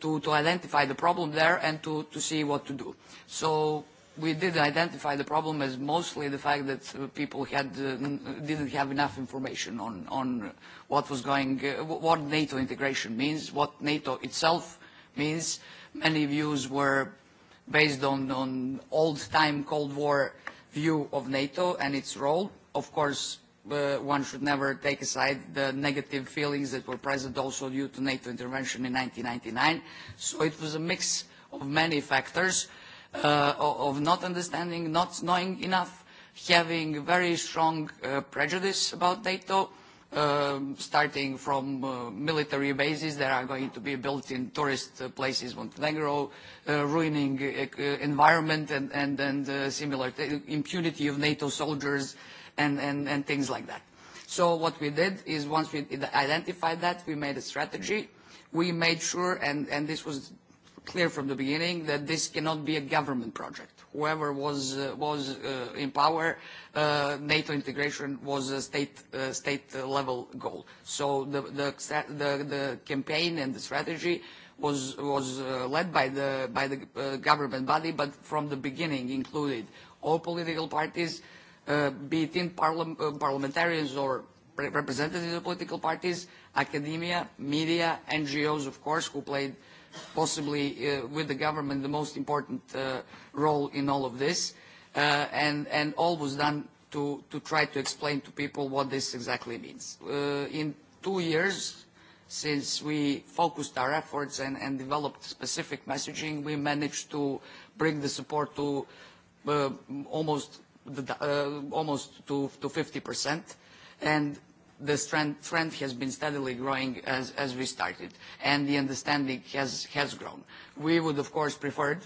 to, to identify the problem there and to, to see what to do. So we did identify the problem as mostly the fact that uh, people had uh, didn't have enough information on on what was going uh, what NATO integration means, what NATO itself means. Many views were based on on old-time Cold War view of NATO and its role. Of course, uh, one should never take aside the negative feelings that were present also due to NATO intervention in 1999. So it was a mix of many factors. Uh, uh, of not understanding, not knowing enough, having very strong uh, prejudice about NATO, uh, starting from uh, military bases that are going to be built in tourist uh, places, Montenegro, uh, ruining uh, uh environment and, and, and uh, similar t impunity of NATO soldiers and, and, and things like that. So what we did is once we identified that, we made a strategy. We made sure, and, and this was clear from the beginning that this cannot be a government project. Whoever was, uh, was uh, in power, uh, NATO integration was a state, uh, state level goal. So the, the, the, the campaign and the strategy was, was uh, led by the, by the uh, government body, but from the beginning included all political parties, uh, be it in parliament, uh, parliamentarians or representatives of political parties, academia, media, NGOs, of course, who played uh, possibly uh, with the government the most important uh, role in all of this, uh, and, and all was done to, to try to explain to people what this exactly means. Uh, in two years, since we focused our efforts and, and developed specific messaging, we managed to bring the support to uh, almost, the, uh, almost to, to 50%. And the strand, trend has been steadily growing as, as we started, and the understanding has, has grown. We would, of course, preferred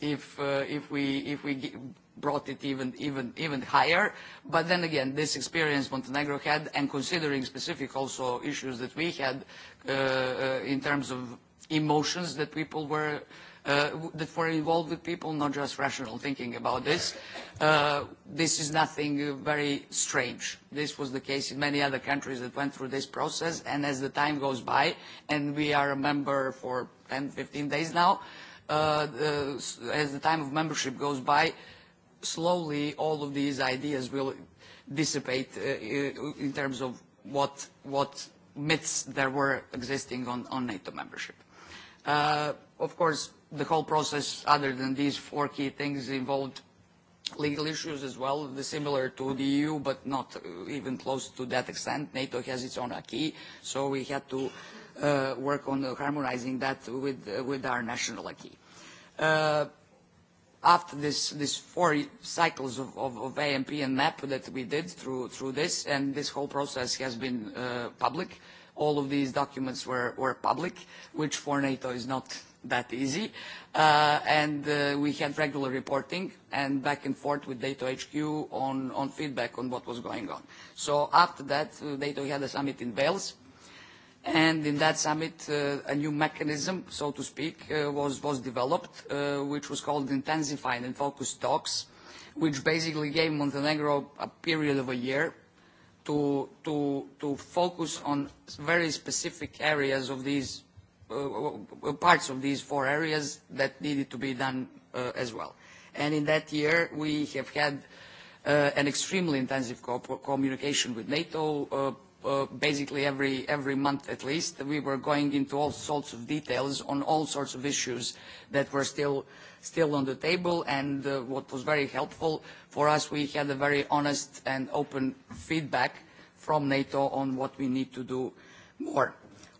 if, uh, if we, if we brought it even, even, even higher. But then again, this experience Montenegro had, and considering specific also issues that we had uh, uh, in terms of emotions that people were uh, uh, that were involved with people, not just rational thinking about this. Uh, this is nothing very strange. This was the case in many other countries that went through this process, and as the time goes by, and we are a member for 10, 15 days now, uh, the, as the time of membership goes by, slowly all of these ideas will dissipate uh, in terms of what, what myths there were existing on, on NATO membership. Uh, of course, the whole process, other than these four key things, involved legal issues as well, similar to the EU, but not uh, even close to that extent. NATO has its own acquis, so we had to uh, work on harmonizing that with, uh, with our national acquis. Uh, after this, this four cycles of, of, of AMP and MAP that we did through, through this, and this whole process has been uh, public. All of these documents were, were public, which for NATO is not that easy. Uh, and uh, we had regular reporting and back and forth with Dato HQ on, on feedback on what was going on. So after that, uh, Dato had a summit in Wales. And in that summit, uh, a new mechanism, so to speak, uh, was, was developed, uh, which was called Intensified and Focused Talks, which basically gave Montenegro a period of a year to, to, to focus on very specific areas of these Uh, uh, parts of these four areas that needed to be done uh, as well. And in that year, we have had uh, an extremely intensive co communication with NATO. Uh, uh, basically, every, every month at least, we were going into all sorts of details on all sorts of issues that were still still on the table. And uh, what was very helpful for us, we had a very honest and open feedback from NATO on what we need to do more.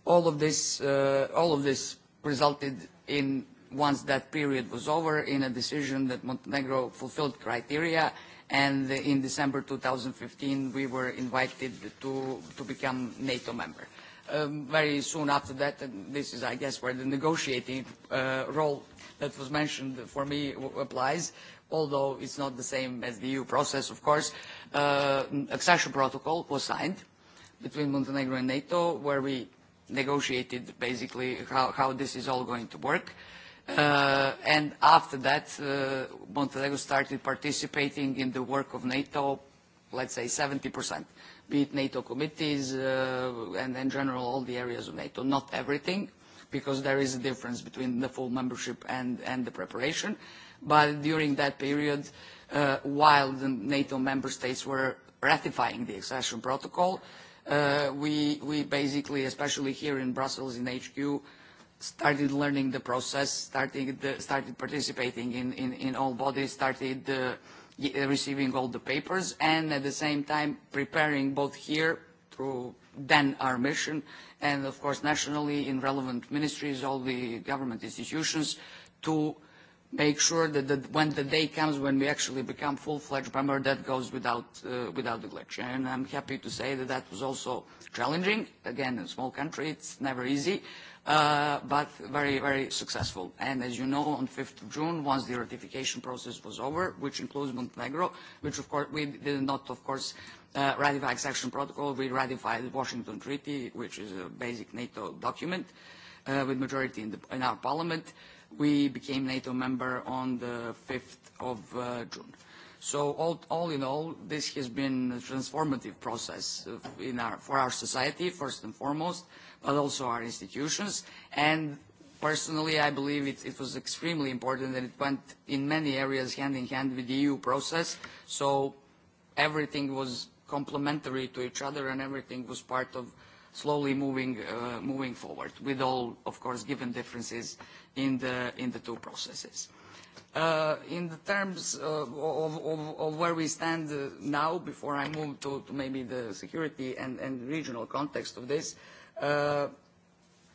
All of this, uh, all of this resulted in, once that period was over, in a decision that Montenegro fulfilled criteria, and in December 2015 we were invited to, to become NATO member. Um, very soon after that, and this is, I guess, where the negotiating uh, role that was mentioned for me applies, although it's not the same as the EU process, of course. Uh, accession protocol was signed between Montenegro and NATO, where we negotiated basically how, how this is all going to work. Uh, and after that, uh, Montenegro started participating in the work of NATO, let's say 70%, be it NATO committees uh, and in general all the areas of NATO, not everything, because there is a difference between the full membership and, and the preparation. But during that period, uh, while the NATO member states were ratifying the accession protocol, uh, uh, we, we basically, especially here in Brussels in HQ, started learning the process, started, the, started participating in, in, in all bodies, started uh, uh, receiving all the papers, and at the same time preparing both here through then our mission, and of course nationally in relevant ministries, all the government institutions, to uh, make sure that, that when the day comes when we actually become full-fledged member, that goes without, uh, without a glitch. And I'm happy to say that that was also challenging. Again, a small country, it's never easy, uh, but very, very successful. And as you know, on 5th of June, once the ratification process was over, which includes Montenegro, which of course we did not, of course, uh, ratify accession protocol, we ratified the Washington Treaty, which is a basic NATO document uh, with majority in, the, in our parliament. Uh, We became NATO member on the 5th of uh, June. So all, all in all, this has been a transformative process in our, for our society, first and foremost, but also our institutions. And personally, I believe it, it was extremely important that it went in many areas hand in hand with the EU process. So everything was complementary to each other and everything was part of slowly moving, uh, moving forward, with all, of course, given differences in the, in the two processes. Uh, in the terms uh, of, of, of where we stand uh, now, before I move to, to maybe the security and, and regional context of this, uh,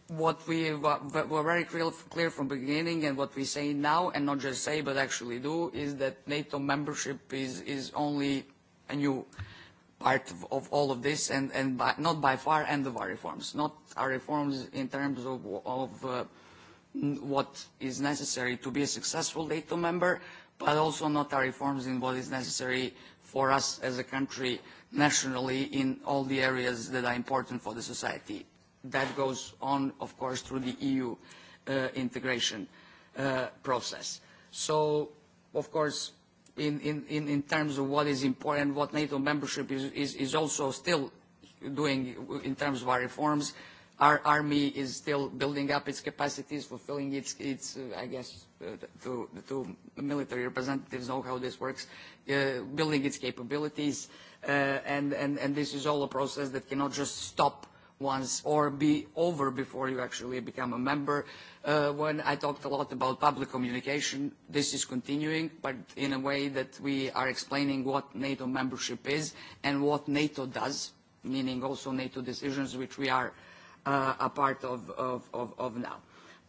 what we were very clear from the beginning and what we say now, and not just say, but actually do, is that NATO membership is, is only a new uh, part of, of all of this, and, and by, not by far end of our reforms, not our reforms in terms of, of uh, what is necessary to be a successful NATO member, but also not our reforms in what is necessary for us as a country nationally in all the areas that are important for the society. That goes on, of course, through the EU uh, integration uh, process. So, of course, in, in, in, in terms of what is important, what NATO membership is, is, is also still doing in terms of our reforms. Our army is still building up its capacities, fulfilling its, its uh, I guess, uh, to, to military representatives know how this works, uh, building its capabilities. Uh, and, and, and this is all a process that cannot just stop once or be over before you actually become a member. Uh, when I talked a lot about public communication, this is continuing, but in a way that we are explaining what NATO membership is and what NATO does, meaning also NATO decisions, which we are uh, a part of, of, of, of now.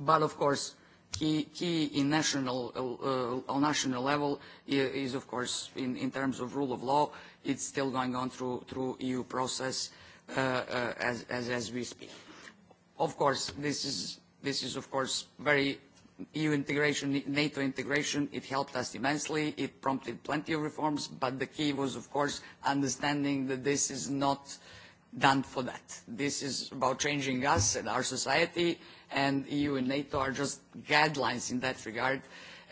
But of course, key, key in national, uh, on national level is, of course, in, in terms of rule of law, it's still going on through, through EU process, uh, uh, uh, as, as, as we speak. Of course, this is, this is of course very EU integration, NATO integration, it helped us immensely. It prompted plenty of reforms, but the key was, of course, understanding that this is not done for that. This is about changing us and our society, and EU and NATO are just guidelines in that regard.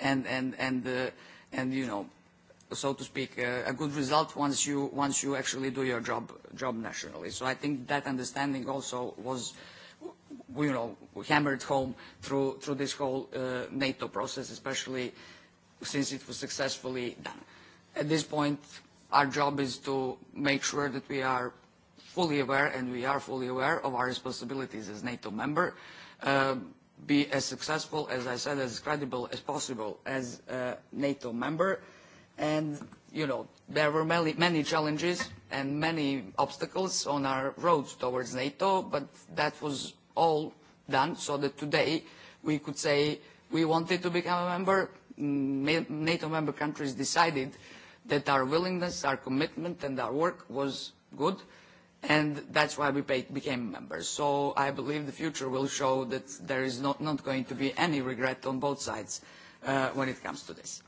And, and, and, uh, and you know, so to speak, uh, a good result once you once you actually do your job job nationally. So I think that understanding also was, you know, hammered home through through this whole uh, NATO process, especially since it was successfully done. At this point, our job is to make sure that we are fully aware, and we are fully aware of our responsibilities as NATO member. Uh, be as successful, as I said, as credible as possible as a NATO member. Uh, And, you know, there were many, many challenges and many obstacles on our road towards NATO, but that was all done so that today we could say we wanted to become a member. Mm, NATO member countries decided that our willingness, our commitment, and our work was good, and that's why we became members. So I believe the future will show that there is not, not going to be any regret on both sides uh, when it comes to this.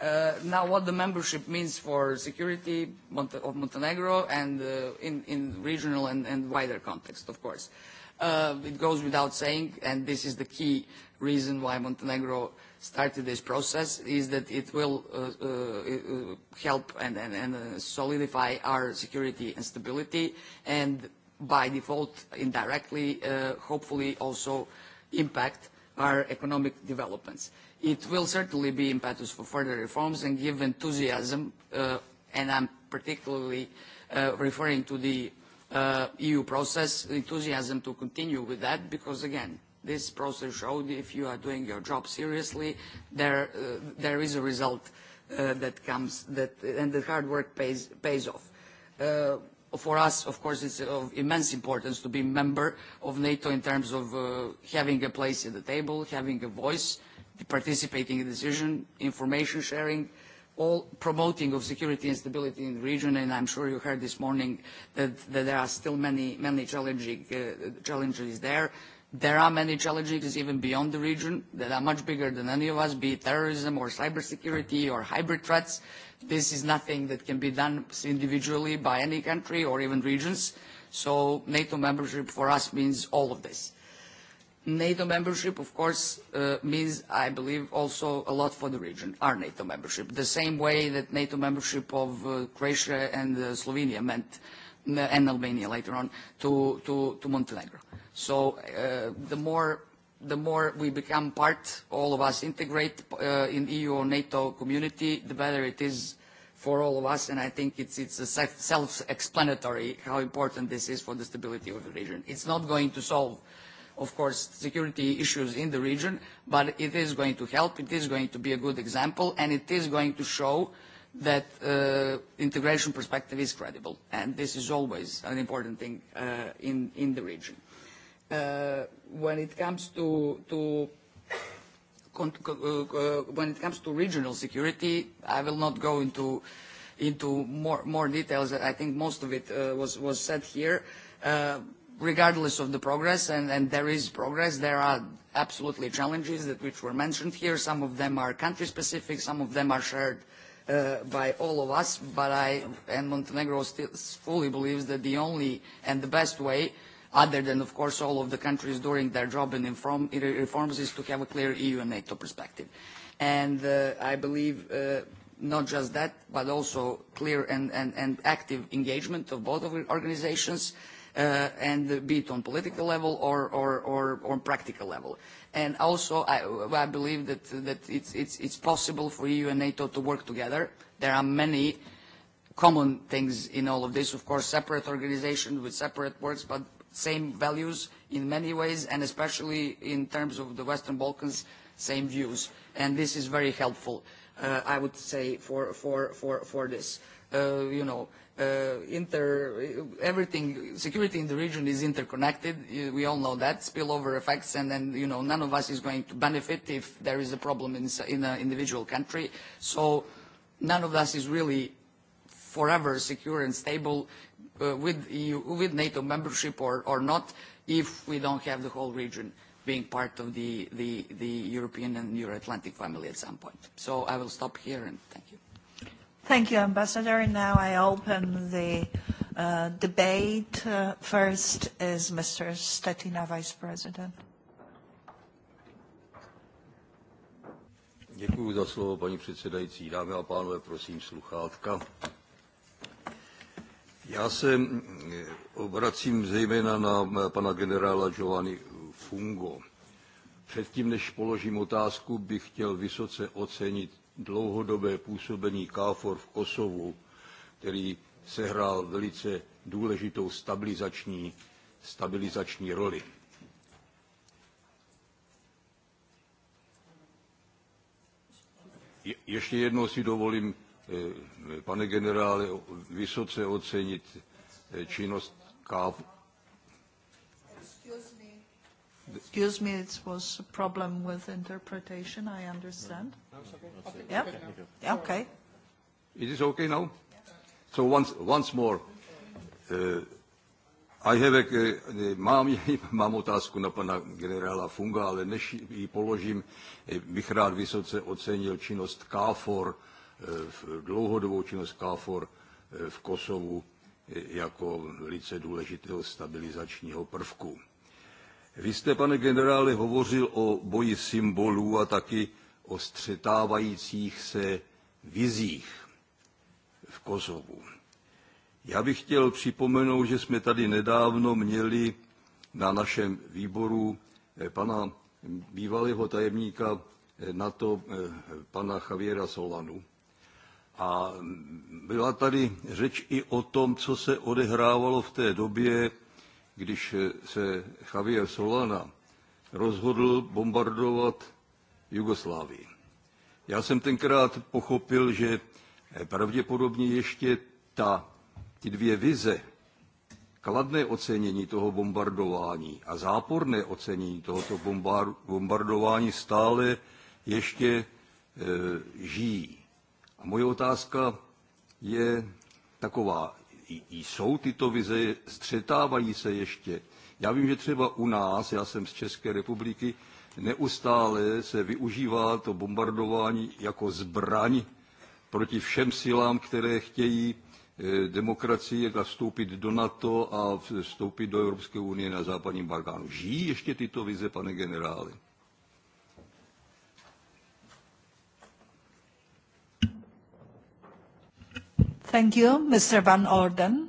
Uh, now, what the membership means for security Monte of Montenegro and uh, in, in regional and, and wider context, of course. Uh, it goes without saying, and this is the key reason why Montenegro started this process, is that it will uh, uh, help and, and, and uh, solidify our security and stability, and by default, indirectly, uh, hopefully also impact our economic developments. Uh, it will certainly be impetus for further reforms and give enthusiasm, uh, and I'm particularly uh, referring to the uh, EU process, enthusiasm to continue with that, because again, this process showed if you are doing your job seriously, there, uh, there is a result uh, that comes, that, and the hard work pays, pays off. Uh, for us, of course, it's of immense importance to be a member of NATO in terms of uh, having a place at the table, having a voice, uh, participating in decision, information sharing, all promoting of security and stability in the region, and I'm sure you heard this morning that, that there are still many, many challenging, uh, challenges there. There are many challenges even beyond the region that are much bigger than any of us, be it terrorism or cybersecurity or hybrid threats. This is nothing that can be done individually by any country or even regions. So NATO membership for us means all of this. NATO membership, of course, uh, means, I believe, also a lot for the region, our NATO membership, the same way that NATO membership of uh, Croatia and uh, Slovenia meant, uh, and Albania later on, to, to, to Montenegro. So uh, the, more, the more we become part, all of us integrate uh, in EU or NATO community, the better it is for all of us, and I think it's, it's a self-explanatory how important this is for the stability of the region. It's not going to solve uh, of course, security issues in the region, but it is going to help, it is going to be a good example, and it is going to show that uh, integration perspective is credible. And this is always an important thing uh, in, in the region. Uh, when it comes to, to con uh, uh, when it comes to regional security, I will not go into into more more details. I think most of it uh, was was said here. Uh, regardless of the progress, and, and there is progress, there are absolutely challenges that which were mentioned here. Some of them are country-specific, some of them are shared uh, by all of us, but I, and Montenegro still fully believes that the only and the best way, other than, of course, all of the countries doing their job in inform, in reforms, is to have a clear EU and NATO perspective. And uh, I believe uh, not just that, but also clear and, and, and active engagement of both of organizations, uh, uh, and be it on political level or, or, or, or practical level. And also, I, I believe that, that it's, it's, it's possible for EU and NATO to work together. There are many common things in all of this. Of course, separate organizations with separate works, but same values in many ways, and especially in terms of the Western Balkans, same views. And this is very helpful, uh, I would say, for, for, for, for this. Uh, uh, you know, uh, inter, uh, everything, security in the region is interconnected. Uh, we all know that, spillover effects, and then, you know, none of us is going to benefit if there is a problem in, in an individual country. So none of us is really forever secure and stable uh, with, EU, with NATO membership or, or not if we don't have the whole region being part of the, the, the European and Euro-Atlantic family at some point. So I will stop here and thank you. Thank you, Ambassador. Now I open the uh, debate. Uh, first is Mr. Stetina, Vice President. Děkuji za slovo, paní předsedající. Dámy a pánové, prosím sluchátka. Já se mm, obracím zejména na pana generála Giovanni Fungo. Předtím, než položím otázku, bych chtěl vysoce ocenit dlouhodobé působení KFOR v Kosovu, který sehrál velice důležitou stabilizační, stabilizační roli. Je, ještě jednou si dovolím, eh, pane generále, vysoce ocenit eh, činnost KFOR Excuse me, it was a problem with interpretation, I understand. No, it's okay. okay. Yeah? yeah, okay. It is okay now? So once, once more, uh, I have, a, mám, mám otázku na pana generála Funga, ale než ji položím, eh, bych rád vysoce ocenil činnost KFOR, eh, dlouhodobou činnost KFOR eh, v Kosovu jako velice důležitého stabilizačního prvku. Vy jste, pane generále, hovořil o boji symbolů a taky o střetávajících se vizích v Kosovu. Já bych chtěl připomenout, že jsme tady nedávno měli na našem výboru eh, pana bývalého tajemníka eh, NATO, eh, pana Javiera Solanu. A byla tady řeč i o tom, co se odehrávalo v té době když se Javier Solana rozhodl bombardovat Jugoslávii. Já jsem tenkrát pochopil, že pravděpodobně ještě ta, ty dvě vize, kladné ocenění toho bombardování a záporné ocenění tohoto bombardování stále ještě e, žijí. A moje otázka je taková, jsou tyto vize, střetávají se ještě. Já vím, že třeba u nás, já jsem z České republiky, neustále se využívá to bombardování jako zbraň proti všem silám, které chtějí e, demokracii a vstoupit do NATO a vstoupit do Evropské unie na západním Balkánu. Žijí ještě tyto vize, pane generále? Thank you. Mr. Van Orden.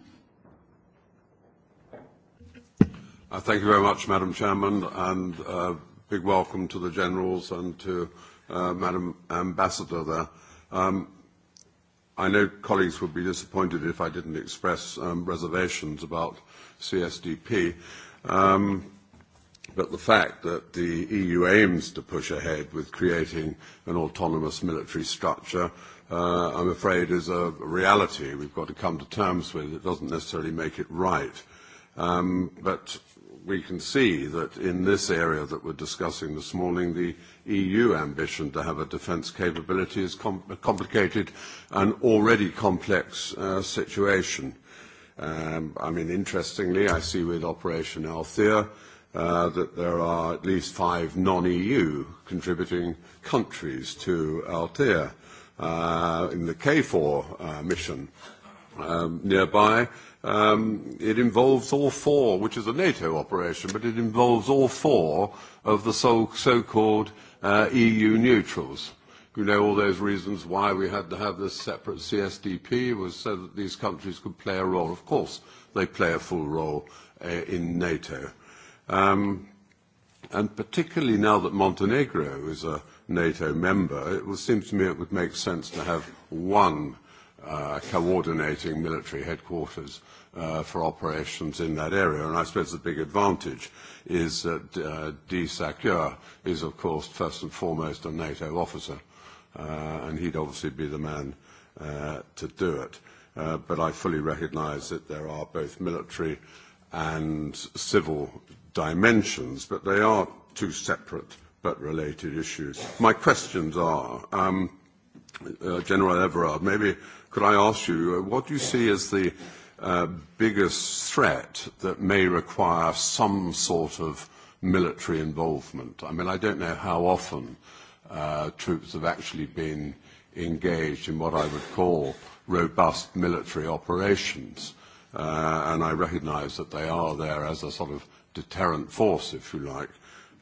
Uh, thank you very much, Madam Chairman, and uh, big welcome to the generals and to uh, Madam Ambassador there. Um, I know colleagues would be disappointed if I didn't express um, reservations about CSDP, um, but the fact that the EU aims to push ahead with creating an autonomous military structure uh, I'm afraid, is a reality we've got to come to terms with. It doesn't necessarily make it right. Um, but we can see that in this area that we're discussing this morning, the EU ambition to have a defence capability is com- a complicated and already complex uh, situation. Um, I mean, interestingly, I see with Operation Althea uh, that there are at least five non-EU contributing countries to Althea uh, in the K4 uh, mission um, nearby. Um, it involves all four, which is a NATO operation, but it involves all four of the so- so-called uh, EU neutrals. You know all those reasons why we had to have this separate CSDP was so that these countries could play a role. Of course, they play a full role uh, in NATO. Um, and particularly now that Montenegro is a NATO member, it would seem to me it would make sense to have one uh, coordinating military headquarters uh, for operations in that area. And I suppose the big advantage is that uh, DSACUR is, of course, first and foremost a NATO officer, uh, and he'd obviously be the man uh, to do it. Uh, but I fully recognize that there are both military and civil dimensions, but they are two separate but related issues. My questions are, um, uh, General Everard, maybe could I ask you, uh, what do you see as the uh, biggest threat that may require some sort of military involvement? I mean, I don't know how often uh, troops have actually been engaged in what I would call robust military operations. Uh, and I recognize that they are there as a sort of deterrent force, if you like.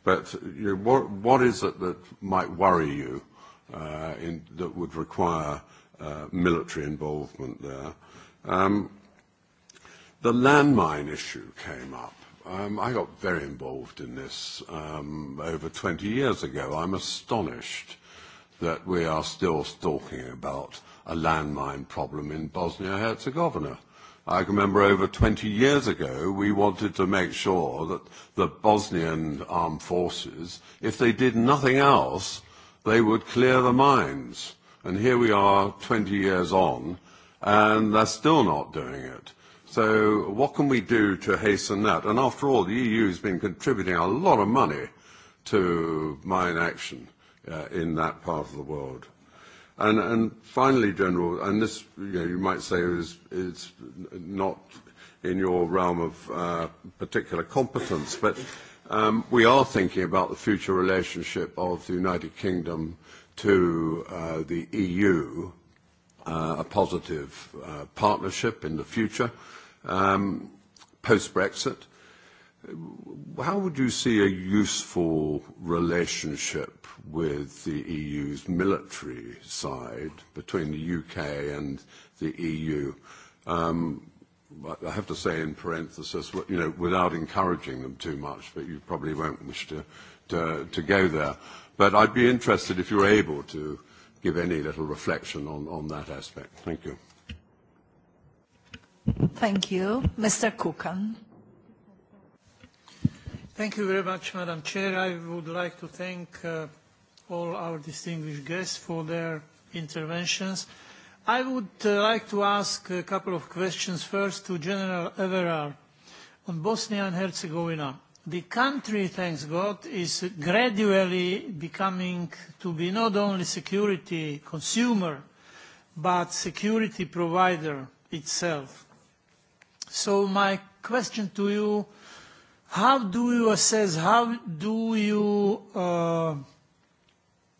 But you know, what, what is it that might worry you uh, in, that would require uh, military involvement there? Um, the landmine issue came up. Um, I got very involved in this um, over 20 years ago. I'm astonished that we are still talking about a landmine problem in Bosnia-Herzegovina. I can remember over 20 years ago, we wanted to make sure that the Bosnian armed forces, if they did nothing else, they would clear the mines. And here we are 20 years on, and they're still not doing it. So what can we do to hasten that? And after all, the EU has been contributing a lot of money to mine action uh, in that part of the world. And, and finally, General, and this you, know, you might say is, is not in your realm of uh, particular competence, but um, we are thinking about the future relationship of the United Kingdom to uh, the EU, uh, a positive uh, partnership in the future, um, post-Brexit. How would you see a useful relationship with the EU's military side between the UK and the EU. Um, I have to say in parenthesis, you know, without encouraging them too much, but you probably won't wish to, to, to go there. But I'd be interested if you're able to give any little reflection on, on that aspect. Thank you. Thank you. Mr. Kukan. Thank you very much, Madam Chair. I would like to thank uh, all our distinguished guests for their interventions. I would uh, like to ask a couple of questions first to General Everard on Bosnia and Herzegovina. The country, thanks God, is gradually becoming to be not only security consumer, but security provider itself. So my question to you, how do you assess, how do you uh,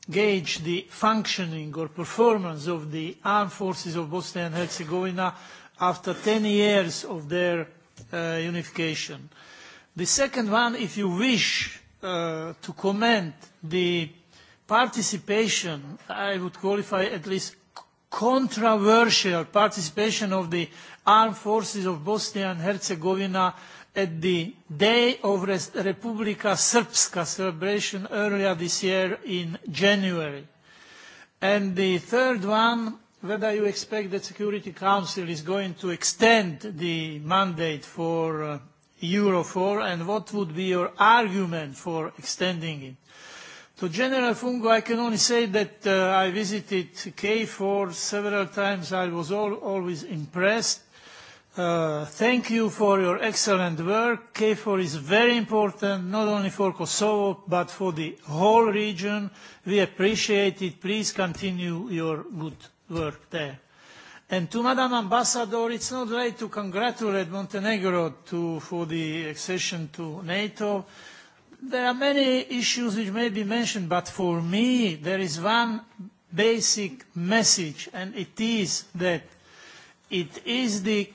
gauge the functioning or performance of the armed forces of Bosnia and Herzegovina after 10 years of their uh, unification. The second one, if you wish uh, to comment the participation, I would qualify at least controversial participation of the armed forces of Bosnia and Herzegovina at the Day of Republika Srpska celebration earlier this year in January. And the third one, whether you expect that Security Council is going to extend the mandate for uh, Eurofor and what would be your argument for extending it. To General Fungo, I can only say that uh, I visited K4 several times. I was all, always impressed Uh, thank you for your excellent work. KFOR is very important, not only for Kosovo, but for the whole region. We appreciate it. Please continue your good work there. And to Madam Ambassador, it's not late to congratulate Montenegro to, for the accession to NATO. There are many issues which may be mentioned, but for me, there is one basic message, and it is that it is the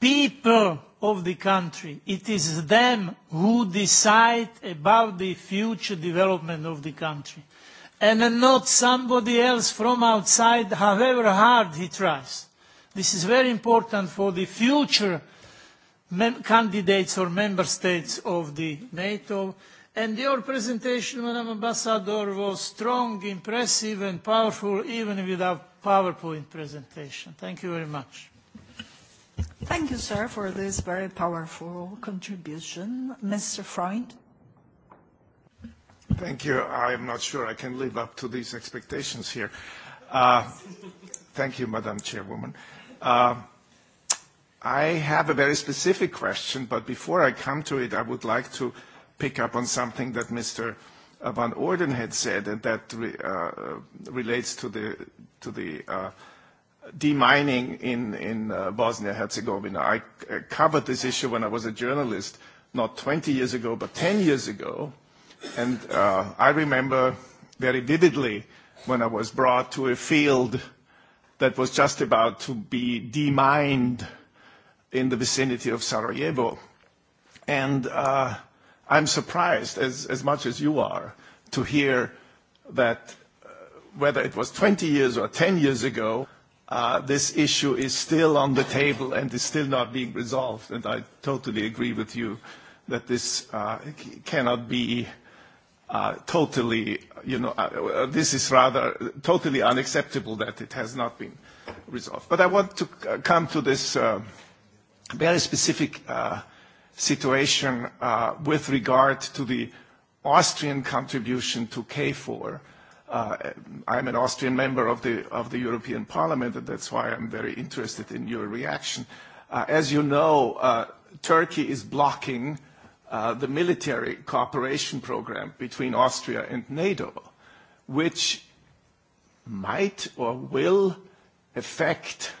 people of the country. It is them who decide about the future development of the country. And not somebody else from outside, however hard he tries. This is very important for the future mem- candidates or member states of the NATO. And your presentation, Madam Ambassador, was strong, impressive and powerful even without PowerPoint presentation. Thank you very much. Thank you, sir, for this very powerful contribution. Mr. Freund? Thank you. I am not sure I can live up to these expectations here. Uh, thank you, Madam Chairwoman. Uh, I have a very specific question, but before I come to it, I would like to pick up on something that Mr. van Orden had said, and that re, uh, relates to the, to the uh, demining in, in uh, Bosnia-Herzegovina. I uh, covered this issue when I was a journalist, not 20 years ago, but 10 years ago. And uh, I remember very vividly when I was brought to a field that was just about to be demined in the vicinity of Sarajevo. And uh, I'm surprised, as, as much as you are, to hear that uh, whether it was 20 years or 10 years ago, uh, this issue is still on the table and is still not being resolved. And I totally agree with you that this uh, cannot be uh, totally, you know, uh, uh, this is rather totally unacceptable that it has not been resolved. But I want to uh, come to this uh, very specific uh, situation uh, with regard to the Austrian contribution to KFOR. Uh, uh, I'm an Austrian member of the, of the European Parliament, and that's why I'm very interested in your reaction. Uh, as you know, uh, Turkey is blocking uh, the military cooperation program between Austria and NATO, which might or will affect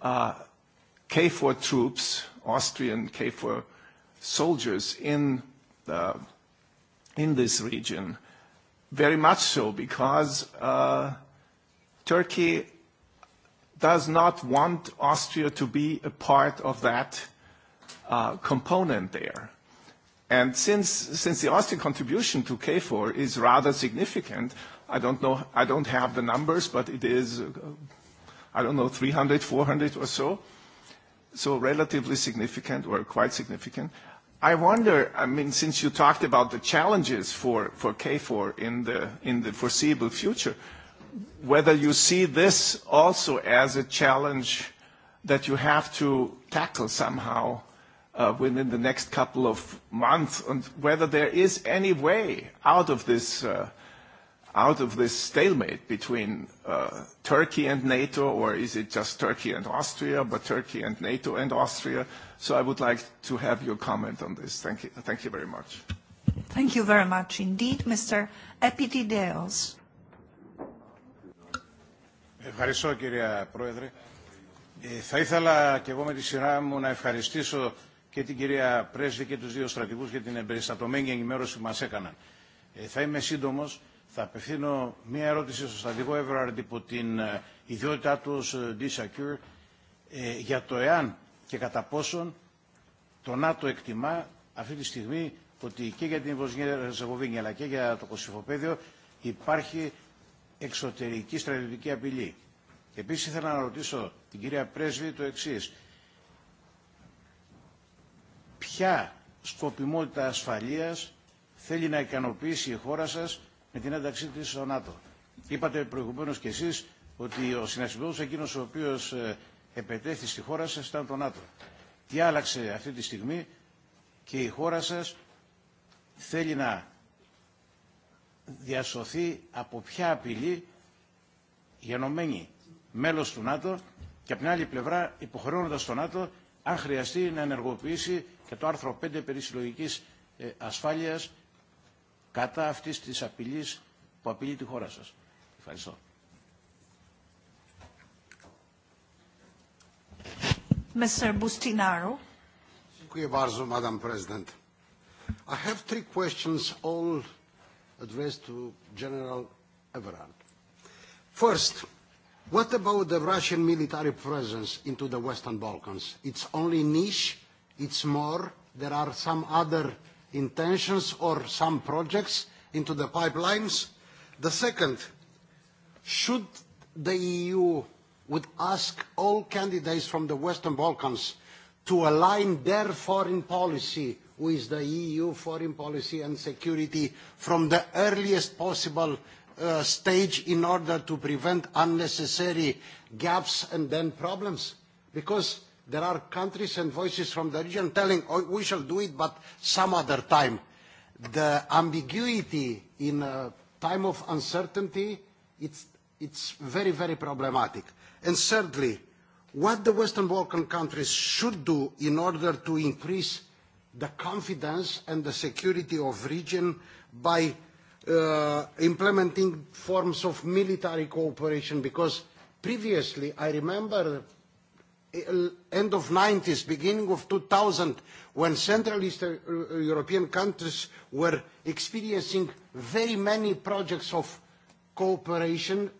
uh, K4 troops, Austrian K4 soldiers in, uh, in this region Very much so, because uh, Turkey does not want Austria to be a part of that uh, component there. And since, since the Austrian contribution to KFOR is rather significant, I don't know, I don't have the numbers, but it is, uh, I don't know, 300, 400 or so, so relatively significant or quite significant. Uh, I wonder, I mean, since you talked about the challenges for, for K4 in the, in the foreseeable future, whether you see this also as a challenge that you have to tackle somehow uh, within the next couple of months, and whether there is any way out of this uh, out of this stalemate between uh, Turkey and NATO, or is it just Turkey and Austria, but Turkey and NATO and Austria? So I would like to have your comment on this. Thank you, thank you very much. Thank you very much indeed, Mr. Epitideos. Ευχαριστώ, κυρία Πρόεδρε. Ε, θα ήθελα και εγώ με τη σειρά μου να ευχαριστήσω και την κυρία Πρέσβη και τους δύο στρατηγούς για την εμπεριστατωμένη ενημέρωση που μας έκαναν. Ε, θα είμαι σύντομος θα απευθύνω μία ερώτηση στον Στρατηγό Εύραρντ υπό την ιδιότητά του ως D-Secure ε, για το εάν και κατά πόσον το ΝΑΤΟ εκτιμά αυτή τη στιγμή ότι και για την Βοσνία Ερζεγοβίνη αλλά και για το Κωσυφοπαίδιο υπάρχει εξωτερική στρατιωτική απειλή. Επίσης ήθελα να ρωτήσω την κυρία Πρέσβη το εξής. Ποια σκοπιμότητα ασφαλείας θέλει να ικανοποιήσει η χώρα σας με την ένταξή τη στο ΝΑΤΟ. Είπατε προηγουμένω κι εσεί ότι ο συνασπισμό εκείνο ο οποίο επετέθη στη χώρα σα ήταν το ΝΑΤΟ. Τι άλλαξε αυτή τη στιγμή και η χώρα σα θέλει να διασωθεί από ποια απειλή γενομένη μέλος του ΝΑΤΟ και από την άλλη πλευρά υποχρεώνοντας το ΝΑΤΟ αν χρειαστεί να ενεργοποιήσει και το άρθρο 5 περί συλλογικής ασφάλειας κατά αυτής της απειλής που απειλεί τη χώρα σας. Ευχαριστώ. Mr. Bustinaro. Dziękuję bardzo, Madam President. I have three questions, all addressed to General Everard. First, what about the Russian military presence into the Western Balkans? It's only niche, it's more, there are some other intentions or some projects into the pipelines? The second, should the EU would ask all candidates from the Western Balkans to align their foreign policy with the EU foreign policy and security from the earliest possible uh, stage in order to prevent unnecessary gaps and then problems? Because there are countries and voices from the region telling, oh, we shall do it, but some other time. The ambiguity in a uh, time of uncertainty, it's, it's very, very problematic. And thirdly, what the Western Balkan countries should do in order to increase the confidence and the security of region by uh, implementing forms of military cooperation because previously I remember Uh, end of 90s, beginning of 2000, when Central Eastern uh, European countries were experiencing very many projects of cooperation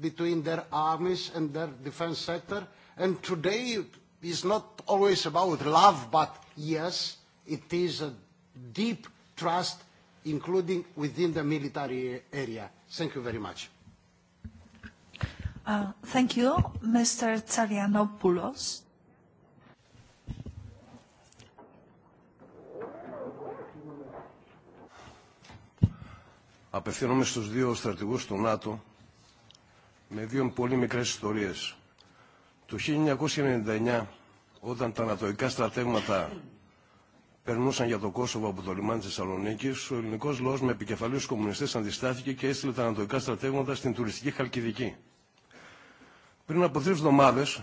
between their armies and their defense sector. And today is not always about love, but yes, it is a deep trust, including within the military area. Thank you very much. Uh, thank you. Mr. Tsarianopoulos. Απευθύνομαι στους δύο στρατηγούς του ΝΑΤΟ με δύο πολύ μικρές ιστορίες. Το 1999, όταν τα ανατοϊκά στρατεύματα περνούσαν για το Κόσοβο από το λιμάνι της Θεσσαλονίκη, ο ελληνικός λαός με επικεφαλής κομμουνιστές αντιστάθηκε και έστειλε τα ανατοϊκά στρατεύματα στην τουριστική Χαλκιδική. Πριν από τρεις εβδομάδες,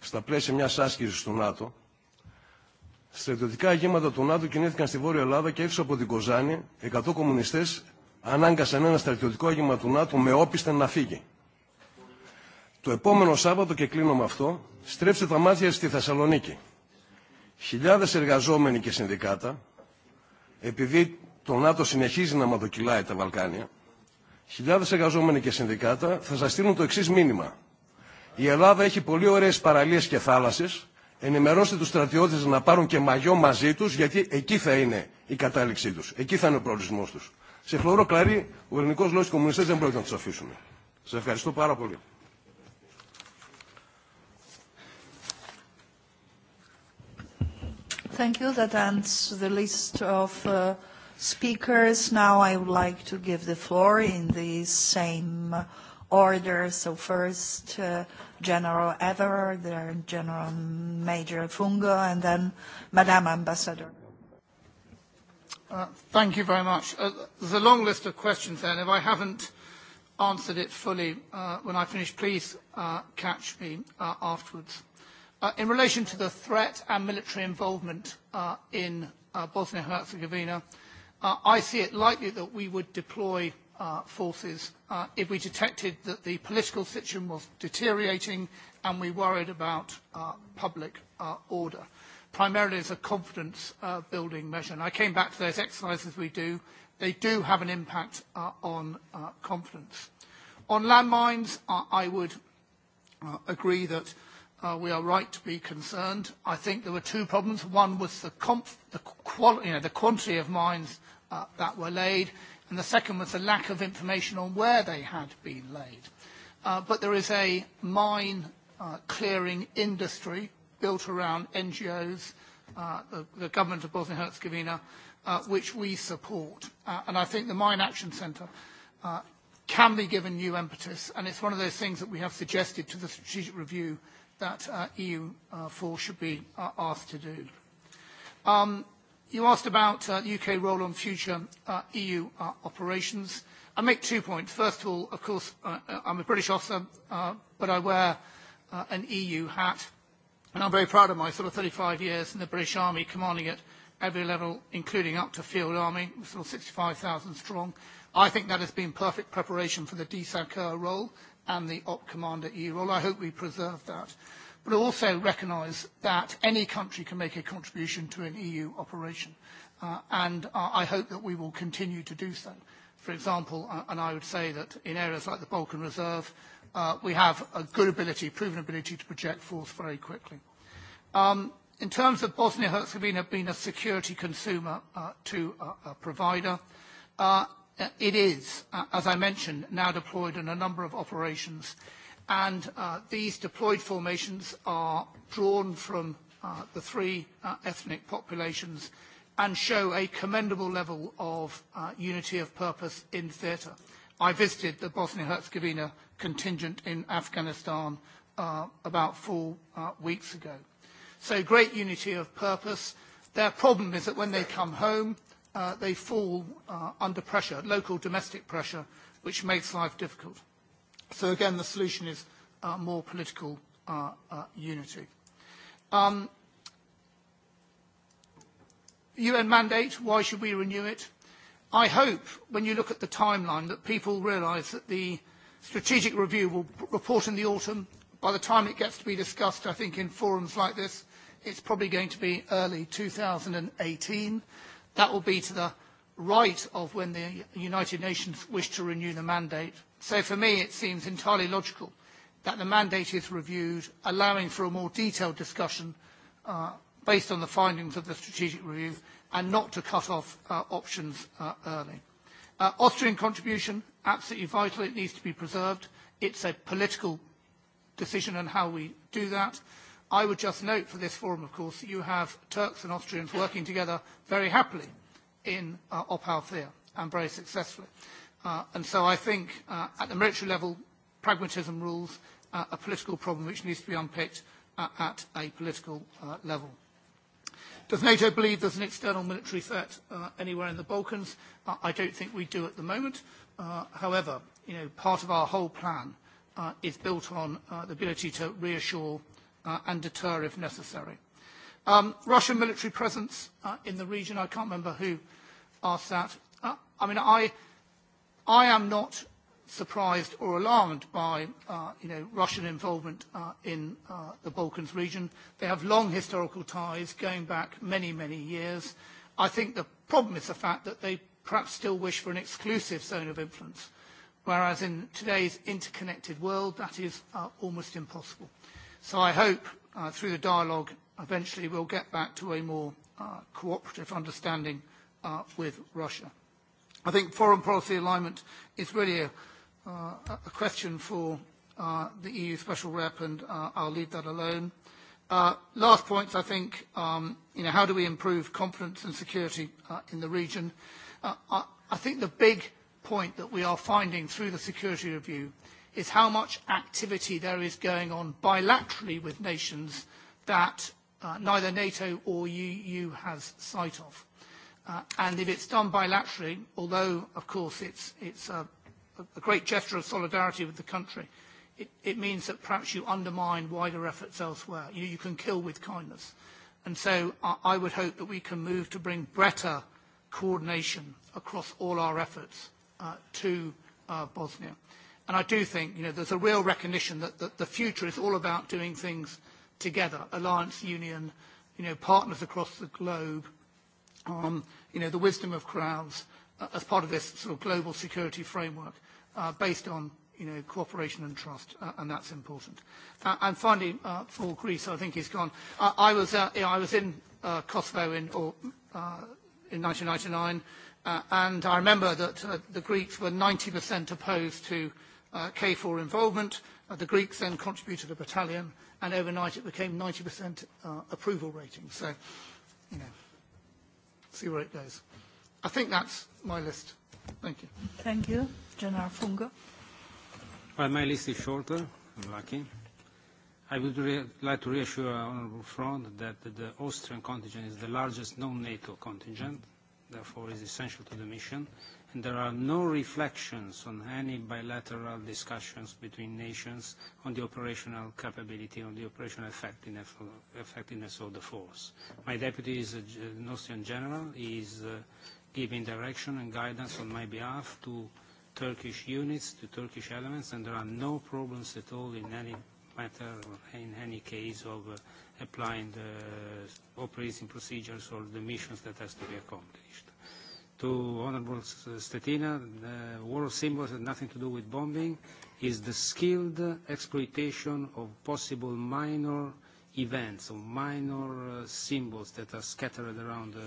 στα πλαίσια μιας άσκησης του ΝΑΤΟ, στρατιωτικά αγήματα του ΝΑΤΟ κινήθηκαν στη Βόρεια Ελλάδα και έξω από την Κοζάνη, 100 κομμουνιστές ανάγκασαν ένα στρατιωτικό άγημα του ΝΑΤΟ με όπιστε να φύγει. Το επόμενο Σάββατο, και κλείνω με αυτό, στρέψτε τα μάτια στη Θεσσαλονίκη. Χιλιάδες εργαζόμενοι και συνδικάτα, επειδή το ΝΑΤΟ συνεχίζει να μαδοκυλάει τα Βαλκάνια, χιλιάδες εργαζόμενοι και συνδικάτα θα σας στείλουν το εξής μήνυμα. Η Ελλάδα έχει πολύ ωραίες παραλίες και θάλασσες. Ενημερώστε τους στρατιώτες να πάρουν και μαγιό μαζί τους, γιατί εκεί θα είναι η κατάληξή τους. Εκεί θα είναι ο προορισμός τους. Σε χλωρό κλαρί, ο ελληνικός λόγος κομμουνιστές δεν πρόκειται να τους αφήσουμε. Σας ευχαριστώ πάρα πολύ. Thank you. That ends the list of uh, speakers. Now I would like to give the floor in the same uh, order. So first, uh, General Ever, then General Major Fungo, and then Madam Ambassador. Uh, thank you very much. Uh, there's a long list of questions there, and if I haven't answered it fully uh, when I finish, please uh, catch me uh, afterwards. Uh, in relation to the threat and military involvement uh, in uh, Bosnia-Herzegovina, uh, I see it likely that we would deploy uh, uh, forces uh, if we detected that the political situation was deteriorating and we worried about uh, public uh, order, primarily as a confidence uh, building measure. And I came back to those exercises we do. They do have an impact uh, on uh, confidence. On landmines, uh, I would uh, agree that uh, we are right to be concerned. I think there were two problems. One was the, comp- the, qual- you know, the quantity of mines uh, that were laid. Uh, and the second was the lack of information on where they had been laid. Uh, but there is a mine uh, clearing industry built around NGOs, uh, the, the government of Bosnia-Herzegovina, uh, which we support. Uh, and I think the Mine Action Centre uh, can be given new impetus, and it's one of those things that we have suggested to the strategic review that uh, EU4 uh, should be uh, asked to do. Um, You asked about uh, UK role on future uh, EU uh, operations. I make two points. First of all, of course, uh, uh I'm a British officer, uh, but I wear uh, an EU hat, and I'm very proud of my sort of 35 years in the British Army, commanding at every level, including up to field army, sort of 65,000 strong. I think that has been perfect preparation for the DSACR role and the op commander EU role. I hope we preserve that but also recognise that any country can make a contribution to an EU operation. Uh, and uh, I hope that we will continue to do so. For example, uh, and I would say that in areas like the Balkan Reserve, uh, we have a good ability, proven ability to project force very quickly. Um, in terms of Bosnia-Herzegovina being a security consumer uh, to a, a provider, uh, it is, uh, as I mentioned, now deployed in a number of operations uh, and uh, these deployed formations are drawn from uh, the three uh, ethnic populations and show a commendable level of uh, unity of purpose in theatre. I visited the Bosnia-Herzegovina contingent in Afghanistan uh, about four uh, weeks ago. So great unity of purpose. Their problem is that when they come home, uh, they fall uh, under pressure, local domestic pressure, which makes life difficult. So again, the solution is uh, more political uh, uh, unity. Um, UN mandate, why should we renew it? I hope, when you look at the timeline, that people realise that the strategic review will report in the autumn. By the time it gets to be discussed, I think, in forums like this, it's probably going to be early 2018. That will be to the right of when the United Nations wish to renew the mandate. So for me, it seems entirely logical that the mandate is reviewed, allowing for a more detailed discussion uh, based on the findings of the strategic review and not to cut off uh, options uh, early. Uh, Austrian contribution, absolutely vital. It needs to be preserved. It's a political decision on how we do that. I would just note for this forum, of course, that you have Turks and Austrians working together very happily in uh, Op Althea and very successfully. Uh, and so I think uh, at the military level, pragmatism rules uh, a political problem which needs to be unpicked uh, at a political uh, level. Does NATO believe there's an external military threat uh, anywhere in the Balkans? Uh, I don't think we do at the moment. Uh, however, you know, part of our whole plan uh, is built on uh, the ability to reassure uh, and deter if necessary. Um, Russian military presence uh, in the region, I can't remember who asked that. Uh, I mean, I, I am not surprised or alarmed by uh, you know, Russian involvement uh, in uh, the Balkans region. They have long historical ties going back many, many years. I think the problem is the fact that they perhaps still wish for an exclusive zone of influence, whereas in today's interconnected world, that is uh, almost impossible. So I hope uh, through the dialogue eventually we'll get back to a more uh, cooperative understanding uh, with Russia. I think foreign policy alignment is really a, uh, a question for uh, the EU Special Rep, and uh, I'll leave that alone. Uh, last points, I think, um, you know, how do we improve confidence and security uh, in the region? Uh, I, I think the big point that we are finding through the security review is how much activity there is going on bilaterally with nations that uh, neither NATO or EU has sight of. Uh, and if it's done bilaterally, although, of course, it's, it's a, a great gesture of solidarity with the country, it, it means that perhaps you undermine wider efforts elsewhere. You, you can kill with kindness. And so I, I would hope that we can move to bring better coordination across all our efforts uh, to uh, Bosnia. And I do think you know, there's a real recognition that, that the future is all about doing things – together, alliance, union, you know, partners across the globe, um, you know, the wisdom of crowds uh, as part of this sort of global security framework uh, based on, you know, cooperation and trust, uh, and that's important. Uh, and finally, uh, for Greece, I think he's gone. Uh, I, was, uh, I was in uh, Kosovo in, or, uh, in 1999, uh, and I remember that uh, the Greeks were 90% opposed to uh, KFOR involvement. Uh, the Greeks then contributed a battalion and overnight it became 90% uh, approval rating. So, you know, see where it goes. I think that's my list. Thank you. Thank you. General Fungo. Well, my list is shorter. I'm lucky. I would re- like to reassure Honourable Front that the Austrian contingent is the largest non-NATO contingent, therefore is essential to the mission, and there are no reflections on any bilateral discussions between nations on the operational capability, on the operational effectiveness of the force. My deputy is an Austrian general. He is uh, giving direction and guidance on my behalf to Turkish units, to Turkish elements, and there are no problems at all in any matter or in any case of uh, applying the operating procedures or the missions that has to be accomplished. Uh, to Honorable Stetina, the war of symbols had nothing to do with bombing, is the skilled exploitation of possible minor events or minor uh, symbols that are scattered around uh,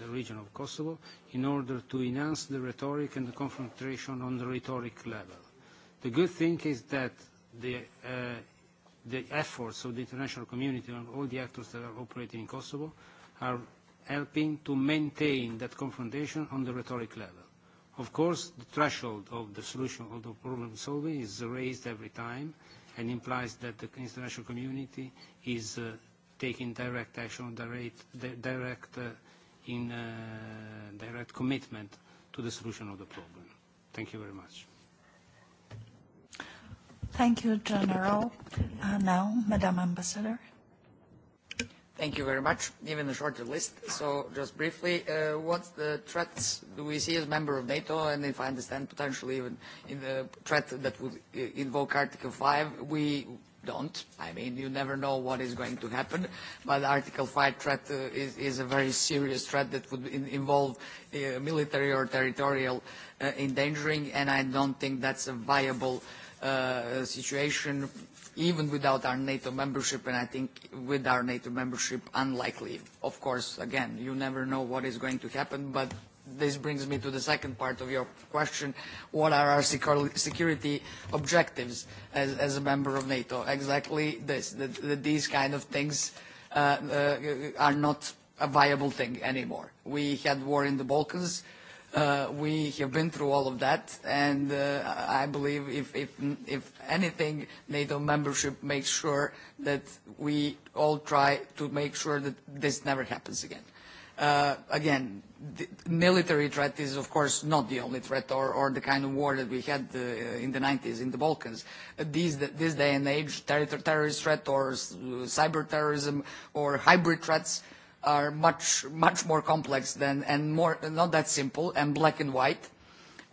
the region of Kosovo in order to enhance the rhetoric and the confrontation on the rhetoric level. The good thing is that the, uh, the efforts of the international community and all the actors that are operating in Kosovo are helping to maintain that confrontation on the rhetoric level. Of course, the threshold of the solution of the problem solving is raised every time and implies that the international community is uh, taking direct action, direct, direct, uh, in, uh, direct commitment to the solution of the problem. Thank you very much. Thank you, General. Uh, now, Madam Ambassador. Thank you very much. Even a shorter list. So just briefly, uh, what the threats do we see as member of NATO, and if I understand, potentially even in the threat that would uh, invoke Article 5, we don't. I mean, you never know what is going to happen, but Article 5 threat uh, is, is a very serious threat that would in, involve uh, military or territorial uh, endangering, and I don't think that's a viable uh, uh, situation even without our NATO membership, and I think with our NATO membership, unlikely. Of course, again, you never know what is going to happen, but this brings me to the second part of your question. What are our security objectives as, as a member of NATO? Exactly this, that, that these kind of things uh, uh, are not a viable thing anymore. We had war in the Balkans. Uh, uh, we have been through all of that, and uh, I believe if, if, if anything, NATO membership makes sure that we all try to make sure that this never happens again. Uh, again, the military threat is, of course, not the only threat or, or the kind of war that we had uh, in the 90s in the Balkans. Uh, these, this day and age, ter terrorist threat or cyber terrorism or hybrid threats uh, are much, much more complex than, and more, not that simple and black and white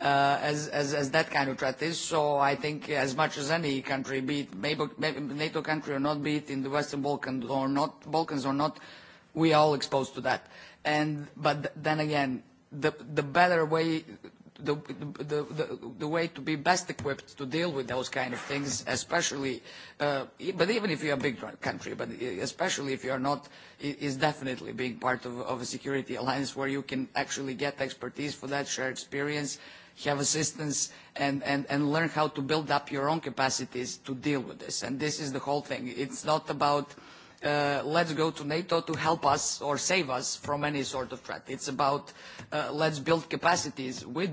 uh, as, as, as that kind of threat is. So I think as much as any country, be it maybe, maybe NATO country or not, be it in the Western Balkans or not, Balkans or not, we are all exposed to that. And, but then again, the, the better way the, the, the, the way to be best equipped to deal with those kind of things, especially, uh, but even if you're a big country, but especially if you're not, is definitely being part of, of a security alliance where you can actually get expertise for that, share experience, have assistance, and, and, and learn how to build up your own capacities to deal with this. And this is the whole thing. It's not about, uh, uh, let's go to NATO to help us or save us from any sort of threat. It's about uh, let's build capacities with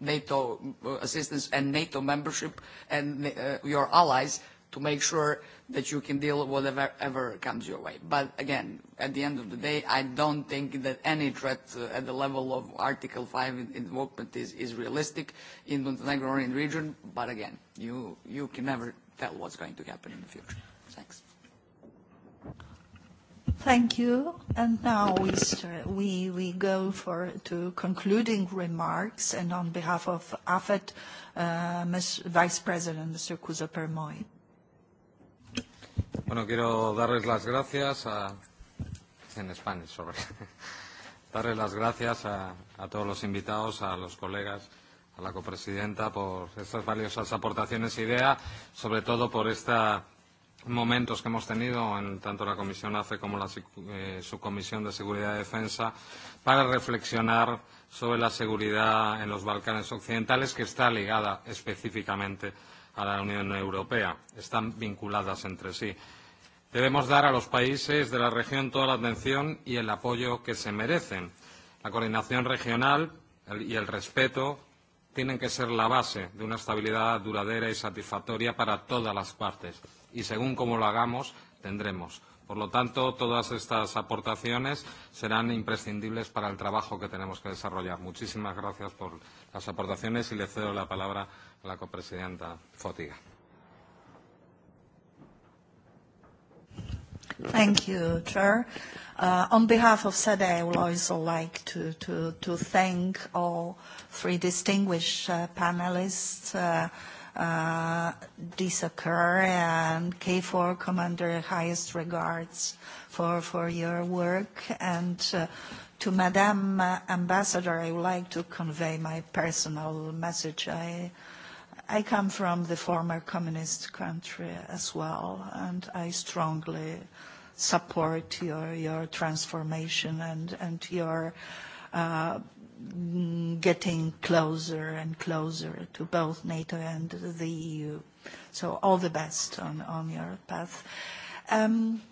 NATO uh, assistance and NATO membership and uh, your allies to make sure that you can deal whatever ever comes your way. But again, at the end of the day, I don't think that any threat uh, at the level of Article 5 involvement is, is realistic in Montenegro or in the region. But again, you, you can never tell what's going to happen in the future. Thanks. Thank you. And now we, start, we, we go for, to concluding remarks, and on behalf of AFET, uh, Ms. Vice President, Mr. Couso Permoy. Bueno, quiero darles las gracias a, en Spanish, sobre, darles las gracias a, a todos los invitados, a los colegas, a la copresidenta por estas valiosas aportaciones e ideas, sobre todo por esta momentos que hemos tenido en tanto la Comisión AFE como la eh, Subcomisión de Seguridad y Defensa para reflexionar sobre la seguridad en los Balcanes Occidentales, que está ligada específicamente a la Unión Europea. Están vinculadas entre sí. Debemos dar a los países de la región toda la atención y el apoyo que se merecen. La coordinación regional y el respeto tienen que ser la base de una estabilidad duradera y satisfactoria para todas las partes y según cómo lo hagamos tendremos. Por lo tanto, todas estas aportaciones serán imprescindibles para el trabajo que tenemos que desarrollar. Muchísimas gracias por las aportaciones y le cedo la palabra a la copresidenta Fotiga. Thank you, Chair. Uh, on behalf of SEDE, e, I would also like to, to, to thank all three distinguished uh, panelists uh, uh, this occur, and K4 Commander, highest regards for, for your work. And uh, to Madam Ambassador, I would like to convey my personal message. I, I come from the former communist country as well, and I strongly support your, your transformation and, and your uh, getting closer and closer to both NATO and the EU. So all the best on, on your path. Um,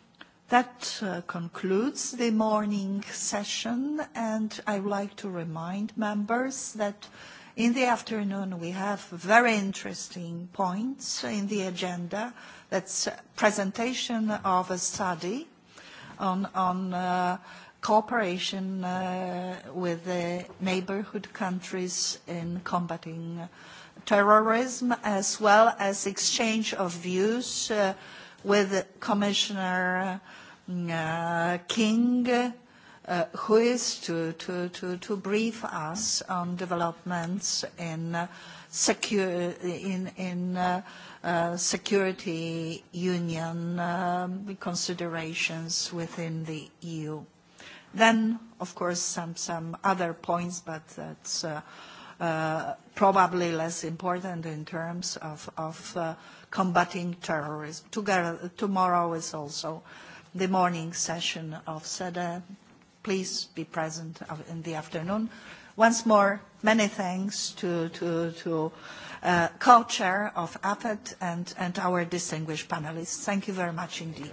that uh, concludes the morning session, and I would like to remind members that in the afternoon we have very interesting points in the agenda. That's presentation of a study on, on uh, cooperation uh, with the neighborhood countries in combating uh, terrorism, as well as exchange of views uh, with Commissioner uh, King, uh, who is to, to, to, to brief us on developments in, uh, secure, in, in uh, Uh, security union um, considerations within the EU. Then, of course, some, some other points, but that's uh, uh, probably less important in terms of, of uh, combating terrorism. Together, tomorrow is also the morning session of SEDE. Please be present in the afternoon. Once more, many thanks to, to, to uh, co-chair of AFET and, and our distinguished panelists. Thank you very much indeed.